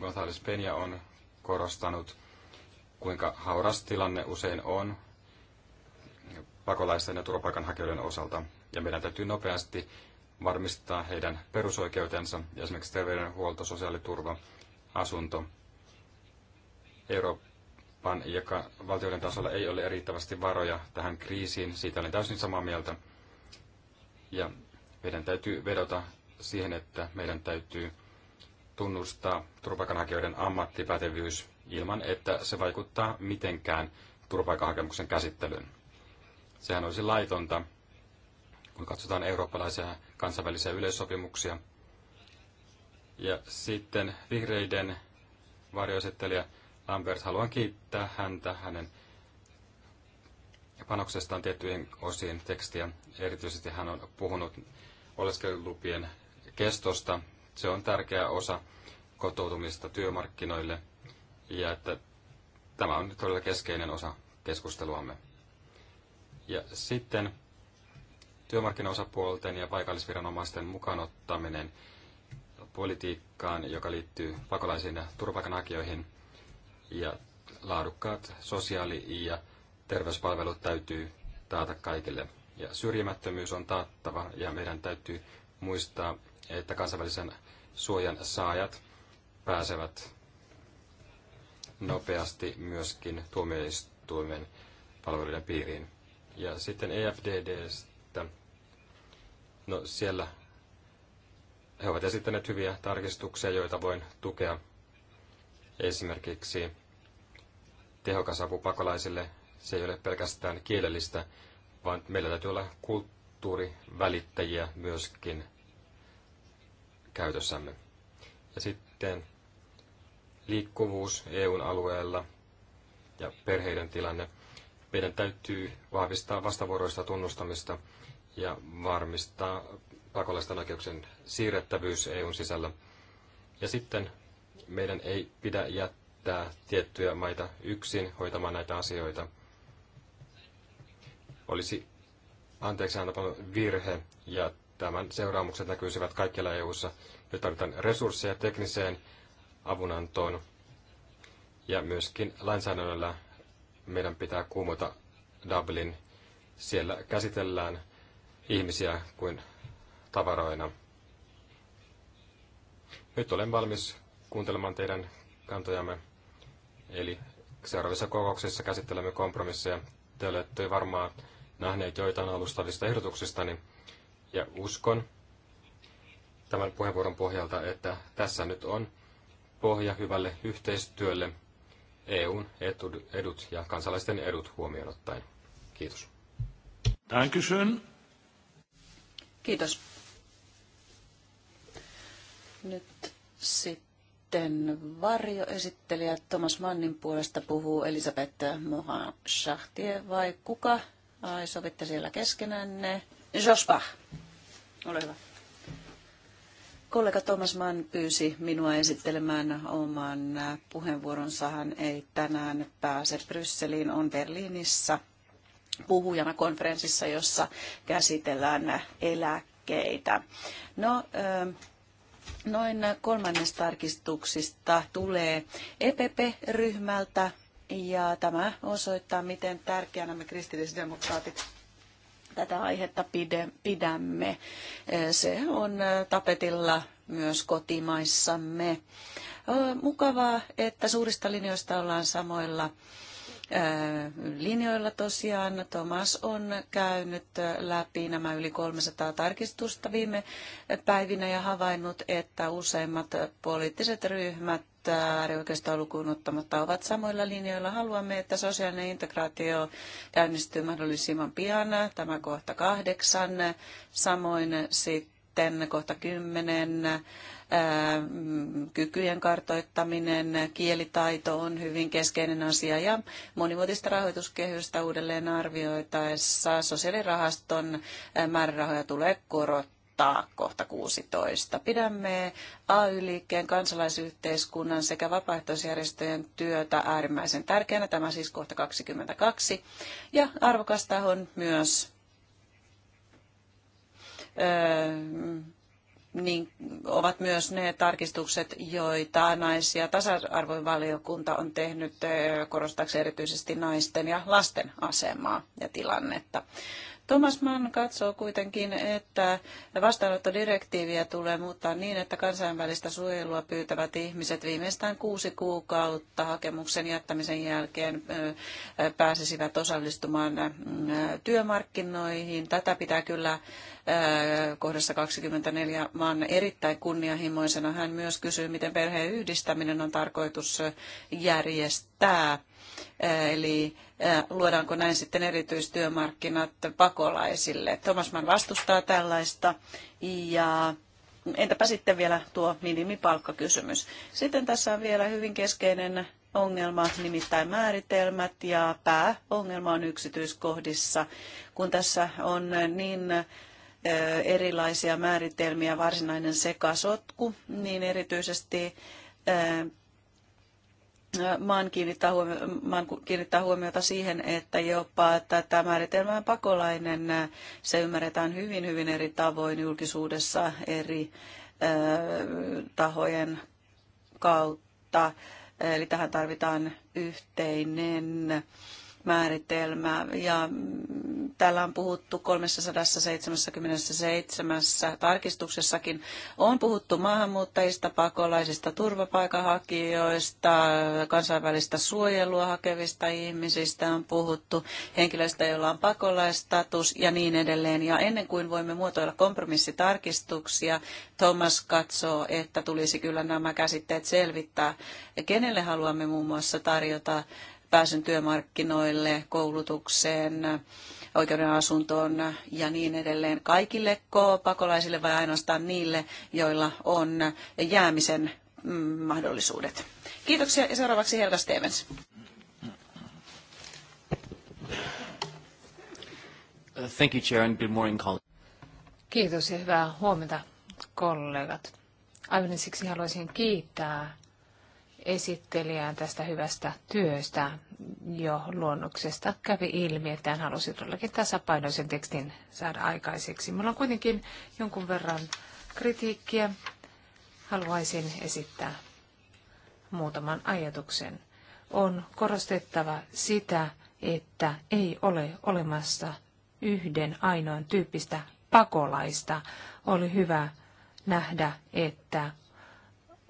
González Peña on korostanut, kuinka hauras tilanne usein on pakolaisten ja turvapaikanhakijoiden osalta, ja meidän täytyy nopeasti varmistaa heidän perusoikeutensa, esimerkiksi terveydenhuolto, sosiaaliturva, asunto. Euroopan ja valtioiden tasolla ei ole riittävästi varoja tähän kriisiin, siitä olen täysin samaa mieltä. Ja meidän täytyy vedota siihen, että meidän täytyy tunnustaa turvapaikanhakijoiden ammattipätevyys ilman, että se vaikuttaa mitenkään turvapaikanhakemuksen käsittelyyn. Sehän olisi laitonta, kun katsotaan eurooppalaisia kansainvälisiä yleissopimuksia. Ja sitten vihreiden varjoesittelijä Lambert, haluan kiittää häntä hänen panoksestaan tiettyihin osiin tekstiä. Erityisesti hän on puhunut oleskelulupien kestosta se on tärkeä osa kotoutumista työmarkkinoille ja että tämä on todella keskeinen osa keskusteluamme. Ja sitten työmarkkinaosapuolten ja paikallisviranomaisten mukaanottaminen politiikkaan, joka liittyy pakolaisiin ja turvapaikanhakijoihin. Ja laadukkaat sosiaali- ja terveyspalvelut täytyy taata kaikille. Ja syrjimättömyys on taattava ja meidän täytyy muistaa, että kansainvälisen suojan saajat pääsevät nopeasti myöskin tuomioistuimen palveluiden piiriin. Ja sitten EFDDstä, no siellä he ovat esittäneet hyviä tarkistuksia, joita voin tukea. Esimerkiksi tehokas apu pakolaisille, se ei ole pelkästään kielellistä, vaan meillä täytyy olla kulttuurivälittäjiä myöskin käytössämme. Ja sitten liikkuvuus EUn alueella ja perheiden tilanne. Meidän täytyy vahvistaa vastavuoroista tunnustamista ja varmistaa pakolaisten oikeuksien siirrettävyys EUn sisällä. Ja sitten meidän ei pidä jättää tiettyjä maita yksin hoitamaan näitä asioita. Olisi anteeksi virhe ja tämän seuraamukset näkyisivät kaikkialla EU-ssa. Nyt tarvitaan resursseja tekniseen avunantoon ja myöskin lainsäädännöllä meidän pitää kuumota Dublin. Siellä käsitellään ihmisiä kuin tavaroina. Nyt olen valmis kuuntelemaan teidän kantojamme. Eli seuraavissa kokouksissa käsittelemme kompromisseja. Te olette varmaan nähneet joitain alustavista ehdotuksistani. Niin ja uskon tämän puheenvuoron pohjalta, että tässä nyt on pohja hyvälle yhteistyölle EUn edut ja kansalaisten edut huomioon ottaen. Kiitos. Dankeschön. Kiitos. Nyt sitten varjoesittelijä Thomas Mannin puolesta puhuu Elisabeth Mohan Schachtie vai kuka? Ai, sovitte siellä keskenänne. Josh Bach. Ole hyvä. Kollega Thomas Mann pyysi minua esittelemään oman puheenvuoronsa. Hän ei tänään pääse Brysseliin, on Berliinissä puhujana konferenssissa, jossa käsitellään eläkkeitä. No, ähm, noin kolmannes tarkistuksista tulee EPP-ryhmältä ja tämä osoittaa, miten tärkeänä me kristillisdemokraatit tätä aihetta pidämme. Se on tapetilla myös kotimaissamme. Mukavaa, että suurista linjoista ollaan samoilla linjoilla tosiaan. Tomas on käynyt läpi nämä yli 300 tarkistusta viime päivinä ja havainnut, että useimmat poliittiset ryhmät äärioikeistoa lukuun ottamatta ovat samoilla linjoilla. Haluamme, että sosiaalinen integraatio käynnistyy mahdollisimman pian, tämä kohta kahdeksan, samoin sitten kohta kymmenen, kykyjen kartoittaminen, kielitaito on hyvin keskeinen asia ja monivuotista rahoituskehystä uudelleen arvioitaessa sosiaalirahaston määrärahoja tulee korottaa muuttaa kohta 16. Pidämme AY-liikkeen, kansalaisyhteiskunnan sekä vapaaehtoisjärjestöjen työtä äärimmäisen tärkeänä, tämä siis kohta 22. Ja arvokasta on myös öö, niin ovat myös ne tarkistukset, joita nais- ja tasa-arvovaliokunta on tehnyt korostaakseen erityisesti naisten ja lasten asemaa ja tilannetta. Thomas Mann katsoo kuitenkin, että vastaanottodirektiiviä tulee muuttaa niin, että kansainvälistä suojelua pyytävät ihmiset viimeistään kuusi kuukautta hakemuksen jättämisen jälkeen pääsisivät osallistumaan työmarkkinoihin. Tätä pitää kyllä kohdassa 24 maan erittäin kunnianhimoisena. Hän myös kysyy, miten perheen yhdistäminen on tarkoitus järjestää Eli luodaanko näin sitten erityistyömarkkinat pakolaisille. Thomasman vastustaa tällaista ja entäpä sitten vielä tuo minimipalkkakysymys. Sitten tässä on vielä hyvin keskeinen ongelma, nimittäin määritelmät ja pääongelma on yksityiskohdissa, kun tässä on niin erilaisia määritelmiä, varsinainen sekasotku, niin erityisesti maan kiinnittää, huomiota, maan kiinnittää huomiota siihen, että jopa tätä määritelmää pakolainen, äh, se ymmärretään hyvin, hyvin eri tavoin julkisuudessa eri äh, tahojen kautta. Eli tähän tarvitaan yhteinen määritelmä. Ja mm, täällä on puhuttu 377 tarkistuksessakin. On puhuttu maahanmuuttajista, pakolaisista, turvapaikanhakijoista, kansainvälistä suojelua hakevista ihmisistä. On puhuttu henkilöistä, joilla on pakolaistatus ja niin edelleen. Ja ennen kuin voimme muotoilla kompromissitarkistuksia, Thomas katsoo, että tulisi kyllä nämä käsitteet selvittää. Kenelle haluamme muun muassa tarjota pääsyn työmarkkinoille, koulutukseen, oikeuden asuntoon ja niin edelleen. Kaikille pakolaisille vai ainoastaan niille, joilla on jäämisen mm, mahdollisuudet. Kiitoksia ja seuraavaksi Helga Stevens. Thank you, Chair, and good morning, colleagues. Kiitos ja hyvää huomenta, kollegat. Aivan siksi haluaisin kiittää esittelijään tästä hyvästä työstä. Jo luonnoksesta kävi ilmi, että hän halusi todellakin tasapainoisen tekstin saada aikaiseksi. Meillä on kuitenkin jonkun verran kritiikkiä. Haluaisin esittää muutaman ajatuksen. On korostettava sitä, että ei ole olemassa yhden ainoan tyyppistä pakolaista. Oli hyvä nähdä, että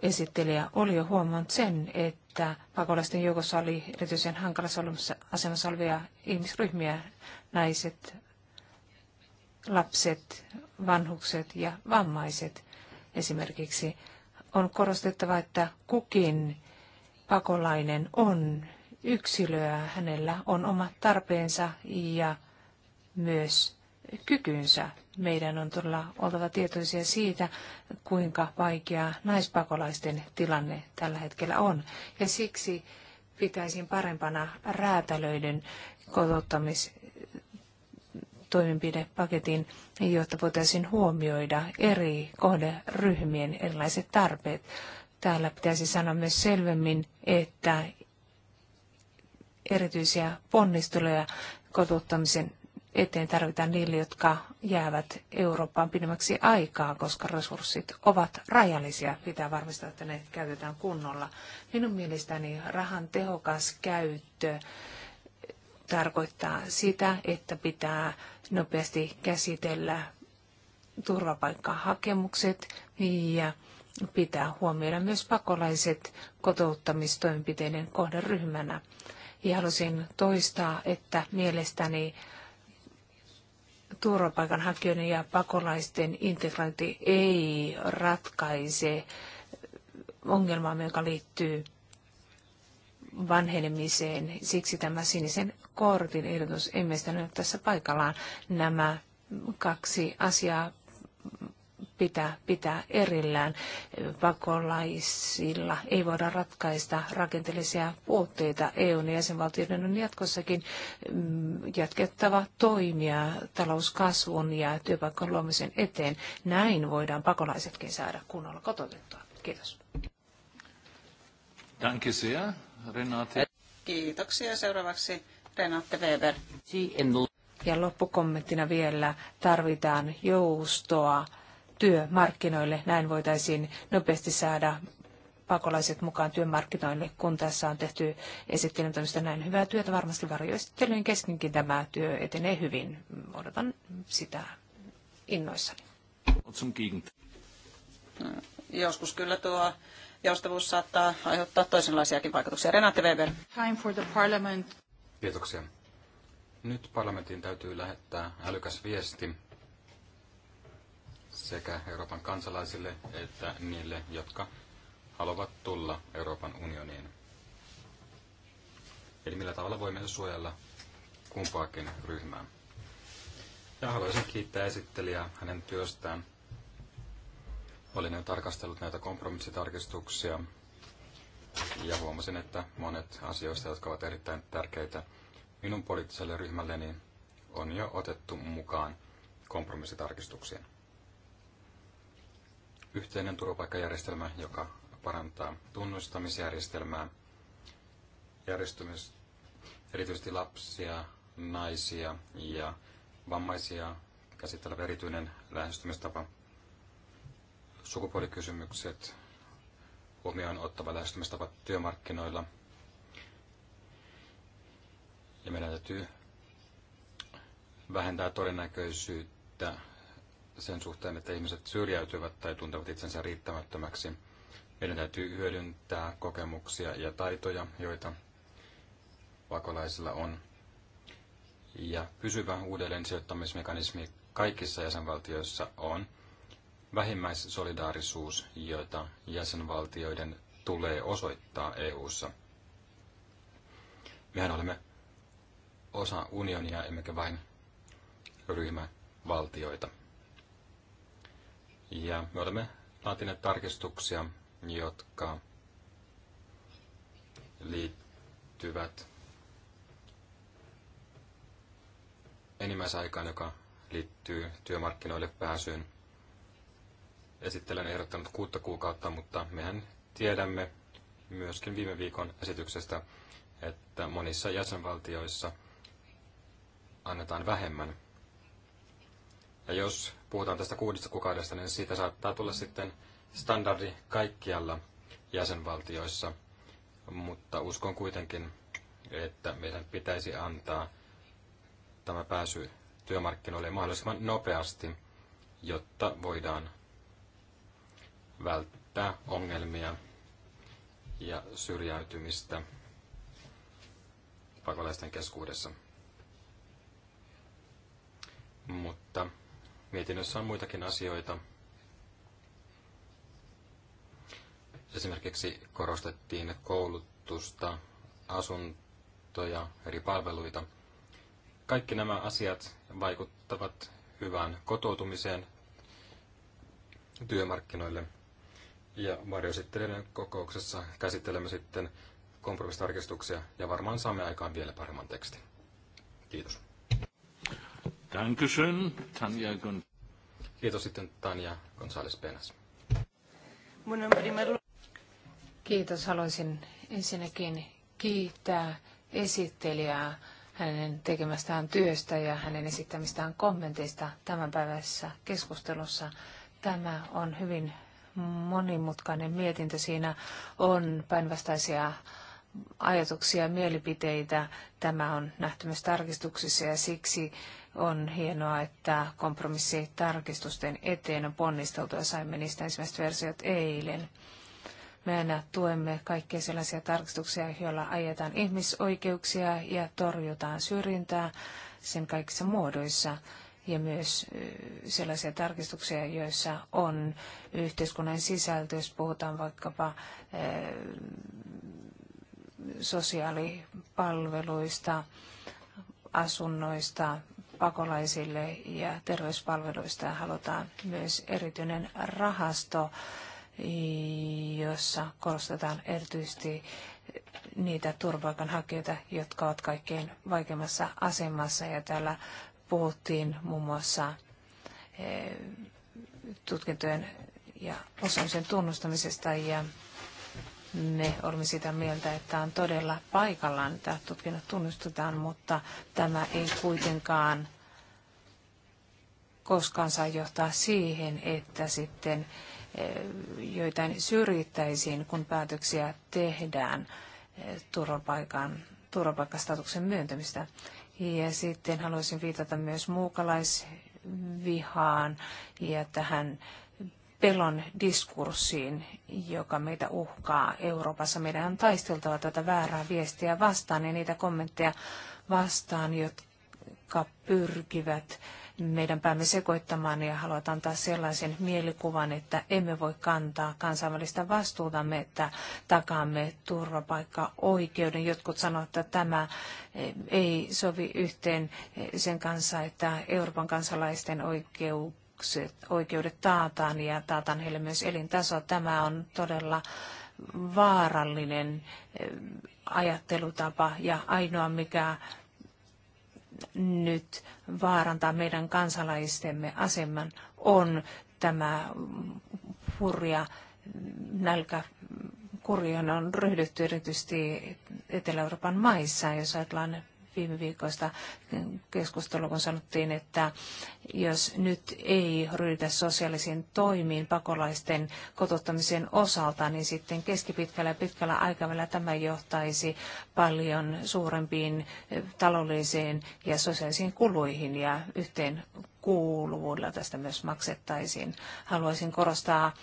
esittelijä oli jo huomannut sen, että pakolaisten joukossa oli erityisen hankalassa asemassa olevia ihmisryhmiä, naiset, lapset, vanhukset ja vammaiset esimerkiksi. On korostettava, että kukin pakolainen on yksilöä, hänellä on omat tarpeensa ja myös kykynsä. Meidän on todella oltava tietoisia siitä, kuinka vaikea naispakolaisten tilanne tällä hetkellä on. Ja siksi pitäisin parempana räätälöidyn kotouttamis toimenpidepaketin, jotta voitaisiin huomioida eri kohderyhmien erilaiset tarpeet. Täällä pitäisi sanoa myös selvemmin, että erityisiä ponnisteluja kotouttamisen eteen tarvitaan niille, jotka jäävät Eurooppaan pidemmäksi aikaa, koska resurssit ovat rajallisia. Pitää varmistaa, että ne käytetään kunnolla. Minun mielestäni rahan tehokas käyttö tarkoittaa sitä, että pitää nopeasti käsitellä turvapaikkahakemukset ja pitää huomioida myös pakolaiset kotouttamistoimenpiteiden kohderyhmänä. Ja halusin toistaa, että mielestäni turvapaikanhakijoiden ja pakolaisten integrointi ei ratkaise ongelmaa, joka liittyy vanhenemiseen. Siksi tämä sinisen kortin ehdotus ei mielestäni ole tässä paikallaan. Nämä kaksi asiaa pitää pitää erillään. Pakolaisilla ei voida ratkaista rakenteellisia puutteita. EUn ja jäsenvaltioiden on jatkossakin mm, jatkettava toimia talouskasvun ja työpaikan luomisen eteen. Näin voidaan pakolaisetkin saada kunnolla kotoutettua. Kiitos. Kiitoksia. Seuraavaksi Renate Weber. Ja loppukommenttina vielä tarvitaan joustoa työmarkkinoille. Näin voitaisiin nopeasti saada pakolaiset mukaan työmarkkinoille, kun tässä on tehty esittelen näin hyvää työtä. Varmasti varjoesittelyyn keskenkin tämä työ etenee hyvin. Odotan sitä innoissani. No, joskus kyllä tuo joustavuus saattaa aiheuttaa toisenlaisiakin vaikutuksia. Renate Weber. Time for the parliament. Kiitoksia. Nyt parlamentin täytyy lähettää älykäs viesti sekä Euroopan kansalaisille että niille, jotka haluavat tulla Euroopan unioniin. Eli millä tavalla voimme suojella kumpaakin ryhmää. Ja haluaisin kiittää esittelijää hänen työstään. Olin jo tarkastellut näitä kompromissitarkistuksia ja huomasin, että monet asioista, jotka ovat erittäin tärkeitä minun poliittiselle ryhmälleni, on jo otettu mukaan kompromissitarkistuksiin yhteinen turvapaikkajärjestelmä, joka parantaa tunnustamisjärjestelmää, järjestymis, erityisesti lapsia, naisia ja vammaisia käsittelevä erityinen lähestymistapa, sukupuolikysymykset, huomioon ottava lähestymistapa työmarkkinoilla. Ja meidän täytyy vähentää todennäköisyyttä sen suhteen, että ihmiset syrjäytyvät tai tuntevat itsensä riittämättömäksi. Meidän täytyy hyödyntää kokemuksia ja taitoja, joita pakolaisilla on. Ja pysyvä uudelleen sijoittamismekanismi kaikissa jäsenvaltioissa on vähimmäissolidaarisuus, jota jäsenvaltioiden tulee osoittaa EU:ssa. Mehän olemme osa unionia, emmekä vain ryhmä valtioita. Ja me olemme laatineet tarkistuksia, jotka liittyvät enimmäisaikaan, joka liittyy työmarkkinoille pääsyyn. Esittelen ehdottanut kuutta kuukautta, mutta mehän tiedämme myöskin viime viikon esityksestä, että monissa jäsenvaltioissa annetaan vähemmän. Ja jos puhutaan tästä kuudesta kuukaudesta, niin siitä saattaa tulla sitten standardi kaikkialla jäsenvaltioissa. Mutta uskon kuitenkin, että meidän pitäisi antaa tämä pääsy työmarkkinoille mahdollisimman nopeasti, jotta voidaan välttää ongelmia ja syrjäytymistä pakolaisten keskuudessa. Mutta Mietinnössä on muitakin asioita. Esimerkiksi korostettiin koulutusta, asuntoja, eri palveluita. Kaikki nämä asiat vaikuttavat hyvään kotoutumiseen työmarkkinoille. Ja varjoesittelijöiden kokouksessa käsittelemme sitten kompromissitarkistuksia ja varmaan saamme aikaan vielä paremman tekstin. Kiitos. Dankeschön, Kiitos sitten Tania González Penas. Kiitos. Haluaisin ensinnäkin kiittää esittelijää hänen tekemästään työstä ja hänen esittämistään kommenteista tämän päivässä keskustelussa. Tämä on hyvin monimutkainen mietintö. Siinä on päinvastaisia ajatuksia ja mielipiteitä. Tämä on nähty myös tarkistuksissa ja siksi on hienoa, että kompromissitarkistusten eteen on ponnisteltu ja saimme niistä ensimmäiset versiot eilen. Me aina tuemme kaikkia sellaisia tarkistuksia, joilla ajetaan ihmisoikeuksia ja torjutaan syrjintää sen kaikissa muodoissa ja myös sellaisia tarkistuksia, joissa on yhteiskunnan sisältö, jos puhutaan vaikkapa sosiaalipalveluista, asunnoista, pakolaisille ja terveyspalveluista. Halutaan myös erityinen rahasto, jossa korostetaan erityisesti niitä turvapaikanhakijoita, jotka ovat kaikkein vaikeimmassa asemassa. Ja täällä puhuttiin muun muassa eh, tutkintojen ja osaamisen tunnustamisesta ja me olemme sitä mieltä, että on todella paikallaan, että tutkinnot tunnustetaan, mutta tämä ei kuitenkaan koskaan saa johtaa siihen, että sitten eh, joitain syrjittäisiin, kun päätöksiä tehdään eh, turvapaikan, turvapaikkastatuksen myöntämistä. Ja sitten haluaisin viitata myös muukalaisvihaan ja tähän pelon diskurssiin, joka meitä uhkaa Euroopassa. Meidän on taisteltava tätä väärää viestiä vastaan ja niitä kommentteja vastaan, jotka pyrkivät meidän päämme sekoittamaan ja haluat antaa sellaisen mielikuvan, että emme voi kantaa kansainvälistä vastuutamme, että takaamme turvapaikka-oikeuden. Jotkut sanovat, että tämä eh, ei sovi yhteen eh, sen kanssa, että Euroopan kansalaisten oikeus perusoikeudet oikeudet taataan ja taataan heille myös elintaso. Tämä on todella vaarallinen eh, ajattelutapa ja ainoa, mikä nyt vaarantaa meidän kansalaistemme aseman, on tämä hurja nälkä kurjon on ryhdytty erityisesti Etelä-Euroopan maissa, jos ajatellaan viime viikoista keskustelua, kun sanottiin, että jos nyt ei ryhdytä sosiaalisiin toimiin pakolaisten kotouttamisen osalta, niin sitten keskipitkällä ja pitkällä aikavälillä tämä johtaisi paljon suurempiin eh, taloudellisiin ja sosiaalisiin kuluihin ja yhteen kuuluvuudella tästä myös maksettaisiin. Haluaisin korostaa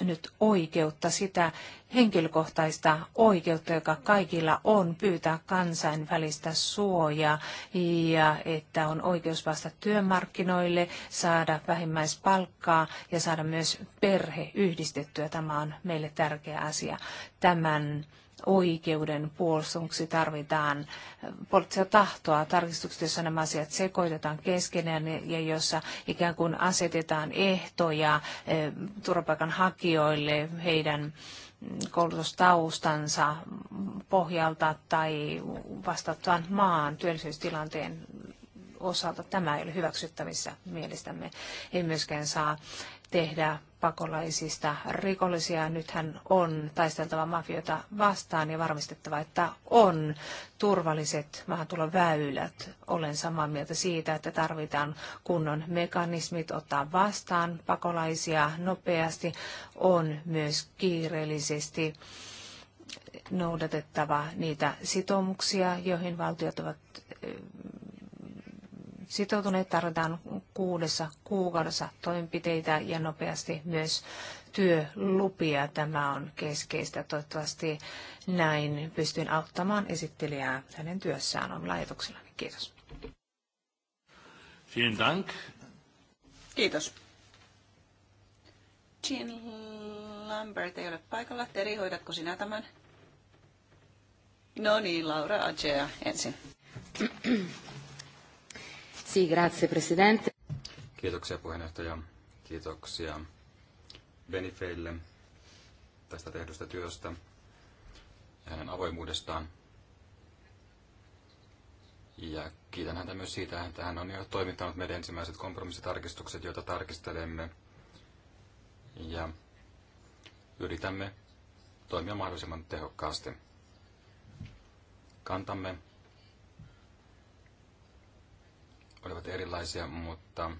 nyt oikeutta, sitä henkilökohtaista oikeutta, joka kaikilla on pyytää kansainvälistä suojaa ja että on oikeus vasta työmarkkinoille työmarkkinoille, saada vähimmäispalkkaa ja saada myös perhe yhdistettyä. Tämä on meille tärkeä asia. Tämän oikeuden puolustuksi tarvitaan poliittista tahtoa tarkistuksessa, jossa nämä asiat sekoitetaan keskenään ja jossa ikään kuin asetetaan ehtoja eh, turvapaikanhakijoille heidän koulutustaustansa pohjalta tai vastattavan maan työllisyystilanteen osalta tämä ei ole hyväksyttävissä mielestämme. Ei myöskään saa tehdä pakolaisista rikollisia. Nythän on taisteltava mafioita vastaan ja varmistettava, että on turvalliset maahantuloväylät. Olen samaa mieltä siitä, että tarvitaan kunnon mekanismit ottaa vastaan pakolaisia nopeasti. On myös kiireellisesti noudatettava niitä sitoumuksia, joihin valtiot ovat sitoutuneet, tarvitaan kuudessa kuukaudessa toimenpiteitä ja nopeasti myös työlupia. Tämä on keskeistä. Toivottavasti näin pystyn auttamaan esittelijää hänen työssään on laitoksella. Kiitos. Vielen Dank. Kiitos. Jean Lambert ei ole paikalla. Teri, hoidatko sinä tämän? No niin, Laura Agea ensin. Kiitoksia puheenjohtaja. Kiitoksia Benifeille tästä tehdystä työstä ja hänen avoimuudestaan. Ja kiitän häntä myös siitä, että hän on jo toimittanut meidän ensimmäiset kompromissitarkistukset, joita tarkistelemme. Ja yritämme toimia mahdollisimman tehokkaasti. Kantamme olivat erilaisia, mutta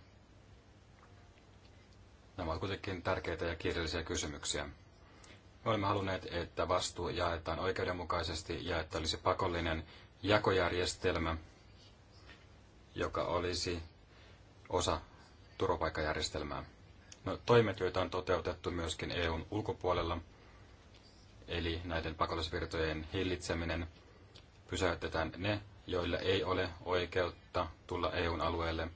nämä ovat kuitenkin tärkeitä ja kiireellisiä kysymyksiä. Me olemme halunneet, että vastuu jaetaan oikeudenmukaisesti ja että olisi pakollinen jakojärjestelmä, joka olisi osa turvapaikkajärjestelmää. No, toimet, joita on toteutettu myöskin EUn ulkopuolella, eli näiden pakolaisvirtojen hillitseminen, pysäytetään ne joilla ei ole oikeutta tulla EUn alueelle.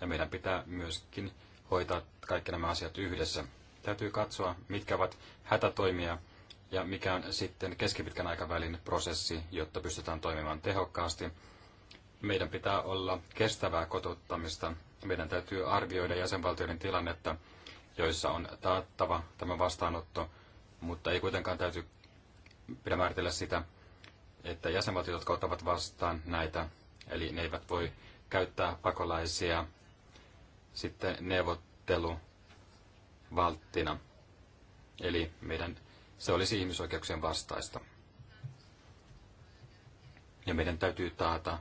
Ja meidän pitää myöskin hoitaa kaikki nämä asiat yhdessä. Täytyy katsoa, mitkä ovat hätätoimia ja mikä on sitten keskipitkän aikavälin prosessi, jotta pystytään toimimaan tehokkaasti. Meidän pitää olla kestävää kotouttamista. Meidän täytyy arvioida jäsenvaltioiden tilannetta, joissa on taattava tämä vastaanotto, mutta ei kuitenkaan täytyy pidä määritellä sitä, että jäsenvaltiot, jotka ottavat vastaan näitä, eli ne eivät voi käyttää pakolaisia sitten neuvotteluvalttina. Eli meidän, se olisi ihmisoikeuksien vastaista. Ja meidän täytyy taata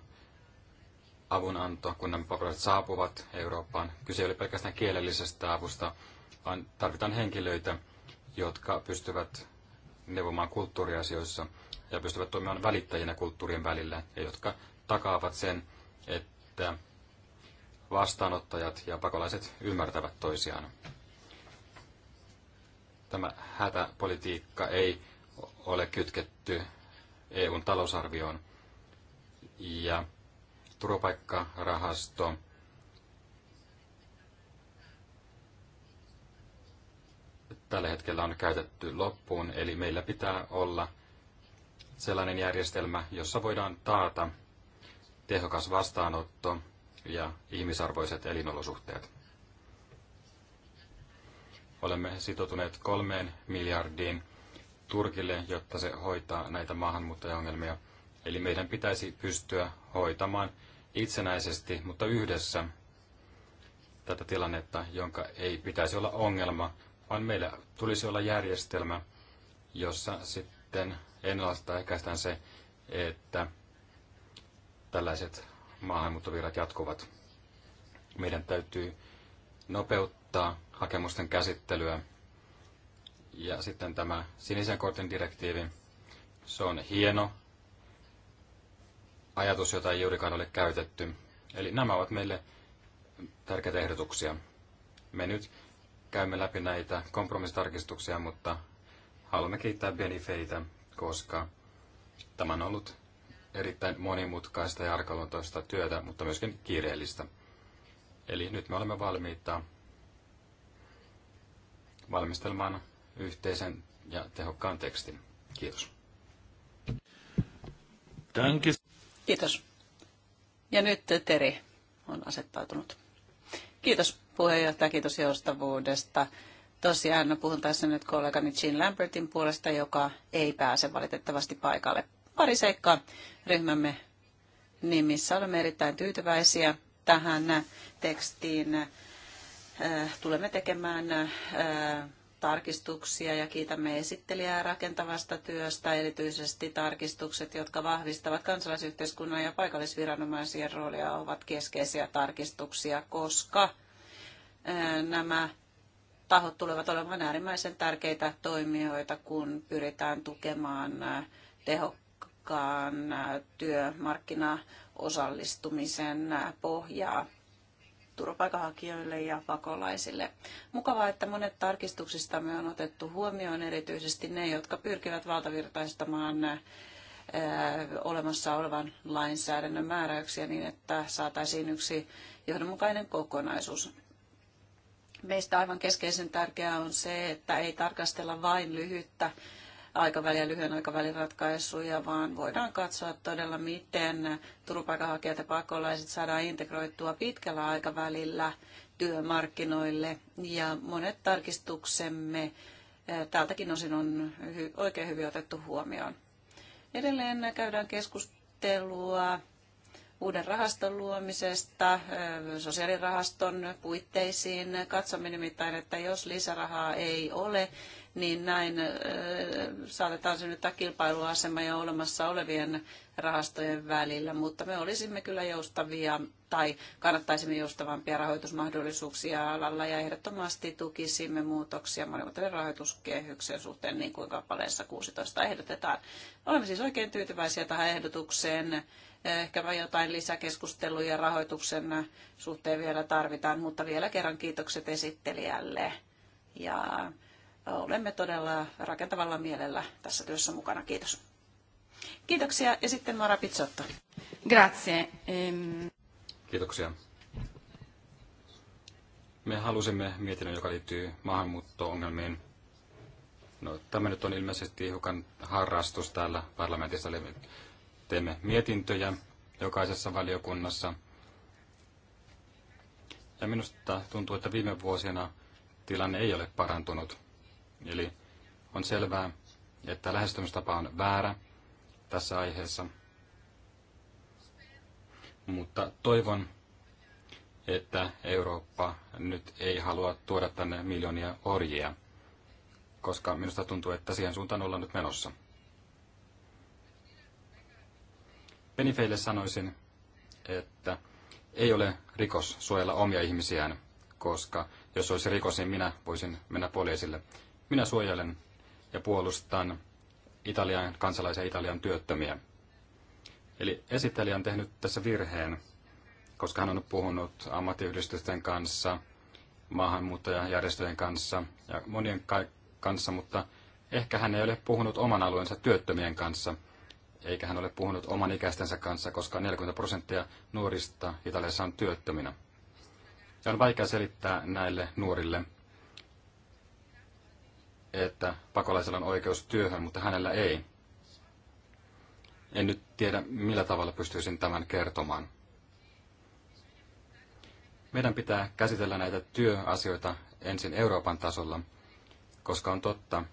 avunanto, kun nämä pakolaiset saapuvat Eurooppaan. Kyse ei ole pelkästään kielellisestä avusta, vaan tarvitaan henkilöitä, jotka pystyvät neuvomaan kulttuuriasioissa – ja pystyvät toimimaan välittäjinä kulttuurien välillä ja jotka takaavat sen, että vastaanottajat ja pakolaiset ymmärtävät toisiaan. Tämä hätäpolitiikka ei ole kytketty EUn talousarvioon ja turvapaikkarahasto tällä hetkellä on käytetty loppuun, eli meillä pitää olla – sellainen järjestelmä, jossa voidaan taata tehokas vastaanotto ja ihmisarvoiset elinolosuhteet. Olemme sitoutuneet kolmeen miljardiin Turkille, jotta se hoitaa näitä maahanmuuttajaongelmia. Eli meidän pitäisi pystyä hoitamaan itsenäisesti, mutta yhdessä tätä tilannetta, jonka ei pitäisi olla ongelma, vaan meillä tulisi olla järjestelmä, jossa sitten ennalta ehkäistään se, että tällaiset maahanmuuttovirrat jatkuvat. Meidän täytyy nopeuttaa hakemusten käsittelyä. Ja sitten tämä sinisen kortin direktiivi, se on hieno ajatus, jota ei juurikaan ole käytetty. Eli nämä ovat meille tärkeitä ehdotuksia. Me nyt käymme läpi näitä kompromissitarkistuksia, mutta haluamme kiittää Benifeitä koska tämä on ollut erittäin monimutkaista ja arkaluontoista työtä, mutta myöskin kiireellistä. Eli nyt me olemme valmiita valmistelemaan yhteisen ja tehokkaan tekstin. Kiitos. Kiitos. Ja nyt Teri on asettautunut. Kiitos puheenjohtaja, kiitos joustavuudesta. Tosiaan no, puhun tässä nyt kollegani Jean Lambertin puolesta, joka ei pääse valitettavasti paikalle. Pari seikkaa ryhmämme nimissä. Olemme erittäin tyytyväisiä tähän tekstiin. Äh, tulemme tekemään äh, tarkistuksia ja kiitämme esittelijää rakentavasta työstä, erityisesti tarkistukset, jotka vahvistavat kansalaisyhteiskunnan ja paikallisviranomaisien roolia, ovat keskeisiä tarkistuksia, koska äh, nämä tahot tulevat olemaan äärimmäisen tärkeitä toimijoita, kun pyritään tukemaan tehokkaan työmarkkinaosallistumisen pohjaa turvapaikanhakijoille ja pakolaisille. Mukavaa, että monet me on otettu huomioon, erityisesti ne, jotka pyrkivät valtavirtaistamaan olemassa olevan lainsäädännön määräyksiä niin, että saataisiin yksi johdonmukainen kokonaisuus meistä aivan keskeisen tärkeää on se, että ei tarkastella vain lyhyttä aikaväliä, lyhyen aikavälin ratkaisuja, vaan voidaan katsoa todella, miten turvapaikanhakijat ja pakolaiset saadaan integroitua pitkällä aikavälillä työmarkkinoille. Ja monet tarkistuksemme eh, tältäkin osin on oikein hyvin otettu huomioon. Edelleen käydään keskustelua uuden rahaston luomisesta sosiaalirahaston puitteisiin. Katsomme nimittäin, että jos lisärahaa ei ole, niin näin saatetaan synnyttää kilpailuasema jo olemassa olevien rahastojen välillä, mutta me olisimme kyllä joustavia tai kannattaisimme joustavampia rahoitusmahdollisuuksia alalla ja ehdottomasti tukisimme muutoksia monimuotoisen rahoituskehyksen suhteen, niin kuin kappaleessa 16 ehdotetaan. Olemme siis oikein tyytyväisiä tähän ehdotukseen ehkä jotain lisäkeskusteluja rahoituksen suhteen vielä tarvitaan, mutta vielä kerran kiitokset esittelijälle. Ja olemme todella rakentavalla mielellä tässä työssä mukana. Kiitos. Kiitoksia ja sitten Mara Pizzotto. Grazie. Ehm... Kiitoksia. Me halusimme mietinnön, joka liittyy maahanmuutto-ongelmiin. No, tämä nyt on ilmeisesti hiukan harrastus täällä parlamentissa. Eli teemme mietintöjä jokaisessa valiokunnassa. Ja minusta tuntuu, että viime vuosina tilanne ei ole parantunut. Eli on selvää, että lähestymistapa on väärä tässä aiheessa. Mutta toivon, että Eurooppa nyt ei halua tuoda tänne miljoonia orjia, koska minusta tuntuu, että siihen suuntaan ollaan nyt menossa. Penifeille sanoisin, että ei ole rikos suojella omia ihmisiään, koska jos olisi rikos, niin minä voisin mennä poliisille. Minä suojelen ja puolustan Italian kansalaisia Italian työttömiä. Eli esittelijä on tehnyt tässä virheen, koska hän on puhunut ammattiyhdistysten kanssa, maahanmuuttajajärjestöjen kanssa ja monien kanssa, mutta ehkä hän ei ole puhunut oman alueensa työttömien kanssa – eikä hän ole puhunut oman ikäistensä kanssa, koska 40 prosenttia nuorista Italiassa on työttöminä. Ja on vaikea selittää näille nuorille, että pakolaisella on oikeus työhön, mutta hänellä ei. En nyt tiedä, millä tavalla pystyisin tämän kertomaan. Meidän pitää käsitellä näitä työasioita ensin Euroopan tasolla, koska on totta,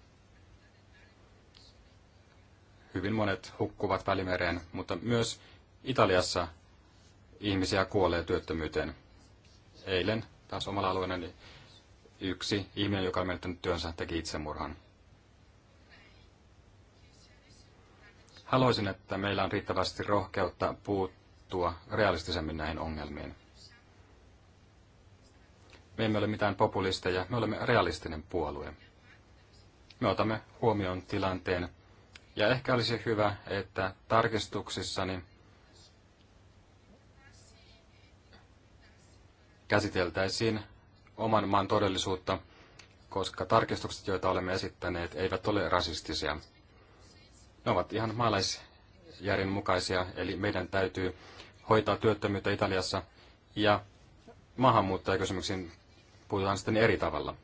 hyvin monet hukkuvat välimereen, mutta myös Italiassa ihmisiä kuolee työttömyyteen. Eilen taas omalla alueellani niin yksi ihminen, joka on menettänyt työnsä, teki itsemurhan. Haluaisin, että meillä on riittävästi rohkeutta puuttua realistisemmin näihin ongelmiin. Me emme ole mitään populisteja, me olemme realistinen puolue. Me otamme huomioon tilanteen ja ehkä olisi hyvä, että tarkistuksissani käsiteltäisiin oman maan todellisuutta, koska tarkistukset, joita olemme esittäneet, eivät ole rasistisia. Ne ovat ihan maalaisjärjen mukaisia, eli meidän täytyy hoitaa työttömyyttä Italiassa ja maahanmuuttajakysymyksiin puhutaan sitten eri tavalla.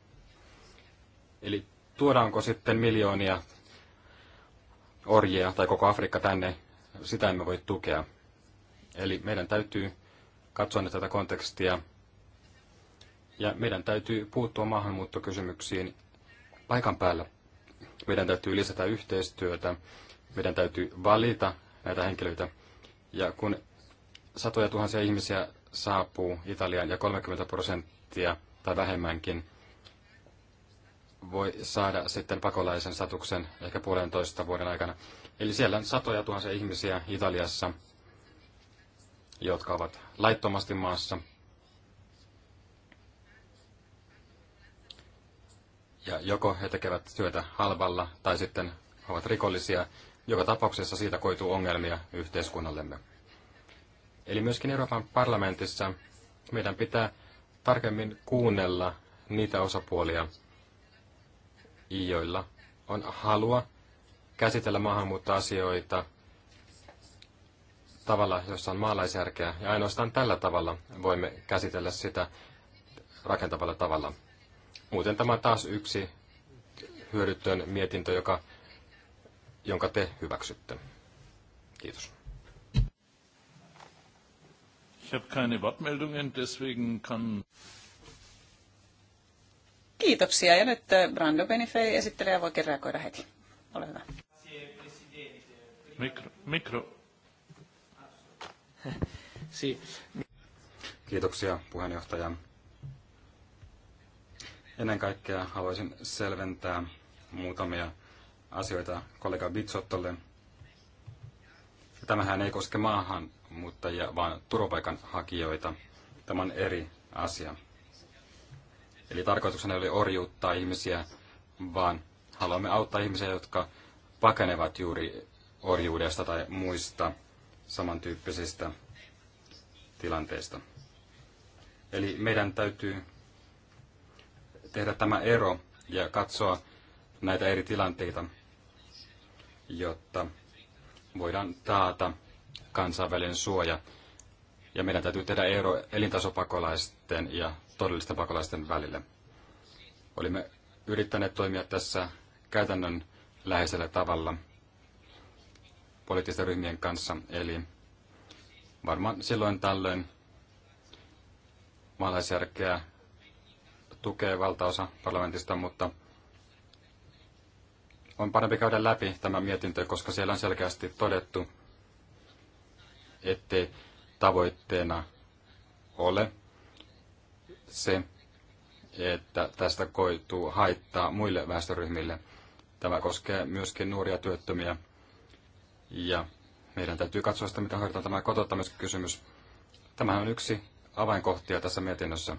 Eli tuodaanko sitten miljoonia orjia tai koko Afrikka tänne, sitä emme voi tukea. Eli meidän täytyy katsoa tätä kontekstia ja meidän täytyy puuttua maahanmuuttokysymyksiin paikan päällä. Meidän täytyy lisätä yhteistyötä, meidän täytyy valita näitä henkilöitä. Ja kun satoja tuhansia ihmisiä saapuu Italiaan ja 30 prosenttia tai vähemmänkin – voi saada sitten pakolaisen satuksen ehkä puolentoista vuoden aikana. Eli siellä on satoja tuhansia ihmisiä Italiassa, jotka ovat laittomasti maassa. Ja joko he tekevät työtä halvalla tai sitten ovat rikollisia. Joka tapauksessa siitä koituu ongelmia yhteiskunnallemme. Eli myöskin Euroopan parlamentissa meidän pitää tarkemmin kuunnella niitä osapuolia, Ijoilla on halua käsitellä maahanmuuttoasioita tavalla, jossa on maalaisjärkeä. Ja ainoastaan tällä tavalla voimme käsitellä sitä rakentavalla tavalla. Muuten tämä on taas yksi hyödyttön mietintö, joka, jonka te hyväksytte. Kiitos. Ich habe keine Wortmeldungen, deswegen kann... Kiitoksia. Ja nyt äh, Brando Benifei ja voi reagoida heti. Ole hyvä. Mikro. Mikro. Kiitoksia puheenjohtaja. Ennen kaikkea haluaisin selventää muutamia asioita kollega Bitsottolle. Tämähän ei koske maahanmuuttajia, vaan turvapaikanhakijoita. Tämä on eri asia. Eli tarkoituksena ei ole orjuuttaa ihmisiä, vaan haluamme auttaa ihmisiä, jotka pakenevat juuri orjuudesta tai muista samantyyppisistä tilanteista. Eli meidän täytyy tehdä tämä ero ja katsoa näitä eri tilanteita, jotta voidaan taata kansainvälinen suoja. Ja meidän täytyy tehdä ero elintasopakolaisten ja todellisten pakolaisten välille. Olimme yrittäneet toimia tässä käytännön läheisellä tavalla poliittisten ryhmien kanssa, eli varmaan silloin tällöin maalaisjärkeä tukee valtaosa parlamentista, mutta on parempi käydä läpi tämä mietintö, koska siellä on selkeästi todettu, ettei tavoitteena ole se, että tästä koituu haittaa muille väestöryhmille. Tämä koskee myöskin nuoria työttömiä. Ja meidän täytyy katsoa sitä, mitä hoidetaan tämä kotouttamiskysymys. Tämähän on yksi avainkohtia tässä mietinnössä.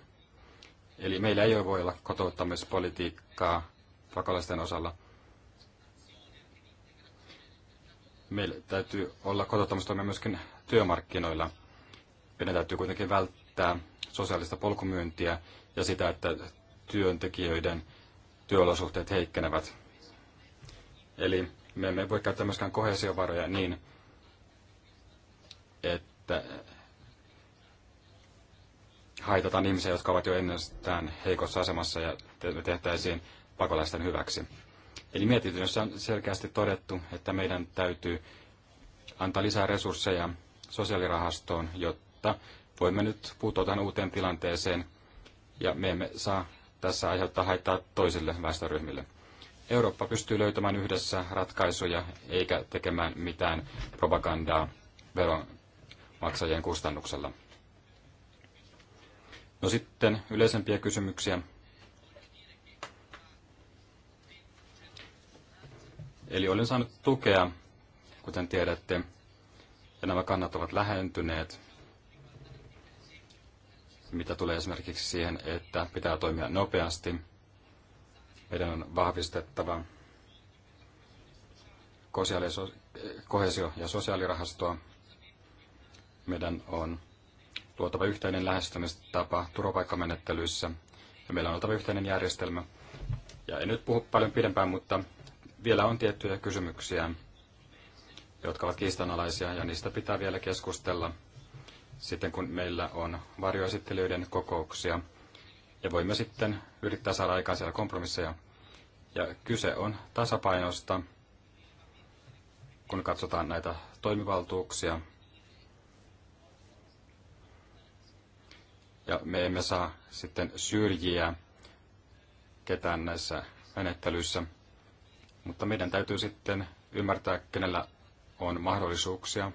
Eli meillä ei voi olla kotouttamispolitiikkaa pakolaisten osalla. Meillä täytyy olla kotouttamistoimia myöskin työmarkkinoilla. Meidän täytyy kuitenkin välttää sosiaalista polkumyyntiä ja sitä, että työntekijöiden työolosuhteet heikkenevät. Eli me emme voi käyttää myöskään kohesiovaroja niin, että haitataan ihmisiä, jotka ovat jo ennestään heikossa asemassa ja tehtäisiin pakolaisten hyväksi. Eli mietityössä on selkeästi todettu, että meidän täytyy antaa lisää resursseja sosiaalirahastoon, jotta voimme nyt puuttua tähän uuteen tilanteeseen ja me emme saa tässä aiheuttaa haittaa toisille väestöryhmille. Eurooppa pystyy löytämään yhdessä ratkaisuja eikä tekemään mitään propagandaa veronmaksajien kustannuksella. No sitten yleisempiä kysymyksiä. Eli olen saanut tukea, kuten tiedätte, ja nämä kannat ovat lähentyneet mitä tulee esimerkiksi siihen, että pitää toimia nopeasti. Meidän on vahvistettava kohesio- ja sosiaalirahastoa. Meidän on luotava yhteinen lähestymistapa turvapaikkamenettelyissä ja meillä on oltava yhteinen järjestelmä. Ja en nyt puhu paljon pidempään, mutta vielä on tiettyjä kysymyksiä, jotka ovat kiistanalaisia ja niistä pitää vielä keskustella sitten kun meillä on varjoesittelyiden kokouksia, ja voimme sitten yrittää saada aikaan siellä kompromisseja. Ja kyse on tasapainosta, kun katsotaan näitä toimivaltuuksia. Ja me emme saa sitten syrjiä ketään näissä menettelyissä. Mutta meidän täytyy sitten ymmärtää, kenellä on mahdollisuuksia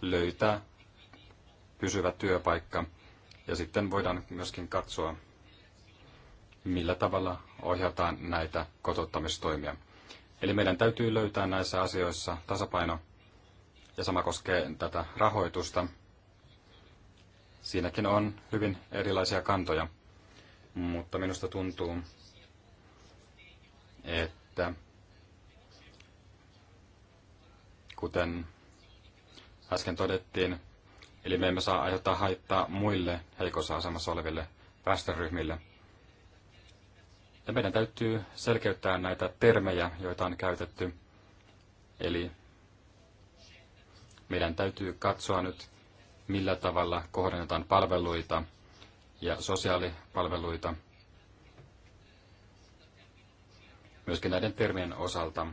löytää pysyvä työpaikka. Ja sitten voidaan myöskin katsoa, millä tavalla ohjataan näitä kotouttamistoimia. Eli meidän täytyy löytää näissä asioissa tasapaino, ja sama koskee tätä rahoitusta. Siinäkin on hyvin erilaisia kantoja, mutta minusta tuntuu, että kuten äsken todettiin, Eli me emme saa aiheuttaa haittaa muille heikossa asemassa oleville väestöryhmille. Ja meidän täytyy selkeyttää näitä termejä, joita on käytetty. Eli meidän täytyy katsoa nyt, millä tavalla kohdennetaan palveluita ja sosiaalipalveluita myöskin näiden termien osalta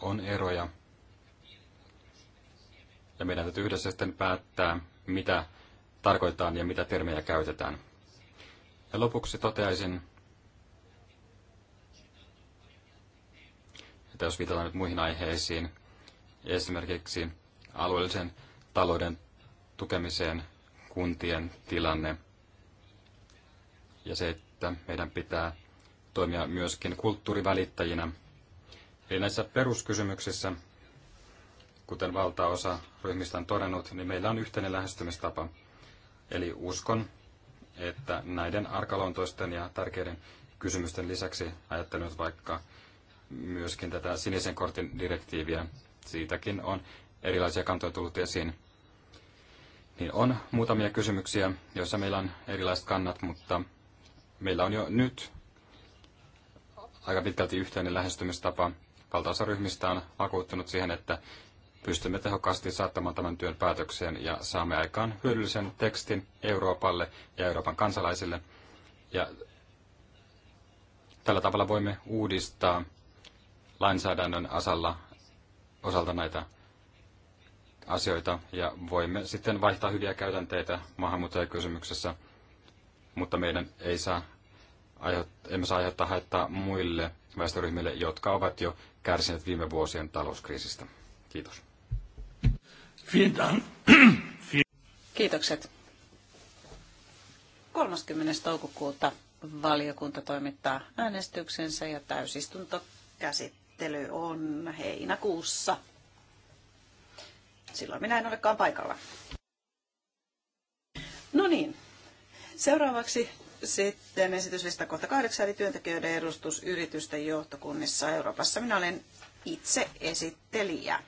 on eroja ja meidän täytyy yhdessä sitten päättää, mitä tarkoitetaan ja mitä termejä käytetään. Ja lopuksi toteaisin, että jos viitataan nyt muihin aiheisiin, esimerkiksi alueellisen talouden tukemiseen kuntien tilanne ja se, että meidän pitää toimia myöskin kulttuurivälittäjinä. Eli näissä peruskysymyksissä kuten valtaosa ryhmistä on todennut, niin meillä on yhteinen lähestymistapa. Eli uskon, että näiden arkaluontoisten ja tärkeiden kysymysten lisäksi ajattelen vaikka myöskin tätä sinisen kortin direktiiviä. Siitäkin on erilaisia kantoja tullut esiin. Niin on muutamia kysymyksiä, joissa meillä on erilaiset kannat, mutta meillä on jo nyt aika pitkälti yhteinen lähestymistapa. Valtaosa ryhmistä on vakuuttunut siihen, että pystymme tehokkaasti saattamaan tämän työn päätökseen ja saamme aikaan hyödyllisen tekstin Euroopalle ja Euroopan kansalaisille. Ja tällä tavalla voimme uudistaa lainsäädännön asalla, osalta näitä asioita ja voimme sitten vaihtaa hyviä käytänteitä maahanmuuttajakysymyksessä, mutta meidän ei saa emme saa aiheuttaa haittaa muille väestöryhmille, jotka ovat jo kärsineet viime vuosien talouskriisistä. Kiitos. Kiitokset. 30. toukokuuta valiokunta toimittaa äänestyksensä ja täysistuntokäsittely on heinäkuussa. Silloin minä en olekaan paikalla. No niin, seuraavaksi sitten esityslista kohta kahdeksan, eli työntekijöiden edustus yritysten johtokunnissa Euroopassa. Minä olen itse esittelijä.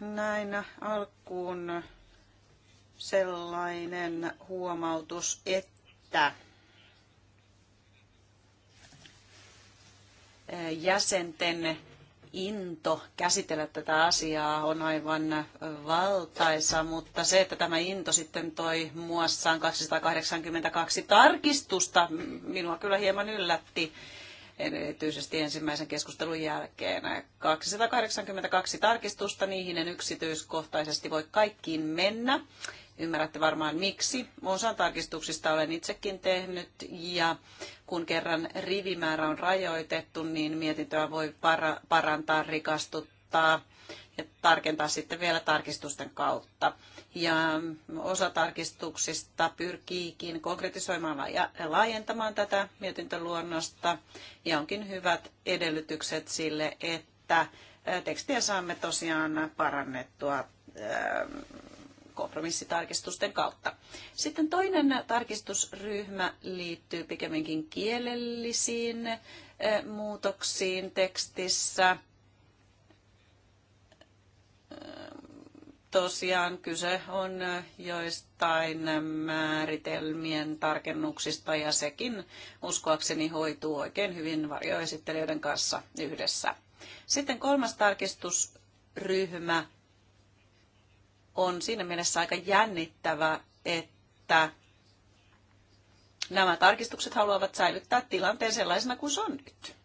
näin alkuun sellainen huomautus, että jäsenten into käsitellä tätä asiaa on aivan valtaisa, mutta se, että tämä into sitten toi muassaan 282 tarkistusta, minua kyllä hieman yllätti erityisesti ensimmäisen keskustelun jälkeen. 282 tarkistusta, niihin en yksityiskohtaisesti voi kaikkiin mennä. Ymmärrätte varmaan miksi. Osan tarkistuksista olen itsekin tehnyt ja kun kerran rivimäärä on rajoitettu, niin mietintöä voi para- parantaa, rikastuttaa ja tarkentaa sitten vielä tarkistusten kautta. Ja osa tarkistuksista pyrkiikin konkretisoimaan ja laajentamaan tätä mietintöluonnosta ja onkin hyvät edellytykset sille, että tekstiä saamme tosiaan parannettua kompromissitarkistusten kautta. Sitten toinen tarkistusryhmä liittyy pikemminkin kielellisiin muutoksiin tekstissä tosiaan kyse on joistain määritelmien tarkennuksista ja sekin uskoakseni hoituu oikein hyvin varjoesittelijöiden kanssa yhdessä. Sitten kolmas tarkistusryhmä on siinä mielessä aika jännittävä, että nämä tarkistukset haluavat säilyttää tilanteen sellaisena kuin se on nyt.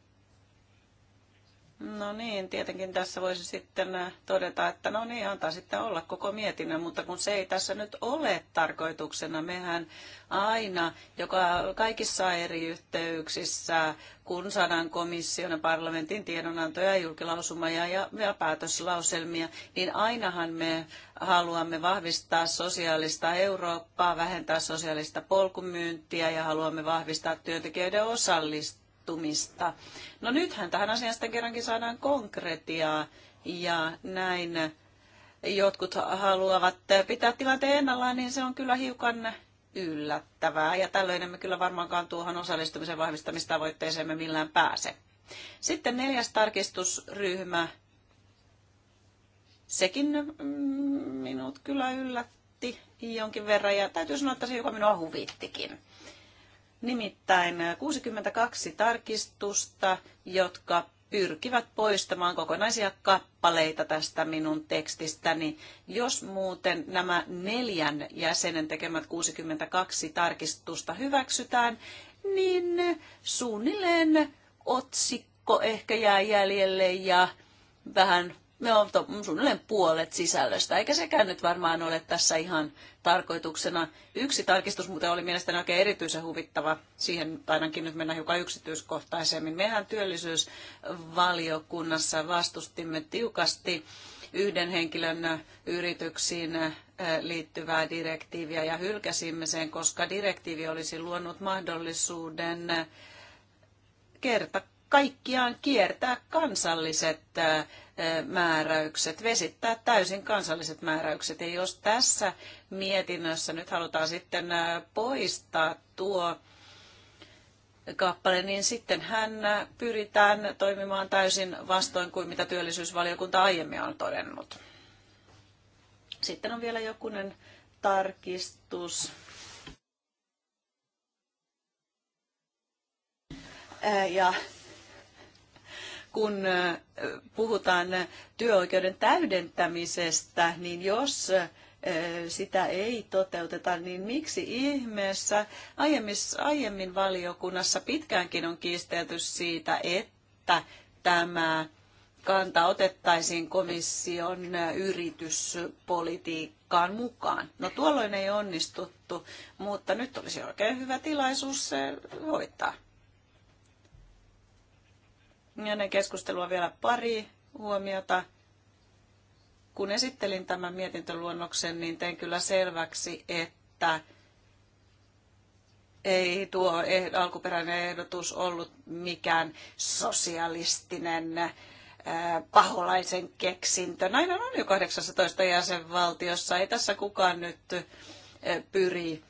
No niin, tietenkin tässä voisi sitten äh, todeta, että no niin, antaa sitten olla koko mietinnön, mutta kun se ei tässä nyt ole tarkoituksena, mehän aina, joka kaikissa eri yhteyksissä, kun saadaan komission ja parlamentin tiedonantoja, julkilausumia ja, ja päätöslauselmia, niin ainahan me haluamme vahvistaa sosiaalista Eurooppaa, vähentää sosiaalista polkumyyntiä ja haluamme vahvistaa työntekijöiden osallistumista tapahtumista. No nythän tähän asiaan sitten kerrankin saadaan konkretiaa ja näin jotkut haluavat pitää tilanteen ennallaan, niin se on kyllä hiukan yllättävää. Ja tällöin emme kyllä varmaankaan tuohon osallistumisen vahvistamistavoitteeseemme millään pääse. Sitten neljäs tarkistusryhmä. Sekin mm, minut kyllä yllätti jonkin verran ja täytyy sanoa, että se joka minua huvittikin. Nimittäin 62 tarkistusta, jotka pyrkivät poistamaan kokonaisia kappaleita tästä minun tekstistäni. Jos muuten nämä neljän jäsenen tekemät 62 tarkistusta hyväksytään, niin suunnilleen otsikko ehkä jää jäljelle ja vähän me no, on suunnilleen puolet sisällöstä, eikä sekään nyt varmaan ole tässä ihan tarkoituksena. Yksi tarkistus muuten oli mielestäni oikein erityisen huvittava, siihen ainakin nyt mennään hiukan yksityiskohtaisemmin. Mehän työllisyysvaliokunnassa vastustimme tiukasti yhden henkilön yrityksiin eh, liittyvää direktiiviä ja hylkäsimme sen, koska direktiivi olisi luonut mahdollisuuden eh, kerta kaikkiaan kiertää kansalliset määräykset, vesittää täysin kansalliset määräykset. Ja jos tässä mietinnössä nyt halutaan sitten poistaa tuo kappale, niin sitten hän pyritään toimimaan täysin vastoin kuin mitä työllisyysvaliokunta aiemmin on todennut. Sitten on vielä jokunen tarkistus. Ja kun puhutaan työoikeuden täydentämisestä, niin jos sitä ei toteuteta, niin miksi ihmeessä aiemmin, aiemmin valiokunnassa pitkäänkin on kiistelty siitä, että tämä kanta otettaisiin komission yrityspolitiikkaan mukaan. No tuolloin ei onnistuttu, mutta nyt olisi oikein hyvä tilaisuus se hoitaa. Ennen keskustelua vielä pari huomiota. Kun esittelin tämän mietintöluonnoksen, niin tein kyllä selväksi, että ei tuo ehd, alkuperäinen ehdotus ollut mikään sosialistinen eh, paholaisen keksintö. Näin on jo 18 jäsenvaltiossa. Ei tässä kukaan nyt eh, pyri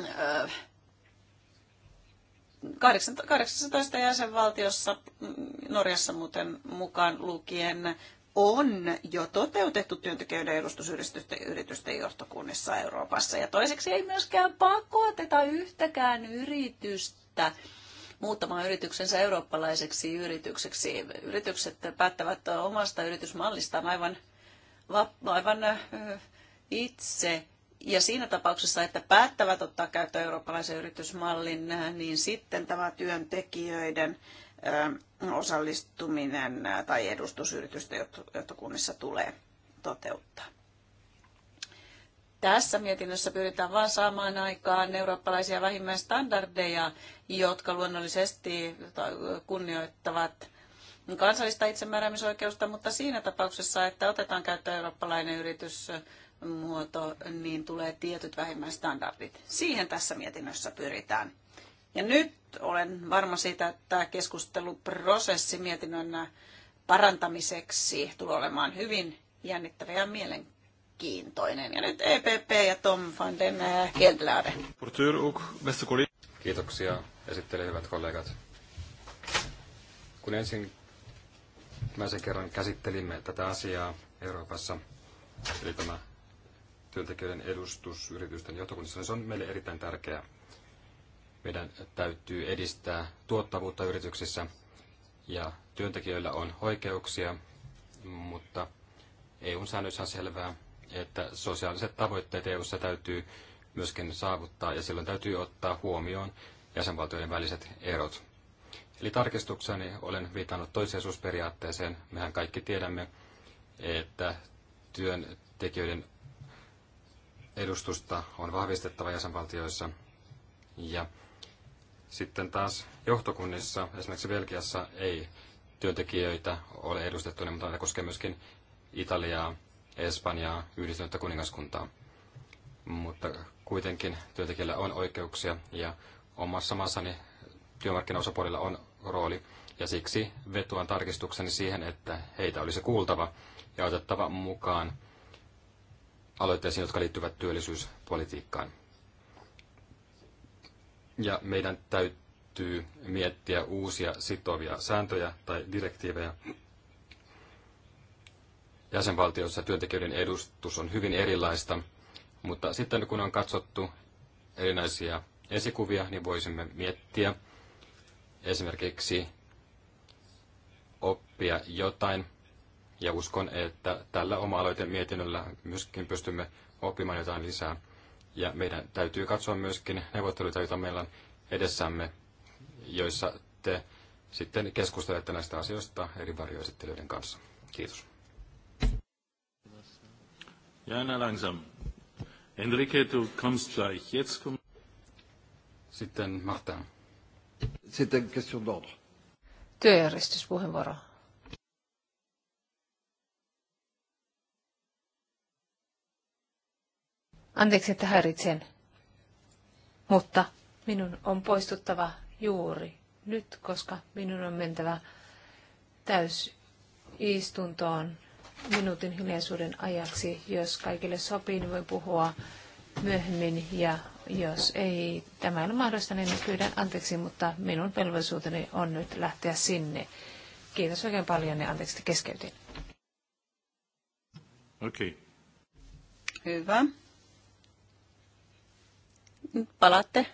eh, 18 jäsenvaltiossa, mm, Norjassa muuten mukaan lukien, on jo toteutettu työntekijöiden edustusyritysten yritysten johtokunnissa Euroopassa. Ja toiseksi ei myöskään pakoteta yhtäkään yritystä muuttamaan yrityksensä eurooppalaiseksi yritykseksi. Yritykset päättävät omasta yritysmallistaan aivan, aivan itse ja siinä tapauksessa, että päättävät ottaa käyttöön eurooppalaisen yritysmallin, niin sitten tämä työntekijöiden osallistuminen tai edustusyritysten johtokunnissa tulee toteuttaa. Tässä mietinnössä pyritään vain saamaan aikaan eurooppalaisia vähimmäistandardeja, jotka luonnollisesti kunnioittavat kansallista itsemääräämisoikeusta, mutta siinä tapauksessa, että otetaan käyttöön eurooppalainen yritys, muoto, niin tulee tietyt vähimmäistandardit. Siihen tässä mietinnössä pyritään. Ja nyt olen varma siitä, että tämä keskusteluprosessi mietinnön parantamiseksi tulee olemaan hyvin jännittävä ja mielenkiintoinen. Ja nyt EPP ja Tom van den Geldelade. Kiitoksia esittelijä hyvät kollegat. Kun ensin mä sen kerran käsittelimme tätä asiaa Euroopassa, eli tämä työntekijöiden edustus yritysten johtokunnissa, niin se on meille erittäin tärkeää. Meidän täytyy edistää tuottavuutta yrityksissä ja työntekijöillä on oikeuksia, mutta EU-säännöissä on selvää, että sosiaaliset tavoitteet EU:ssa täytyy myöskin saavuttaa ja silloin täytyy ottaa huomioon jäsenvaltioiden väliset erot. Eli tarkistukseni olen viitannut toiseisuusperiaatteeseen. Mehän kaikki tiedämme, että työntekijöiden edustusta on vahvistettava jäsenvaltioissa. Ja sitten taas johtokunnissa, esimerkiksi Belgiassa, ei työntekijöitä ole edustettu, niin, mutta ne koskee myöskin Italiaa, Espanjaa, yhdistynyttä kuningaskuntaa. Mutta kuitenkin työntekijällä on oikeuksia ja omassa maassani työmarkkinaosapuolilla on rooli. Ja siksi vetuan tarkistukseni siihen, että heitä olisi kuultava ja otettava mukaan aloitteisiin, jotka liittyvät työllisyyspolitiikkaan. Ja meidän täytyy miettiä uusia sitovia sääntöjä tai direktiivejä. Jäsenvaltioissa työntekijöiden edustus on hyvin erilaista, mutta sitten kun on katsottu erinäisiä esikuvia, niin voisimme miettiä esimerkiksi oppia jotain ja uskon, että tällä oma mietinnöllä myöskin pystymme oppimaan jotain lisää. Ja meidän täytyy katsoa myöskin neuvotteluita, joita meillä on edessämme, joissa te sitten keskustelette näistä asioista eri varjoesittelyiden kanssa. Kiitos. Ja langsam. Enrique, du kommst gleich. Jetzt komm... Sitten Martin. Sitten question d'ordre. Työjärjestyspuheenvuoro. Anteeksi, että häiritsen, mutta minun on poistuttava juuri nyt, koska minun on mentävä täysistuntoon minuutin hiljaisuuden ajaksi. Jos kaikille sopii, niin voi puhua myöhemmin ja jos ei tämä ole mahdollista, niin pyydän anteeksi, mutta minun velvollisuuteni on nyt lähteä sinne. Kiitos oikein paljon ja anteeksi, että keskeytin. Okei. Okay. Hyvä. Palaatte.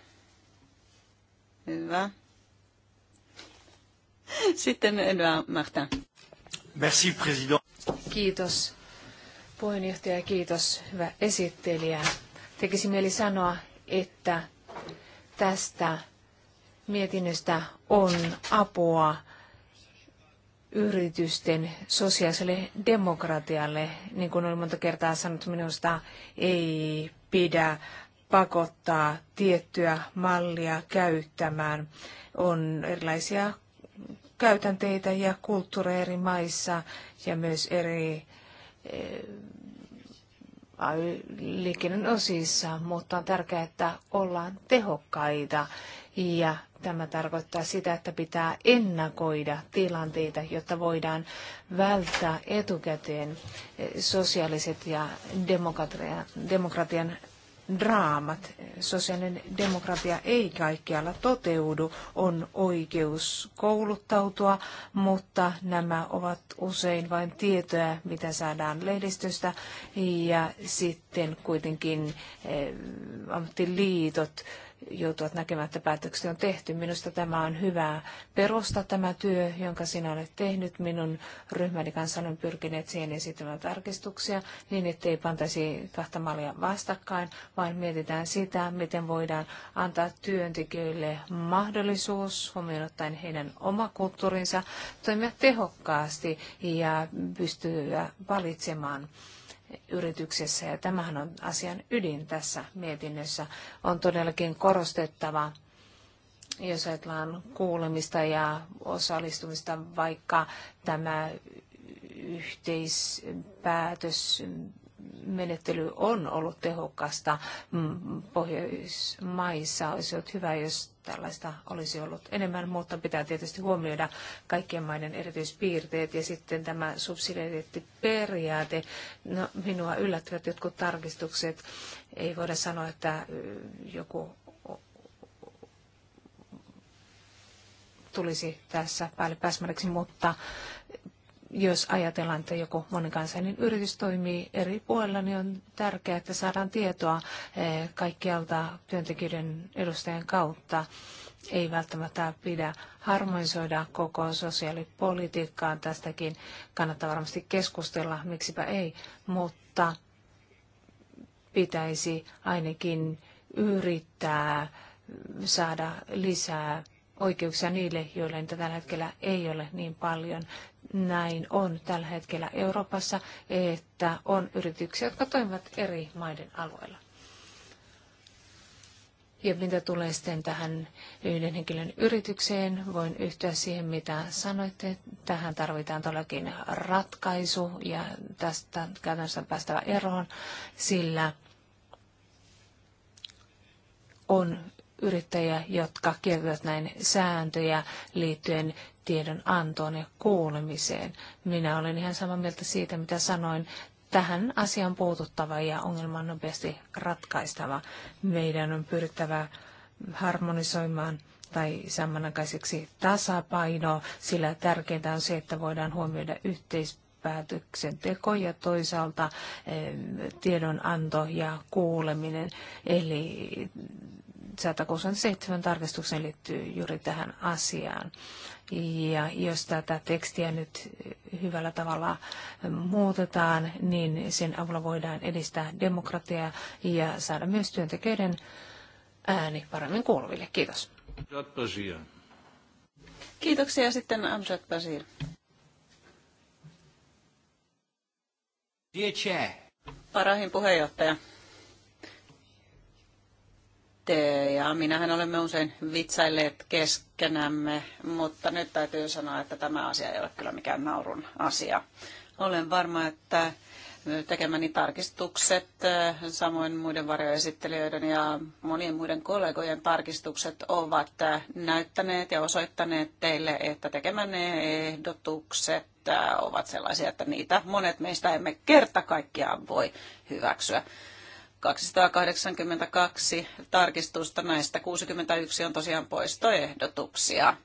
Hyvä. Sitten Edouard Martin. Merci, président. Kiitos puheenjohtaja, kiitos hyvä esittelijä. Tekisi mieli sanoa, että tästä mietinnöstä on apua yritysten sosiaaliselle demokratialle. Niin kuin olen monta kertaa sanonut, minusta ei pidä pakottaa tiettyä mallia käyttämään. On erilaisia käytänteitä ja kulttuureja eri maissa ja myös eri eh, liikennön osissa, mutta on tärkeää, että ollaan tehokkaita ja tämä tarkoittaa sitä, että pitää ennakoida tilanteita, jotta voidaan välttää etukäteen eh, sosiaaliset ja demokratian, demokratian draamat. Sosiaalinen demokratia ei kaikkialla toteudu. On oikeus kouluttautua, mutta nämä ovat usein vain tietoja, mitä saadaan lehdistöstä. Ja sitten kuitenkin eh, ammattiliitot joutuvat näkemään, että päätöksiä on tehty. Minusta tämä on hyvä perusta tämä työ, jonka sinä olet tehnyt. Minun ryhmäni kanssa olen pyrkineet siihen esittämään tarkistuksia niin, ettei pantaisi kahta mallia vastakkain, vaan mietitään sitä, miten voidaan antaa työntekijöille mahdollisuus huomioon ottaen heidän oma kulttuurinsa toimia tehokkaasti ja pystyä valitsemaan yrityksessä. Ja tämähän on asian ydin tässä mietinnössä. On todellakin korostettava, jos ajatellaan kuulemista ja osallistumista, vaikka tämä yhteispäätös menettely on ollut tehokasta mm, Pohjoismaissa. Olisi ollut hyvä, jos tällaista olisi ollut enemmän, mutta pitää tietysti huomioida kaikkien maiden erityispiirteet ja sitten tämä subsidiariteettiperiaate. No, minua yllättävät jotkut tarkistukset. Ei voida sanoa, että joku tulisi tässä päälle pääsmäriksi, mutta jos ajatellaan, että joku monikansainen yritys toimii eri puolilla, niin on tärkeää, että saadaan tietoa eh, kaikkialta työntekijöiden edustajien kautta. Ei välttämättä pidä harmonisoida koko sosiaalipolitiikkaa. Tästäkin kannattaa varmasti keskustella, miksipä ei, mutta pitäisi ainakin yrittää saada lisää oikeuksia niille, joille niitä tällä hetkellä ei ole niin paljon näin on tällä hetkellä Euroopassa, että on yrityksiä, jotka toimivat eri maiden alueilla. Ja mitä tulee sitten tähän yhden henkilön yritykseen, voin yhtyä siihen, mitä sanoitte. Tähän tarvitaan todellakin ratkaisu ja tästä käytännössä päästävä eroon, sillä on yrittäjiä, jotka kiertävät näin sääntöjä liittyen tiedon antoon ja kuulemiseen. Minä olen ihan samaa mieltä siitä, mitä sanoin. Tähän asiaan puututtava ja ongelma on nopeasti ratkaistava. Meidän on pyrittävä harmonisoimaan tai samanaikaiseksi tasapaino, sillä tärkeintä on se, että voidaan huomioida yhteispäätöksenteko ja toisaalta eh, tiedonanto ja kuuleminen. Eli 167 tarkistukseen liittyy juuri tähän asiaan. Ja jos tätä tekstiä nyt hyvällä tavalla muutetaan, niin sen avulla voidaan edistää demokratiaa ja saada myös työntekijöiden ääni paremmin kuuluville. Kiitos. Kiitoksia sitten Amjad Basir. Parahin puheenjohtaja tee. Ja minähän olemme usein vitsailleet keskenämme, mutta nyt täytyy sanoa, että tämä asia ei ole kyllä mikään naurun asia. Olen varma, että tekemäni tarkistukset, samoin muiden varjoesittelijöiden ja monien muiden kollegojen tarkistukset ovat näyttäneet ja osoittaneet teille, että tekemänne ehdotukset ovat sellaisia, että niitä monet meistä emme kerta kaikkiaan voi hyväksyä. 282 tarkistusta, näistä 61 on tosiaan poistoehdotuksia.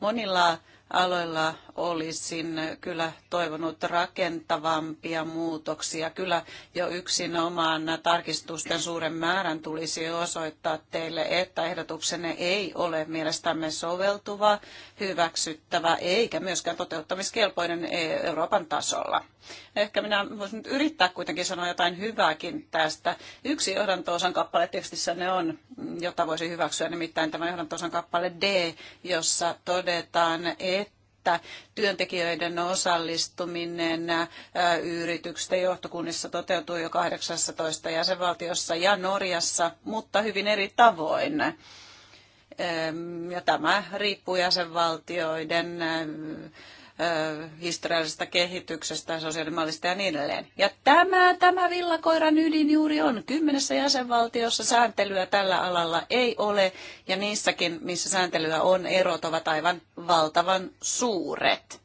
Monilla aloilla olisin kyllä toivonut rakentavampia muutoksia. Kyllä jo yksin omaan tarkistusten suuren määrän tulisi osoittaa teille, että ehdotuksenne ei ole mielestämme soveltuva, hyväksyttävä eikä myöskään toteuttamiskelpoinen e- Euroopan tasolla. Ehkä minä voisin nyt yrittää kuitenkin sanoa jotain hyvääkin tästä. Yksi johdanto-osan kappale tekstissä ne on, jota voisi hyväksyä, nimittäin tämä johdanto-osan kappale D, jossa todetaan, että että työntekijöiden osallistuminen yritysten johtokunnissa toteutuu jo 18 jäsenvaltiossa ja Norjassa, mutta hyvin eri tavoin. Ja tämä riippuu jäsenvaltioiden historiallisesta kehityksestä, sosiaalimallista ja niin edelleen. Ja tämä, tämä villakoiran ydin juuri on. Kymmenessä jäsenvaltiossa sääntelyä tällä alalla ei ole, ja niissäkin, missä sääntelyä on, erot ovat aivan valtavan suuret.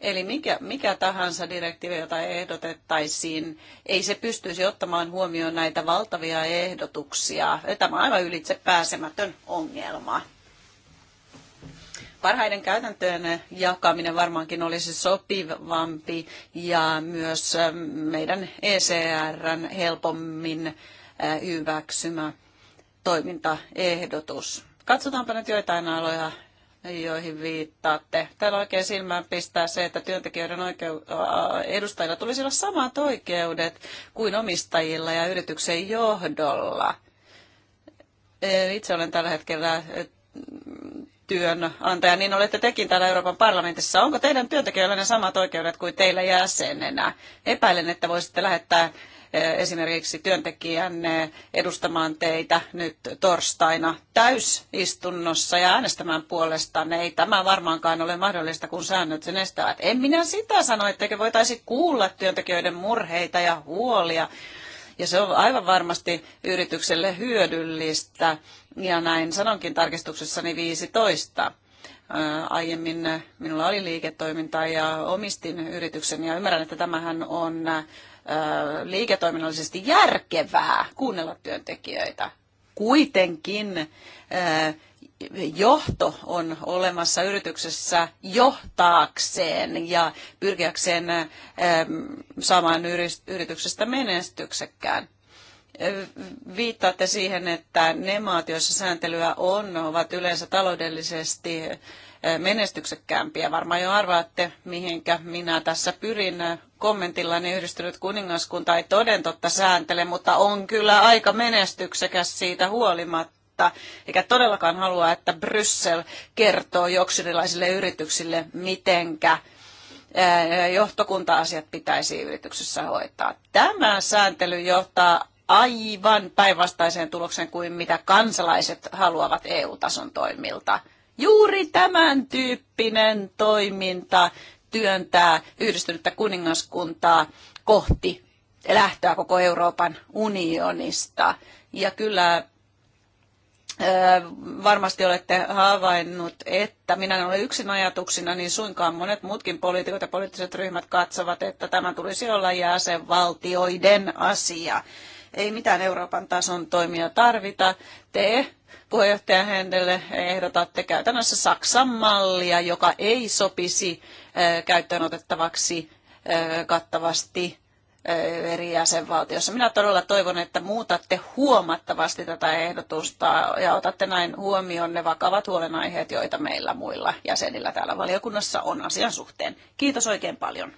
Eli mikä, mikä tahansa direktiivi, jota ehdotettaisiin, ei se pystyisi ottamaan huomioon näitä valtavia ehdotuksia. Tämä on aivan ylitse pääsemätön ongelma parhaiden käytäntöjen jakaminen varmaankin olisi sopivampi ja myös ähm, meidän ECRn helpommin äh, hyväksymä toimintaehdotus. Katsotaanpa nyt joitain aloja, joihin viittaatte. Täällä oikein silmään pistää se, että työntekijöiden oikeu- äh, edustajilla tulisi olla samat oikeudet kuin omistajilla ja yrityksen johdolla. Äh, itse olen tällä hetkellä työnantaja, niin olette tekin täällä Euroopan parlamentissa. Onko teidän työntekijöillä ne samat oikeudet kuin teillä jäsenenä? Epäilen, että voisitte lähettää eh, esimerkiksi työntekijän edustamaan teitä nyt torstaina täysistunnossa ja äänestämään puolestaan. Ei tämä varmaankaan ole mahdollista, kun säännöt sen estävät. En minä sitä sano, etteikö voitaisi kuulla työntekijöiden murheita ja huolia. Ja se on aivan varmasti yritykselle hyödyllistä ja näin sanonkin tarkistuksessani 15. Aiemmin minulla oli liiketoiminta ja omistin yrityksen ja ymmärrän, että tämähän on liiketoiminnallisesti järkevää kuunnella työntekijöitä. Kuitenkin johto on olemassa yrityksessä johtaakseen ja pyrkiäkseen saamaan yrityksestä menestyksekkään viittaatte siihen, että ne maat, joissa sääntelyä on, ovat yleensä taloudellisesti eh, menestyksekkäämpiä. Varmaan jo arvaatte, mihinkä minä tässä pyrin niin yhdistynyt kuningaskunta ei toden totta sääntele, mutta on kyllä aika menestyksekäs siitä huolimatta. Eikä todellakaan halua, että Bryssel kertoo joksinilaisille yrityksille, mitenkä eh, johtokunta-asiat pitäisi yrityksessä hoitaa. Tämä sääntely johtaa aivan päinvastaiseen tulokseen kuin mitä kansalaiset haluavat EU-tason toimilta. Juuri tämän tyyppinen toiminta työntää yhdistynyttä kuningaskuntaa kohti lähtöä koko Euroopan unionista. Ja kyllä varmasti olette havainnut, että minä en ole yksin ajatuksina, niin suinkaan monet muutkin poliitikot ja poliittiset ryhmät katsovat, että tämä tulisi olla jäsenvaltioiden asia. Ei mitään Euroopan tason toimia tarvita. Te puheenjohtaja Händelle ehdotatte käytännössä Saksan mallia, joka ei sopisi käyttöön otettavaksi kattavasti eri jäsenvaltiossa. Minä todella toivon, että muutatte huomattavasti tätä ehdotusta ja otatte näin huomioon ne vakavat huolenaiheet, joita meillä muilla jäsenillä täällä valiokunnassa on asian suhteen. Kiitos oikein paljon.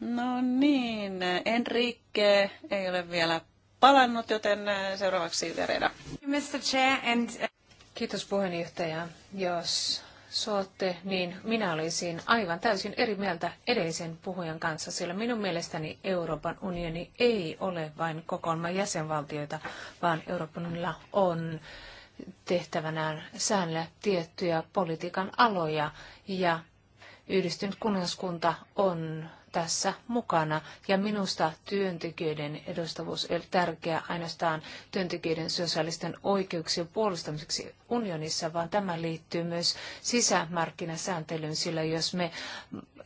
No niin, Enrique ei ole vielä palannut, joten seuraavaksi Verena. Mr. Chair and... Uh, Kiitos puheenjohtaja. Jos suotte, niin minä olisin aivan täysin eri mieltä edellisen puhujan kanssa, sillä minun mielestäni Euroopan unioni ei ole vain kokoelma jäsenvaltioita, vaan Euroopan unionilla on tehtävänään säännellä tiettyjä politiikan aloja ja yhdistynyt kunnaskunta on tässä mukana. Ja minusta työntekijöiden edustavuus on tärkeä ainoastaan työntekijöiden sosiaalisten oikeuksien puolustamiseksi unionissa, vaan tämä liittyy myös sisämarkkinasääntelyyn, sillä jos me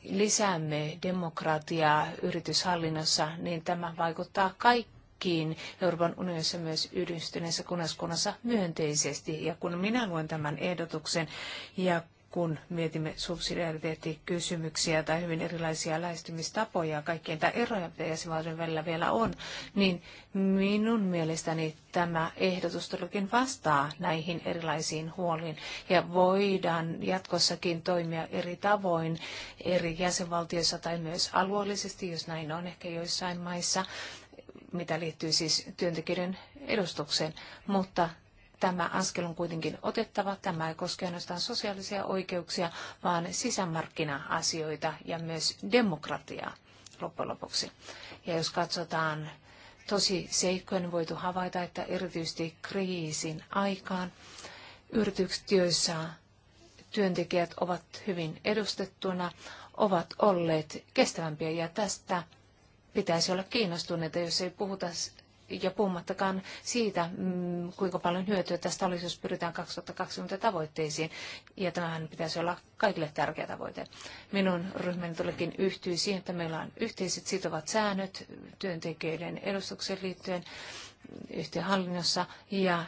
lisäämme demokratiaa yrityshallinnossa, niin tämä vaikuttaa kaikkiin Euroopan unionissa myös yhdistyneessä kunnaskunnassa myönteisesti. Ja kun minä luen tämän ehdotuksen ja kun mietimme subsidiariteettikysymyksiä tai hyvin erilaisia lähestymistapoja, kaikkien tai eroja, mitä jäsenvaltion välillä vielä on, niin minun mielestäni tämä ehdotus todellakin vastaa näihin erilaisiin huoliin. Ja voidaan jatkossakin toimia eri tavoin eri jäsenvaltioissa tai myös alueellisesti, jos näin on ehkä joissain maissa mitä liittyy siis työntekijöiden edustukseen, mutta Tämä askel on kuitenkin otettava. Tämä ei koske ainoastaan sosiaalisia oikeuksia, vaan sisämarkkina-asioita ja myös demokratiaa loppujen lopuksi. Ja jos katsotaan tosi seikkojen, niin voitu havaita, että erityisesti kriisin aikaan yritykset, työntekijät ovat hyvin edustettuna, ovat olleet kestävämpiä ja tästä pitäisi olla kiinnostuneita, jos ei puhuta ja puhumattakaan siitä, mm, kuinka paljon hyötyä tästä olisi, jos pyritään 2020 tavoitteisiin. Ja tämähän pitäisi olla kaikille tärkeä tavoite. Minun ryhmäni tuleekin yhtyy siihen, että meillä on yhteiset sitovat säännöt työntekijöiden edustukseen liittyen yhtiön hallinnossa ja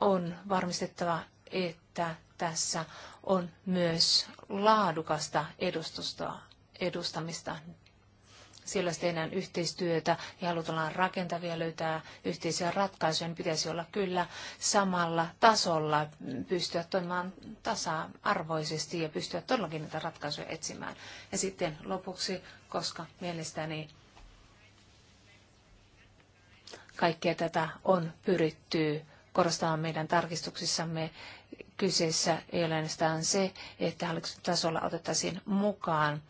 on varmistettava, että tässä on myös laadukasta edustusta, edustamista siellä tehdään yhteistyötä ja halutaan rakentavia löytää yhteisiä ratkaisuja, niin pitäisi olla kyllä samalla tasolla, pystyä toimimaan tasa-arvoisesti ja pystyä todellakin niitä ratkaisuja etsimään. Ja sitten lopuksi, koska mielestäni kaikkea tätä on pyritty korostamaan meidän tarkistuksissamme. Kyseessä ei ole ainoastaan se, että hallituksen tasolla otettaisiin mukaan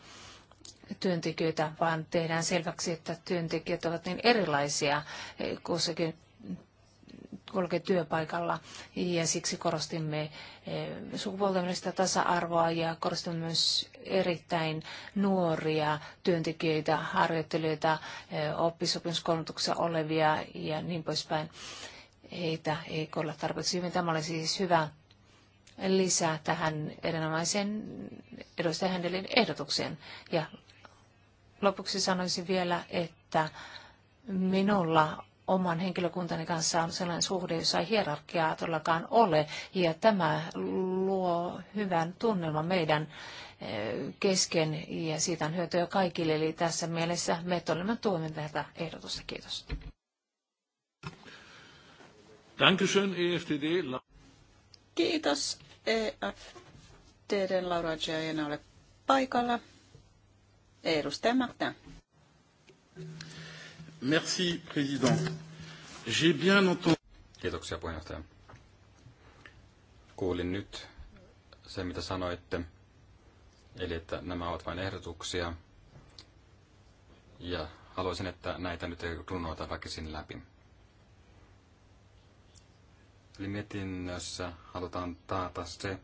työntekijöitä, vaan tehdään selväksi, että työntekijät ovat niin erilaisia eh, kussakin kulkee työpaikalla ja siksi korostimme eh, sukupuolten tasa-arvoa ja korostimme myös erittäin nuoria työntekijöitä, harjoittelijoita, eh, oppisopimuskoulutuksessa olevia ja niin poispäin. Heitä ei olla tarpeeksi hyvin. Tämä oli siis hyvä lisää tähän erinomaisen edustajan ehdotukseen. Ja Lopuksi sanoisin vielä, että minulla oman henkilökuntani kanssa on sellainen suhde, jossa ei hierarkiaa todellakaan ole. Ja tämä luo hyvän tunnelman meidän eh, kesken ja siitä on hyötyä kaikille. Eli tässä mielessä me todella tuemme tätä ehdotusta. Kiitos. Dankeschön, EFTD. Kiitos. EFTDn Laura Giajena ole paikalla. Edustaja Martin. Merci, président. J'ai bien entendu... Kiitoksia, puheenjohtaja. Kuulin nyt se, mitä sanoitte, eli että nämä ovat vain ehdotuksia, ja haluaisin, että näitä nyt ei runoita väkisin läpi. Eli mietinnössä halutaan taata se,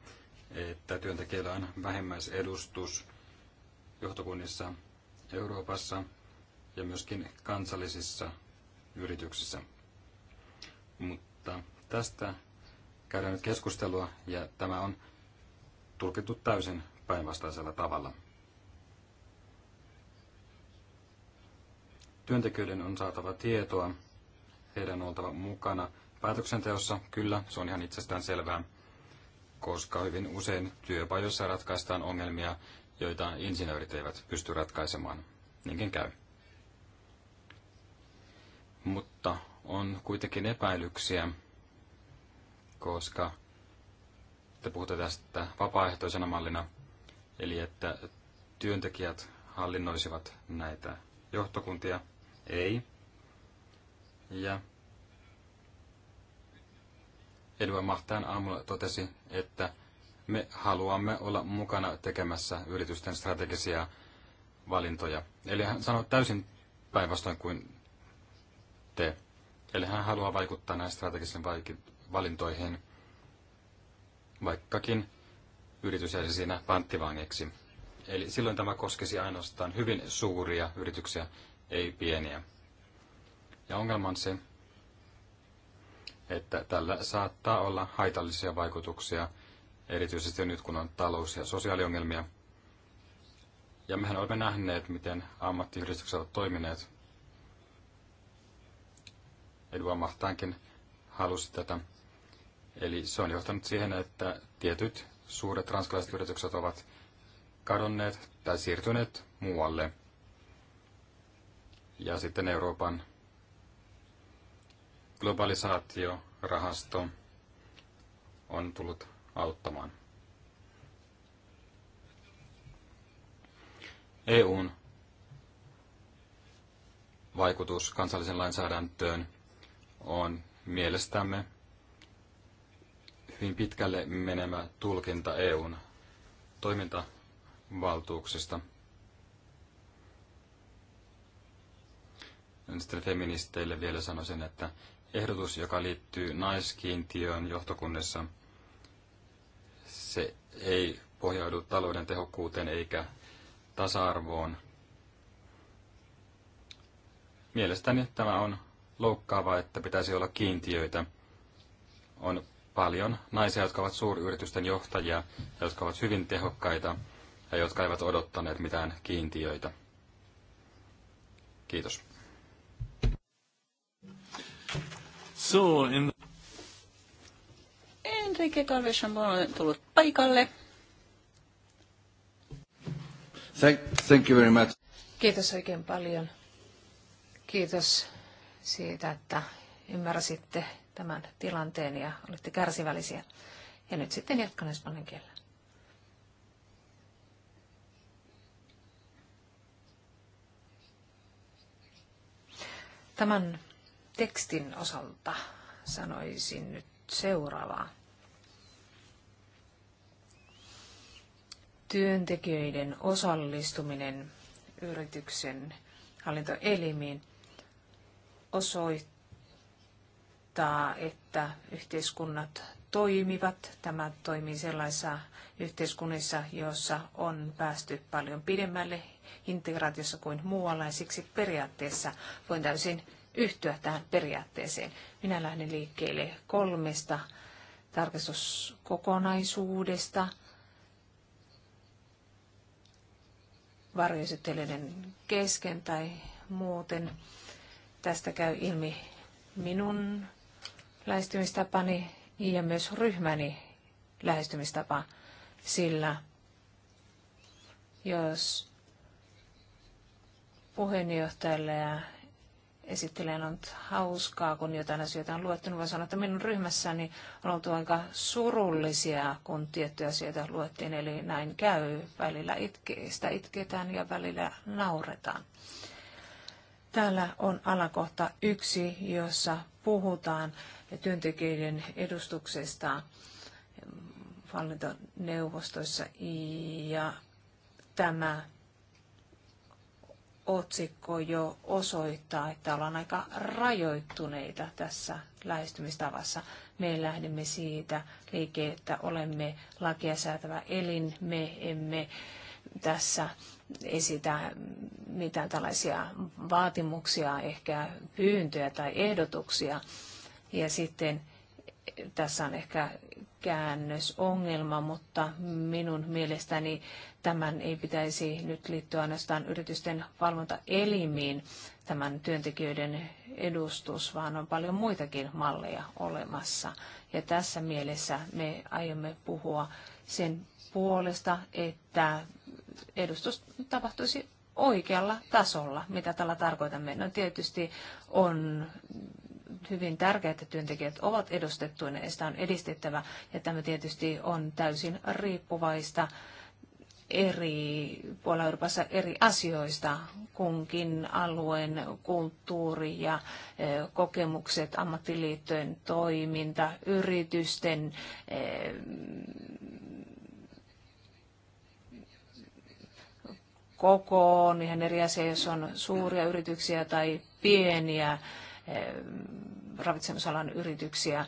että työntekijöillä on vähemmäisedustus johtokunnissa Euroopassa ja myöskin kansallisissa yrityksissä. Mutta tästä käydään nyt keskustelua ja tämä on tulkittu täysin päinvastaisella tavalla. Työntekijöiden on saatava tietoa, heidän on oltava mukana päätöksenteossa, kyllä, se on ihan itsestään selvää, koska hyvin usein työpajoissa ratkaistaan ongelmia, joita insinöörit eivät pysty ratkaisemaan. Niinkin käy. Mutta on kuitenkin epäilyksiä, koska te puhutte tästä vapaaehtoisena mallina, eli että työntekijät hallinnoisivat näitä johtokuntia. Ei. Ja Edward Mahtajan aamulla totesi, että me haluamme olla mukana tekemässä yritysten strategisia valintoja. Eli hän sanoo täysin päinvastoin kuin te. Eli hän haluaa vaikuttaa näihin strategisiin valintoihin, vaikkakin yritys jäisi siinä panttivangeksi. Eli silloin tämä koskisi ainoastaan hyvin suuria yrityksiä, ei pieniä. Ja ongelma on se, että tällä saattaa olla haitallisia vaikutuksia erityisesti nyt kun on talous- ja sosiaaliongelmia. Ja mehän olemme nähneet, miten ammattiyhdistykset ovat toimineet. Edua Mahtaankin halusi tätä. Eli se on johtanut siihen, että tietyt suuret ranskalaiset yritykset ovat kadonneet tai siirtyneet muualle. Ja sitten Euroopan globalisaatiorahasto on tullut auttamaan. EUn vaikutus kansallisen lainsäädäntöön on mielestämme hyvin pitkälle menemä tulkinta EUn toimintavaltuuksista. Sitten feministeille vielä sanoisin, että ehdotus, joka liittyy naiskiintiöön johtokunnassa – se ei pohjaudu talouden tehokkuuteen eikä tasa-arvoon. Mielestäni tämä on loukkaavaa, että pitäisi olla kiintiöitä. On paljon naisia, jotka ovat suuryritysten johtajia ja jotka ovat hyvin tehokkaita ja jotka eivät odottaneet mitään kiintiöitä. Kiitos. So in Enrique niin, Calvechambon on tullut paikalle. Thank, thank you very much. Kiitos oikein paljon. Kiitos siitä, että ymmärsitte tämän tilanteen ja olitte kärsivällisiä. Ja nyt sitten jatkan espanjan kielellä. Tämän tekstin osalta sanoisin nyt seuraavaa. työntekijöiden osallistuminen yrityksen hallintoelimiin osoittaa, että yhteiskunnat toimivat. Tämä toimii sellaisissa yhteiskunnissa, joissa on päästy paljon pidemmälle integraatiossa kuin muualla ja siksi periaatteessa voin täysin yhtyä tähän periaatteeseen. Minä lähden liikkeelle kolmesta tarkastuskokonaisuudesta – varjoesittelyiden kesken tai muuten. Tästä käy ilmi minun lähestymistapani ja myös ryhmäni lähestymistapa, sillä jos puheenjohtajalle ja esittelen on hauskaa, kun jotain asioita on luettu. Niin sanoa, että minun ryhmässäni on oltu aika surullisia, kun tiettyjä asioita luettiin. Eli näin käy. Välillä itke, sitä itketään ja välillä nauretaan. Täällä on alakohta yksi, jossa puhutaan työntekijöiden edustuksesta hallintoneuvostoissa ja tämä otsikko jo osoittaa, että ollaan aika rajoittuneita tässä lähestymistavassa. Me lähdemme siitä liikkeelle, että olemme lakia säätävä elin, me emme tässä esitä mitään tällaisia vaatimuksia, ehkä pyyntöjä tai ehdotuksia. Ja sitten tässä on ehkä käännösongelma, mutta minun mielestäni tämän ei pitäisi nyt liittyä ainoastaan yritysten valvontaelimiin, tämän työntekijöiden edustus, vaan on paljon muitakin malleja olemassa. Ja tässä mielessä me aiomme puhua sen puolesta, että edustus tapahtuisi oikealla tasolla, mitä tällä tarkoitamme. No tietysti on hyvin tärkeää, että työntekijät ovat edustettuina ja sitä on edistettävä. Ja tämä tietysti on täysin riippuvaista eri puolella Euroopassa eri asioista, kunkin alueen kulttuuri ja e, kokemukset, ammattiliittojen toiminta, yritysten e, koko on ihan eri asia, jos on suuria yrityksiä tai pieniä Eh, ravitsemusalan yrityksiä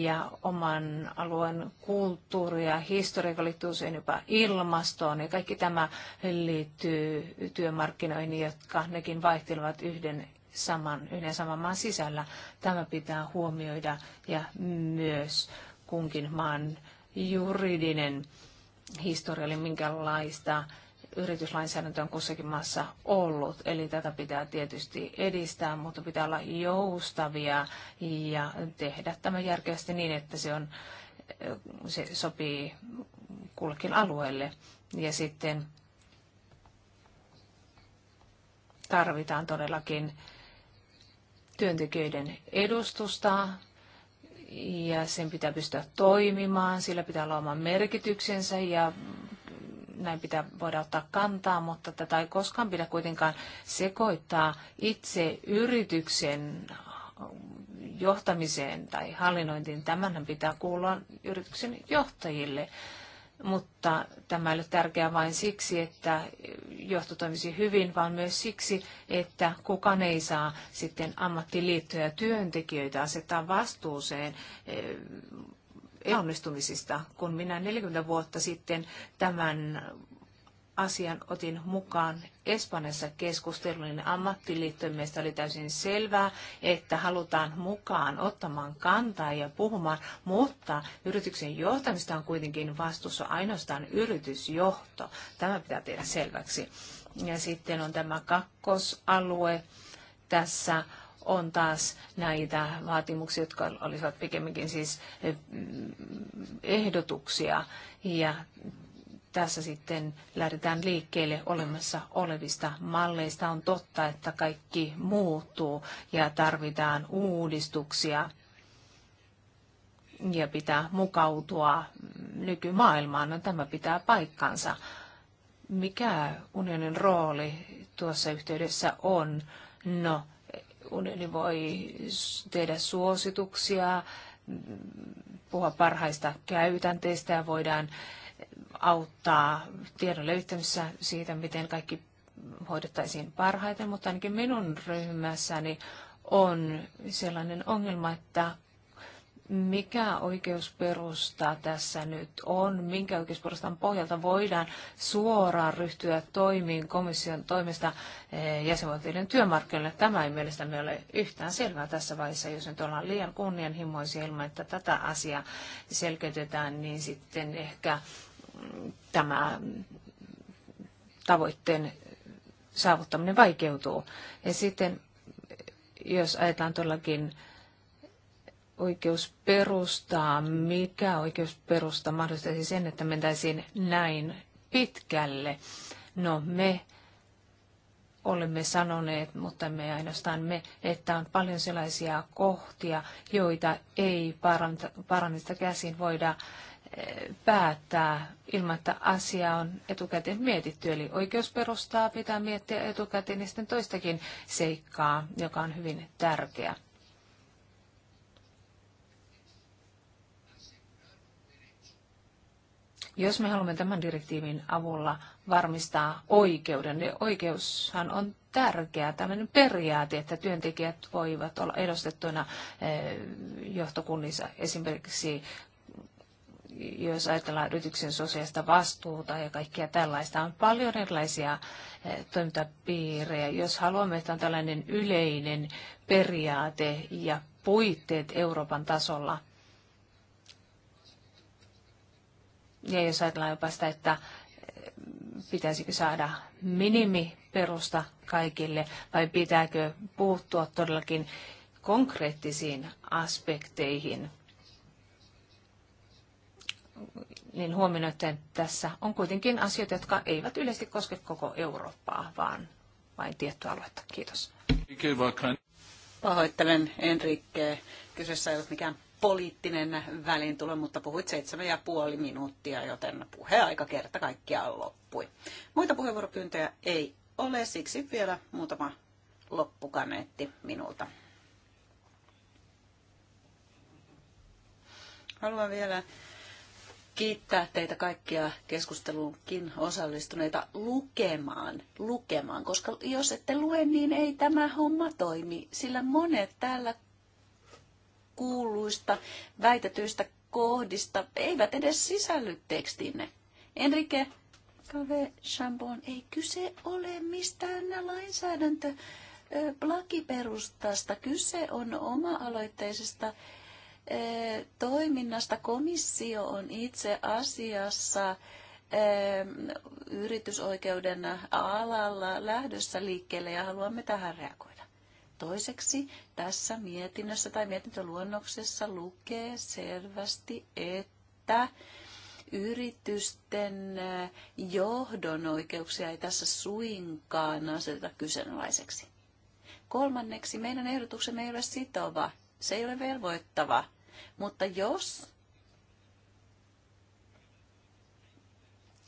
ja oman alueen kulttuuria, historia, joka liittyy usein jopa ilmastoon ja kaikki tämä liittyy työmarkkinoihin, jotka nekin vaihtelevat yhden saman, yhden saman maan sisällä. Tämä pitää huomioida ja myös kunkin maan juridinen historia, eli minkälaista yrityslainsäädäntö on kussakin maassa ollut. Eli tätä pitää tietysti edistää, mutta pitää olla joustavia ja tehdä tämä järkevästi niin, että se, on, se sopii kullekin alueelle. Ja sitten tarvitaan todellakin työntekijöiden edustusta ja sen pitää pystyä toimimaan, sillä pitää olla oma merkityksensä ja näin pitää voida ottaa kantaa, mutta tätä ei koskaan pidä kuitenkaan sekoittaa itse yrityksen johtamiseen tai hallinnointiin. Tämänhän pitää kuulla yrityksen johtajille, mutta tämä ei ole tärkeää vain siksi, että johto toimisi hyvin, vaan myös siksi, että kukaan ei saa sitten ammattiliittoja ja työntekijöitä asettaa vastuuseen eh, epäonnistumisista. Kun minä 40 vuotta sitten tämän asian otin mukaan Espanjassa keskustelun, niin ammattiliittojen mielestä oli täysin selvää, että halutaan mukaan ottamaan kantaa ja puhumaan, mutta yrityksen johtamista on kuitenkin vastuussa ainoastaan yritysjohto. Tämä pitää tehdä selväksi. Ja sitten on tämä kakkosalue tässä on taas näitä vaatimuksia, jotka olisivat pikemminkin siis eh, ehdotuksia. Ja tässä sitten lähdetään liikkeelle olemassa olevista malleista. On totta, että kaikki muuttuu ja tarvitaan uudistuksia ja pitää mukautua nykymaailmaan. No, tämä pitää paikkansa. Mikä unionin rooli tuossa yhteydessä on? No, unioni voi tehdä suosituksia, puhua parhaista käytänteistä ja voidaan auttaa tiedon löytämisessä siitä, miten kaikki hoidettaisiin parhaiten, mutta ainakin minun ryhmässäni on sellainen ongelma, että mikä oikeusperusta tässä nyt on, minkä oikeusperustan pohjalta voidaan suoraan ryhtyä toimiin komission toimesta eh, jäsenvaltioiden työmarkkinoille. Tämä ei mielestäni ole yhtään selvää tässä vaiheessa, jos nyt ollaan liian kunnianhimoisia ilman, että tätä asiaa selkeytetään, niin sitten ehkä mm, tämä tavoitteen saavuttaminen vaikeutuu. Ja sitten jos ajetaan todellakin oikeusperustaa, mikä oikeusperusta mahdollistaisi sen, että mentäisiin näin pitkälle. No me olemme sanoneet, mutta me ainoastaan me, että on paljon sellaisia kohtia, joita ei parannista käsin voida eh, päättää ilman, että asia on etukäteen mietitty. Eli oikeusperustaa pitää miettiä etukäteen ja sitten toistakin seikkaa, joka on hyvin tärkeä. Jos me haluamme tämän direktiivin avulla varmistaa oikeuden, niin oikeushan on tärkeä tämmöinen periaate, että työntekijät voivat olla edustettuina eh, johtokunnissa esimerkiksi jos ajatellaan yrityksen sosiaalista vastuuta ja kaikkea tällaista, on paljon erilaisia eh, toimintapiirejä. Jos haluamme, että on tällainen yleinen periaate ja puitteet Euroopan tasolla, Ja jos ajatellaan jopa sitä, että eh, pitäisikö saada minimiperusta kaikille vai pitääkö puuttua todellakin konkreettisiin aspekteihin, niin huomioon, että tässä on kuitenkin asioita, jotka eivät yleisesti koske koko Eurooppaa, vaan vain tiettyä aluetta. Kiitos. Pahoittelen, Enrique. Kyseessä ei ollut mikään poliittinen välintulo, mutta puhuit seitsemän ja puoli minuuttia, joten puheaika kerta kaikkiaan loppui. Muita puheenvuoropyyntöjä ei ole, siksi vielä muutama loppukaneetti minulta. Haluan vielä kiittää teitä kaikkia keskusteluunkin osallistuneita lukemaan, lukemaan, koska jos ette lue, niin ei tämä homma toimi, sillä monet täällä kuuluista väitetyistä kohdista eivät edes sisälly tekstinne. Enrique Cave Chambon, ei kyse ole mistään lainsäädäntö lakiperustasta. Kyse on oma-aloitteisesta toiminnasta. Komissio on itse asiassa yritysoikeuden alalla lähdössä liikkeelle ja haluamme tähän reagoida. Toiseksi tässä mietinnössä tai mietintöluonnoksessa lukee selvästi, että yritysten äh, johdon oikeuksia ei tässä suinkaan aseteta kyseenalaiseksi. Kolmanneksi, meidän ehdotuksemme ei ole sitova, se ei ole velvoittava, mutta jos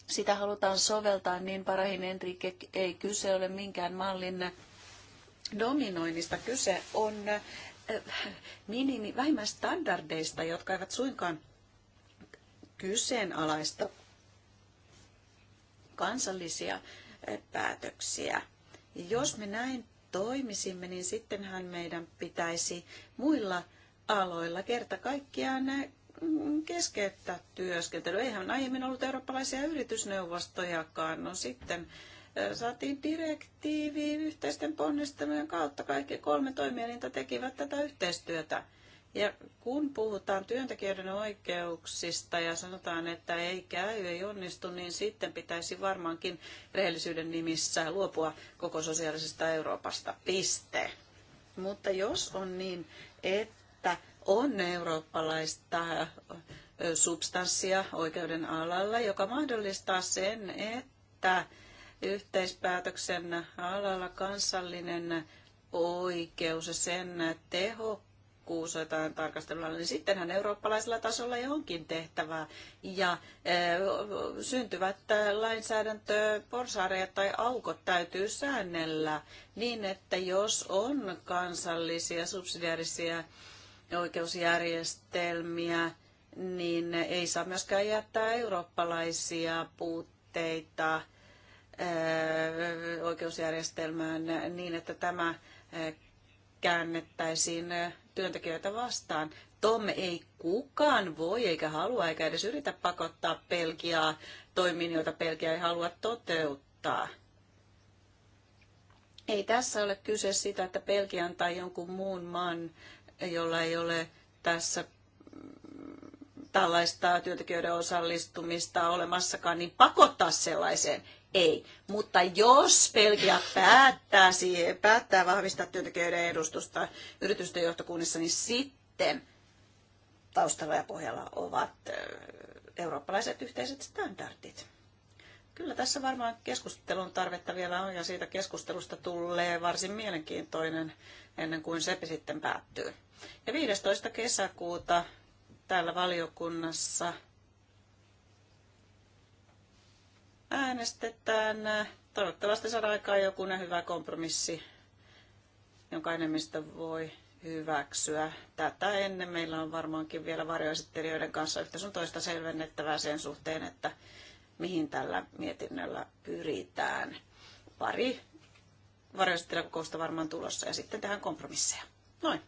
sitä halutaan soveltaa, niin parahin Enrique ei kyse ole minkään mallin dominoinnista kyse on äh, minimi, vähimmäistandardeista, jotka eivät suinkaan kyseenalaista kansallisia äh, päätöksiä. Jos me näin toimisimme, niin sittenhän meidän pitäisi muilla aloilla kerta kaikkiaan äh, keskeyttää työskentely. Eihän aiemmin ollut eurooppalaisia yritysneuvostojakaan. No sitten saatiin direktiiviin yhteisten ponnistelujen kautta. Kaikki kolme toimielintä tekivät tätä yhteistyötä. Ja kun puhutaan työntekijöiden oikeuksista ja sanotaan, että ei käy, ei onnistu, niin sitten pitäisi varmaankin rehellisyyden nimissä luopua koko sosiaalisesta Euroopasta. Piste. Mutta jos on niin, että on eurooppalaista substanssia oikeuden alalla, joka mahdollistaa sen, että yhteispäätöksen alalla kansallinen oikeus ja sen tehokkuus otetaan tarkastelulla, niin sittenhän eurooppalaisella tasolla ei onkin tehtävää. Ja e, syntyvät lainsäädäntö, porsaareja tai aukot täytyy säännellä niin, että jos on kansallisia subsidiarisia oikeusjärjestelmiä, niin ei saa myöskään jättää eurooppalaisia puutteita oikeusjärjestelmään niin, että tämä käännettäisiin työntekijöitä vastaan. Tom ei kukaan voi eikä halua eikä edes yritä pakottaa Pelkiaa toimiin, joita Pelkia ei halua toteuttaa. Ei tässä ole kyse sitä, että Pelkian tai jonkun muun maan, jolla ei ole tässä mm, tällaista työntekijöiden osallistumista olemassakaan, niin pakottaa sellaiseen ei. Mutta jos Belgia päättää, päättää vahvistaa työntekijöiden edustusta yritysten johtokunnissa, niin sitten taustalla ja pohjalla ovat eurooppalaiset yhteiset standardit. Kyllä tässä varmaan keskustelun tarvetta vielä on ja siitä keskustelusta tulee varsin mielenkiintoinen ennen kuin se sitten päättyy. Ja 15. kesäkuuta täällä valiokunnassa äänestetään. Toivottavasti saadaan aikaan joku hyvä kompromissi, jonka enemmistö voi hyväksyä. Tätä ennen meillä on varmaankin vielä varjoesittelijöiden kanssa yhtä sun toista selvennettävää sen suhteen, että mihin tällä mietinnöllä pyritään. Pari varjoesittelijäkokousta varmaan tulossa ja sitten tehdään kompromisseja. Noin.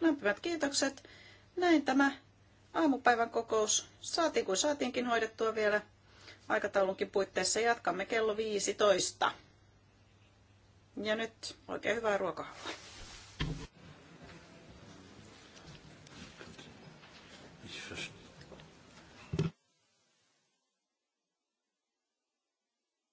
Lämpimät kiitokset. Näin tämä aamupäivän kokous saatiin kuin saatiinkin hoidettua vielä aikataulunkin puitteissa jatkamme kello 15. Ja nyt oikein hyvää ruokahallua.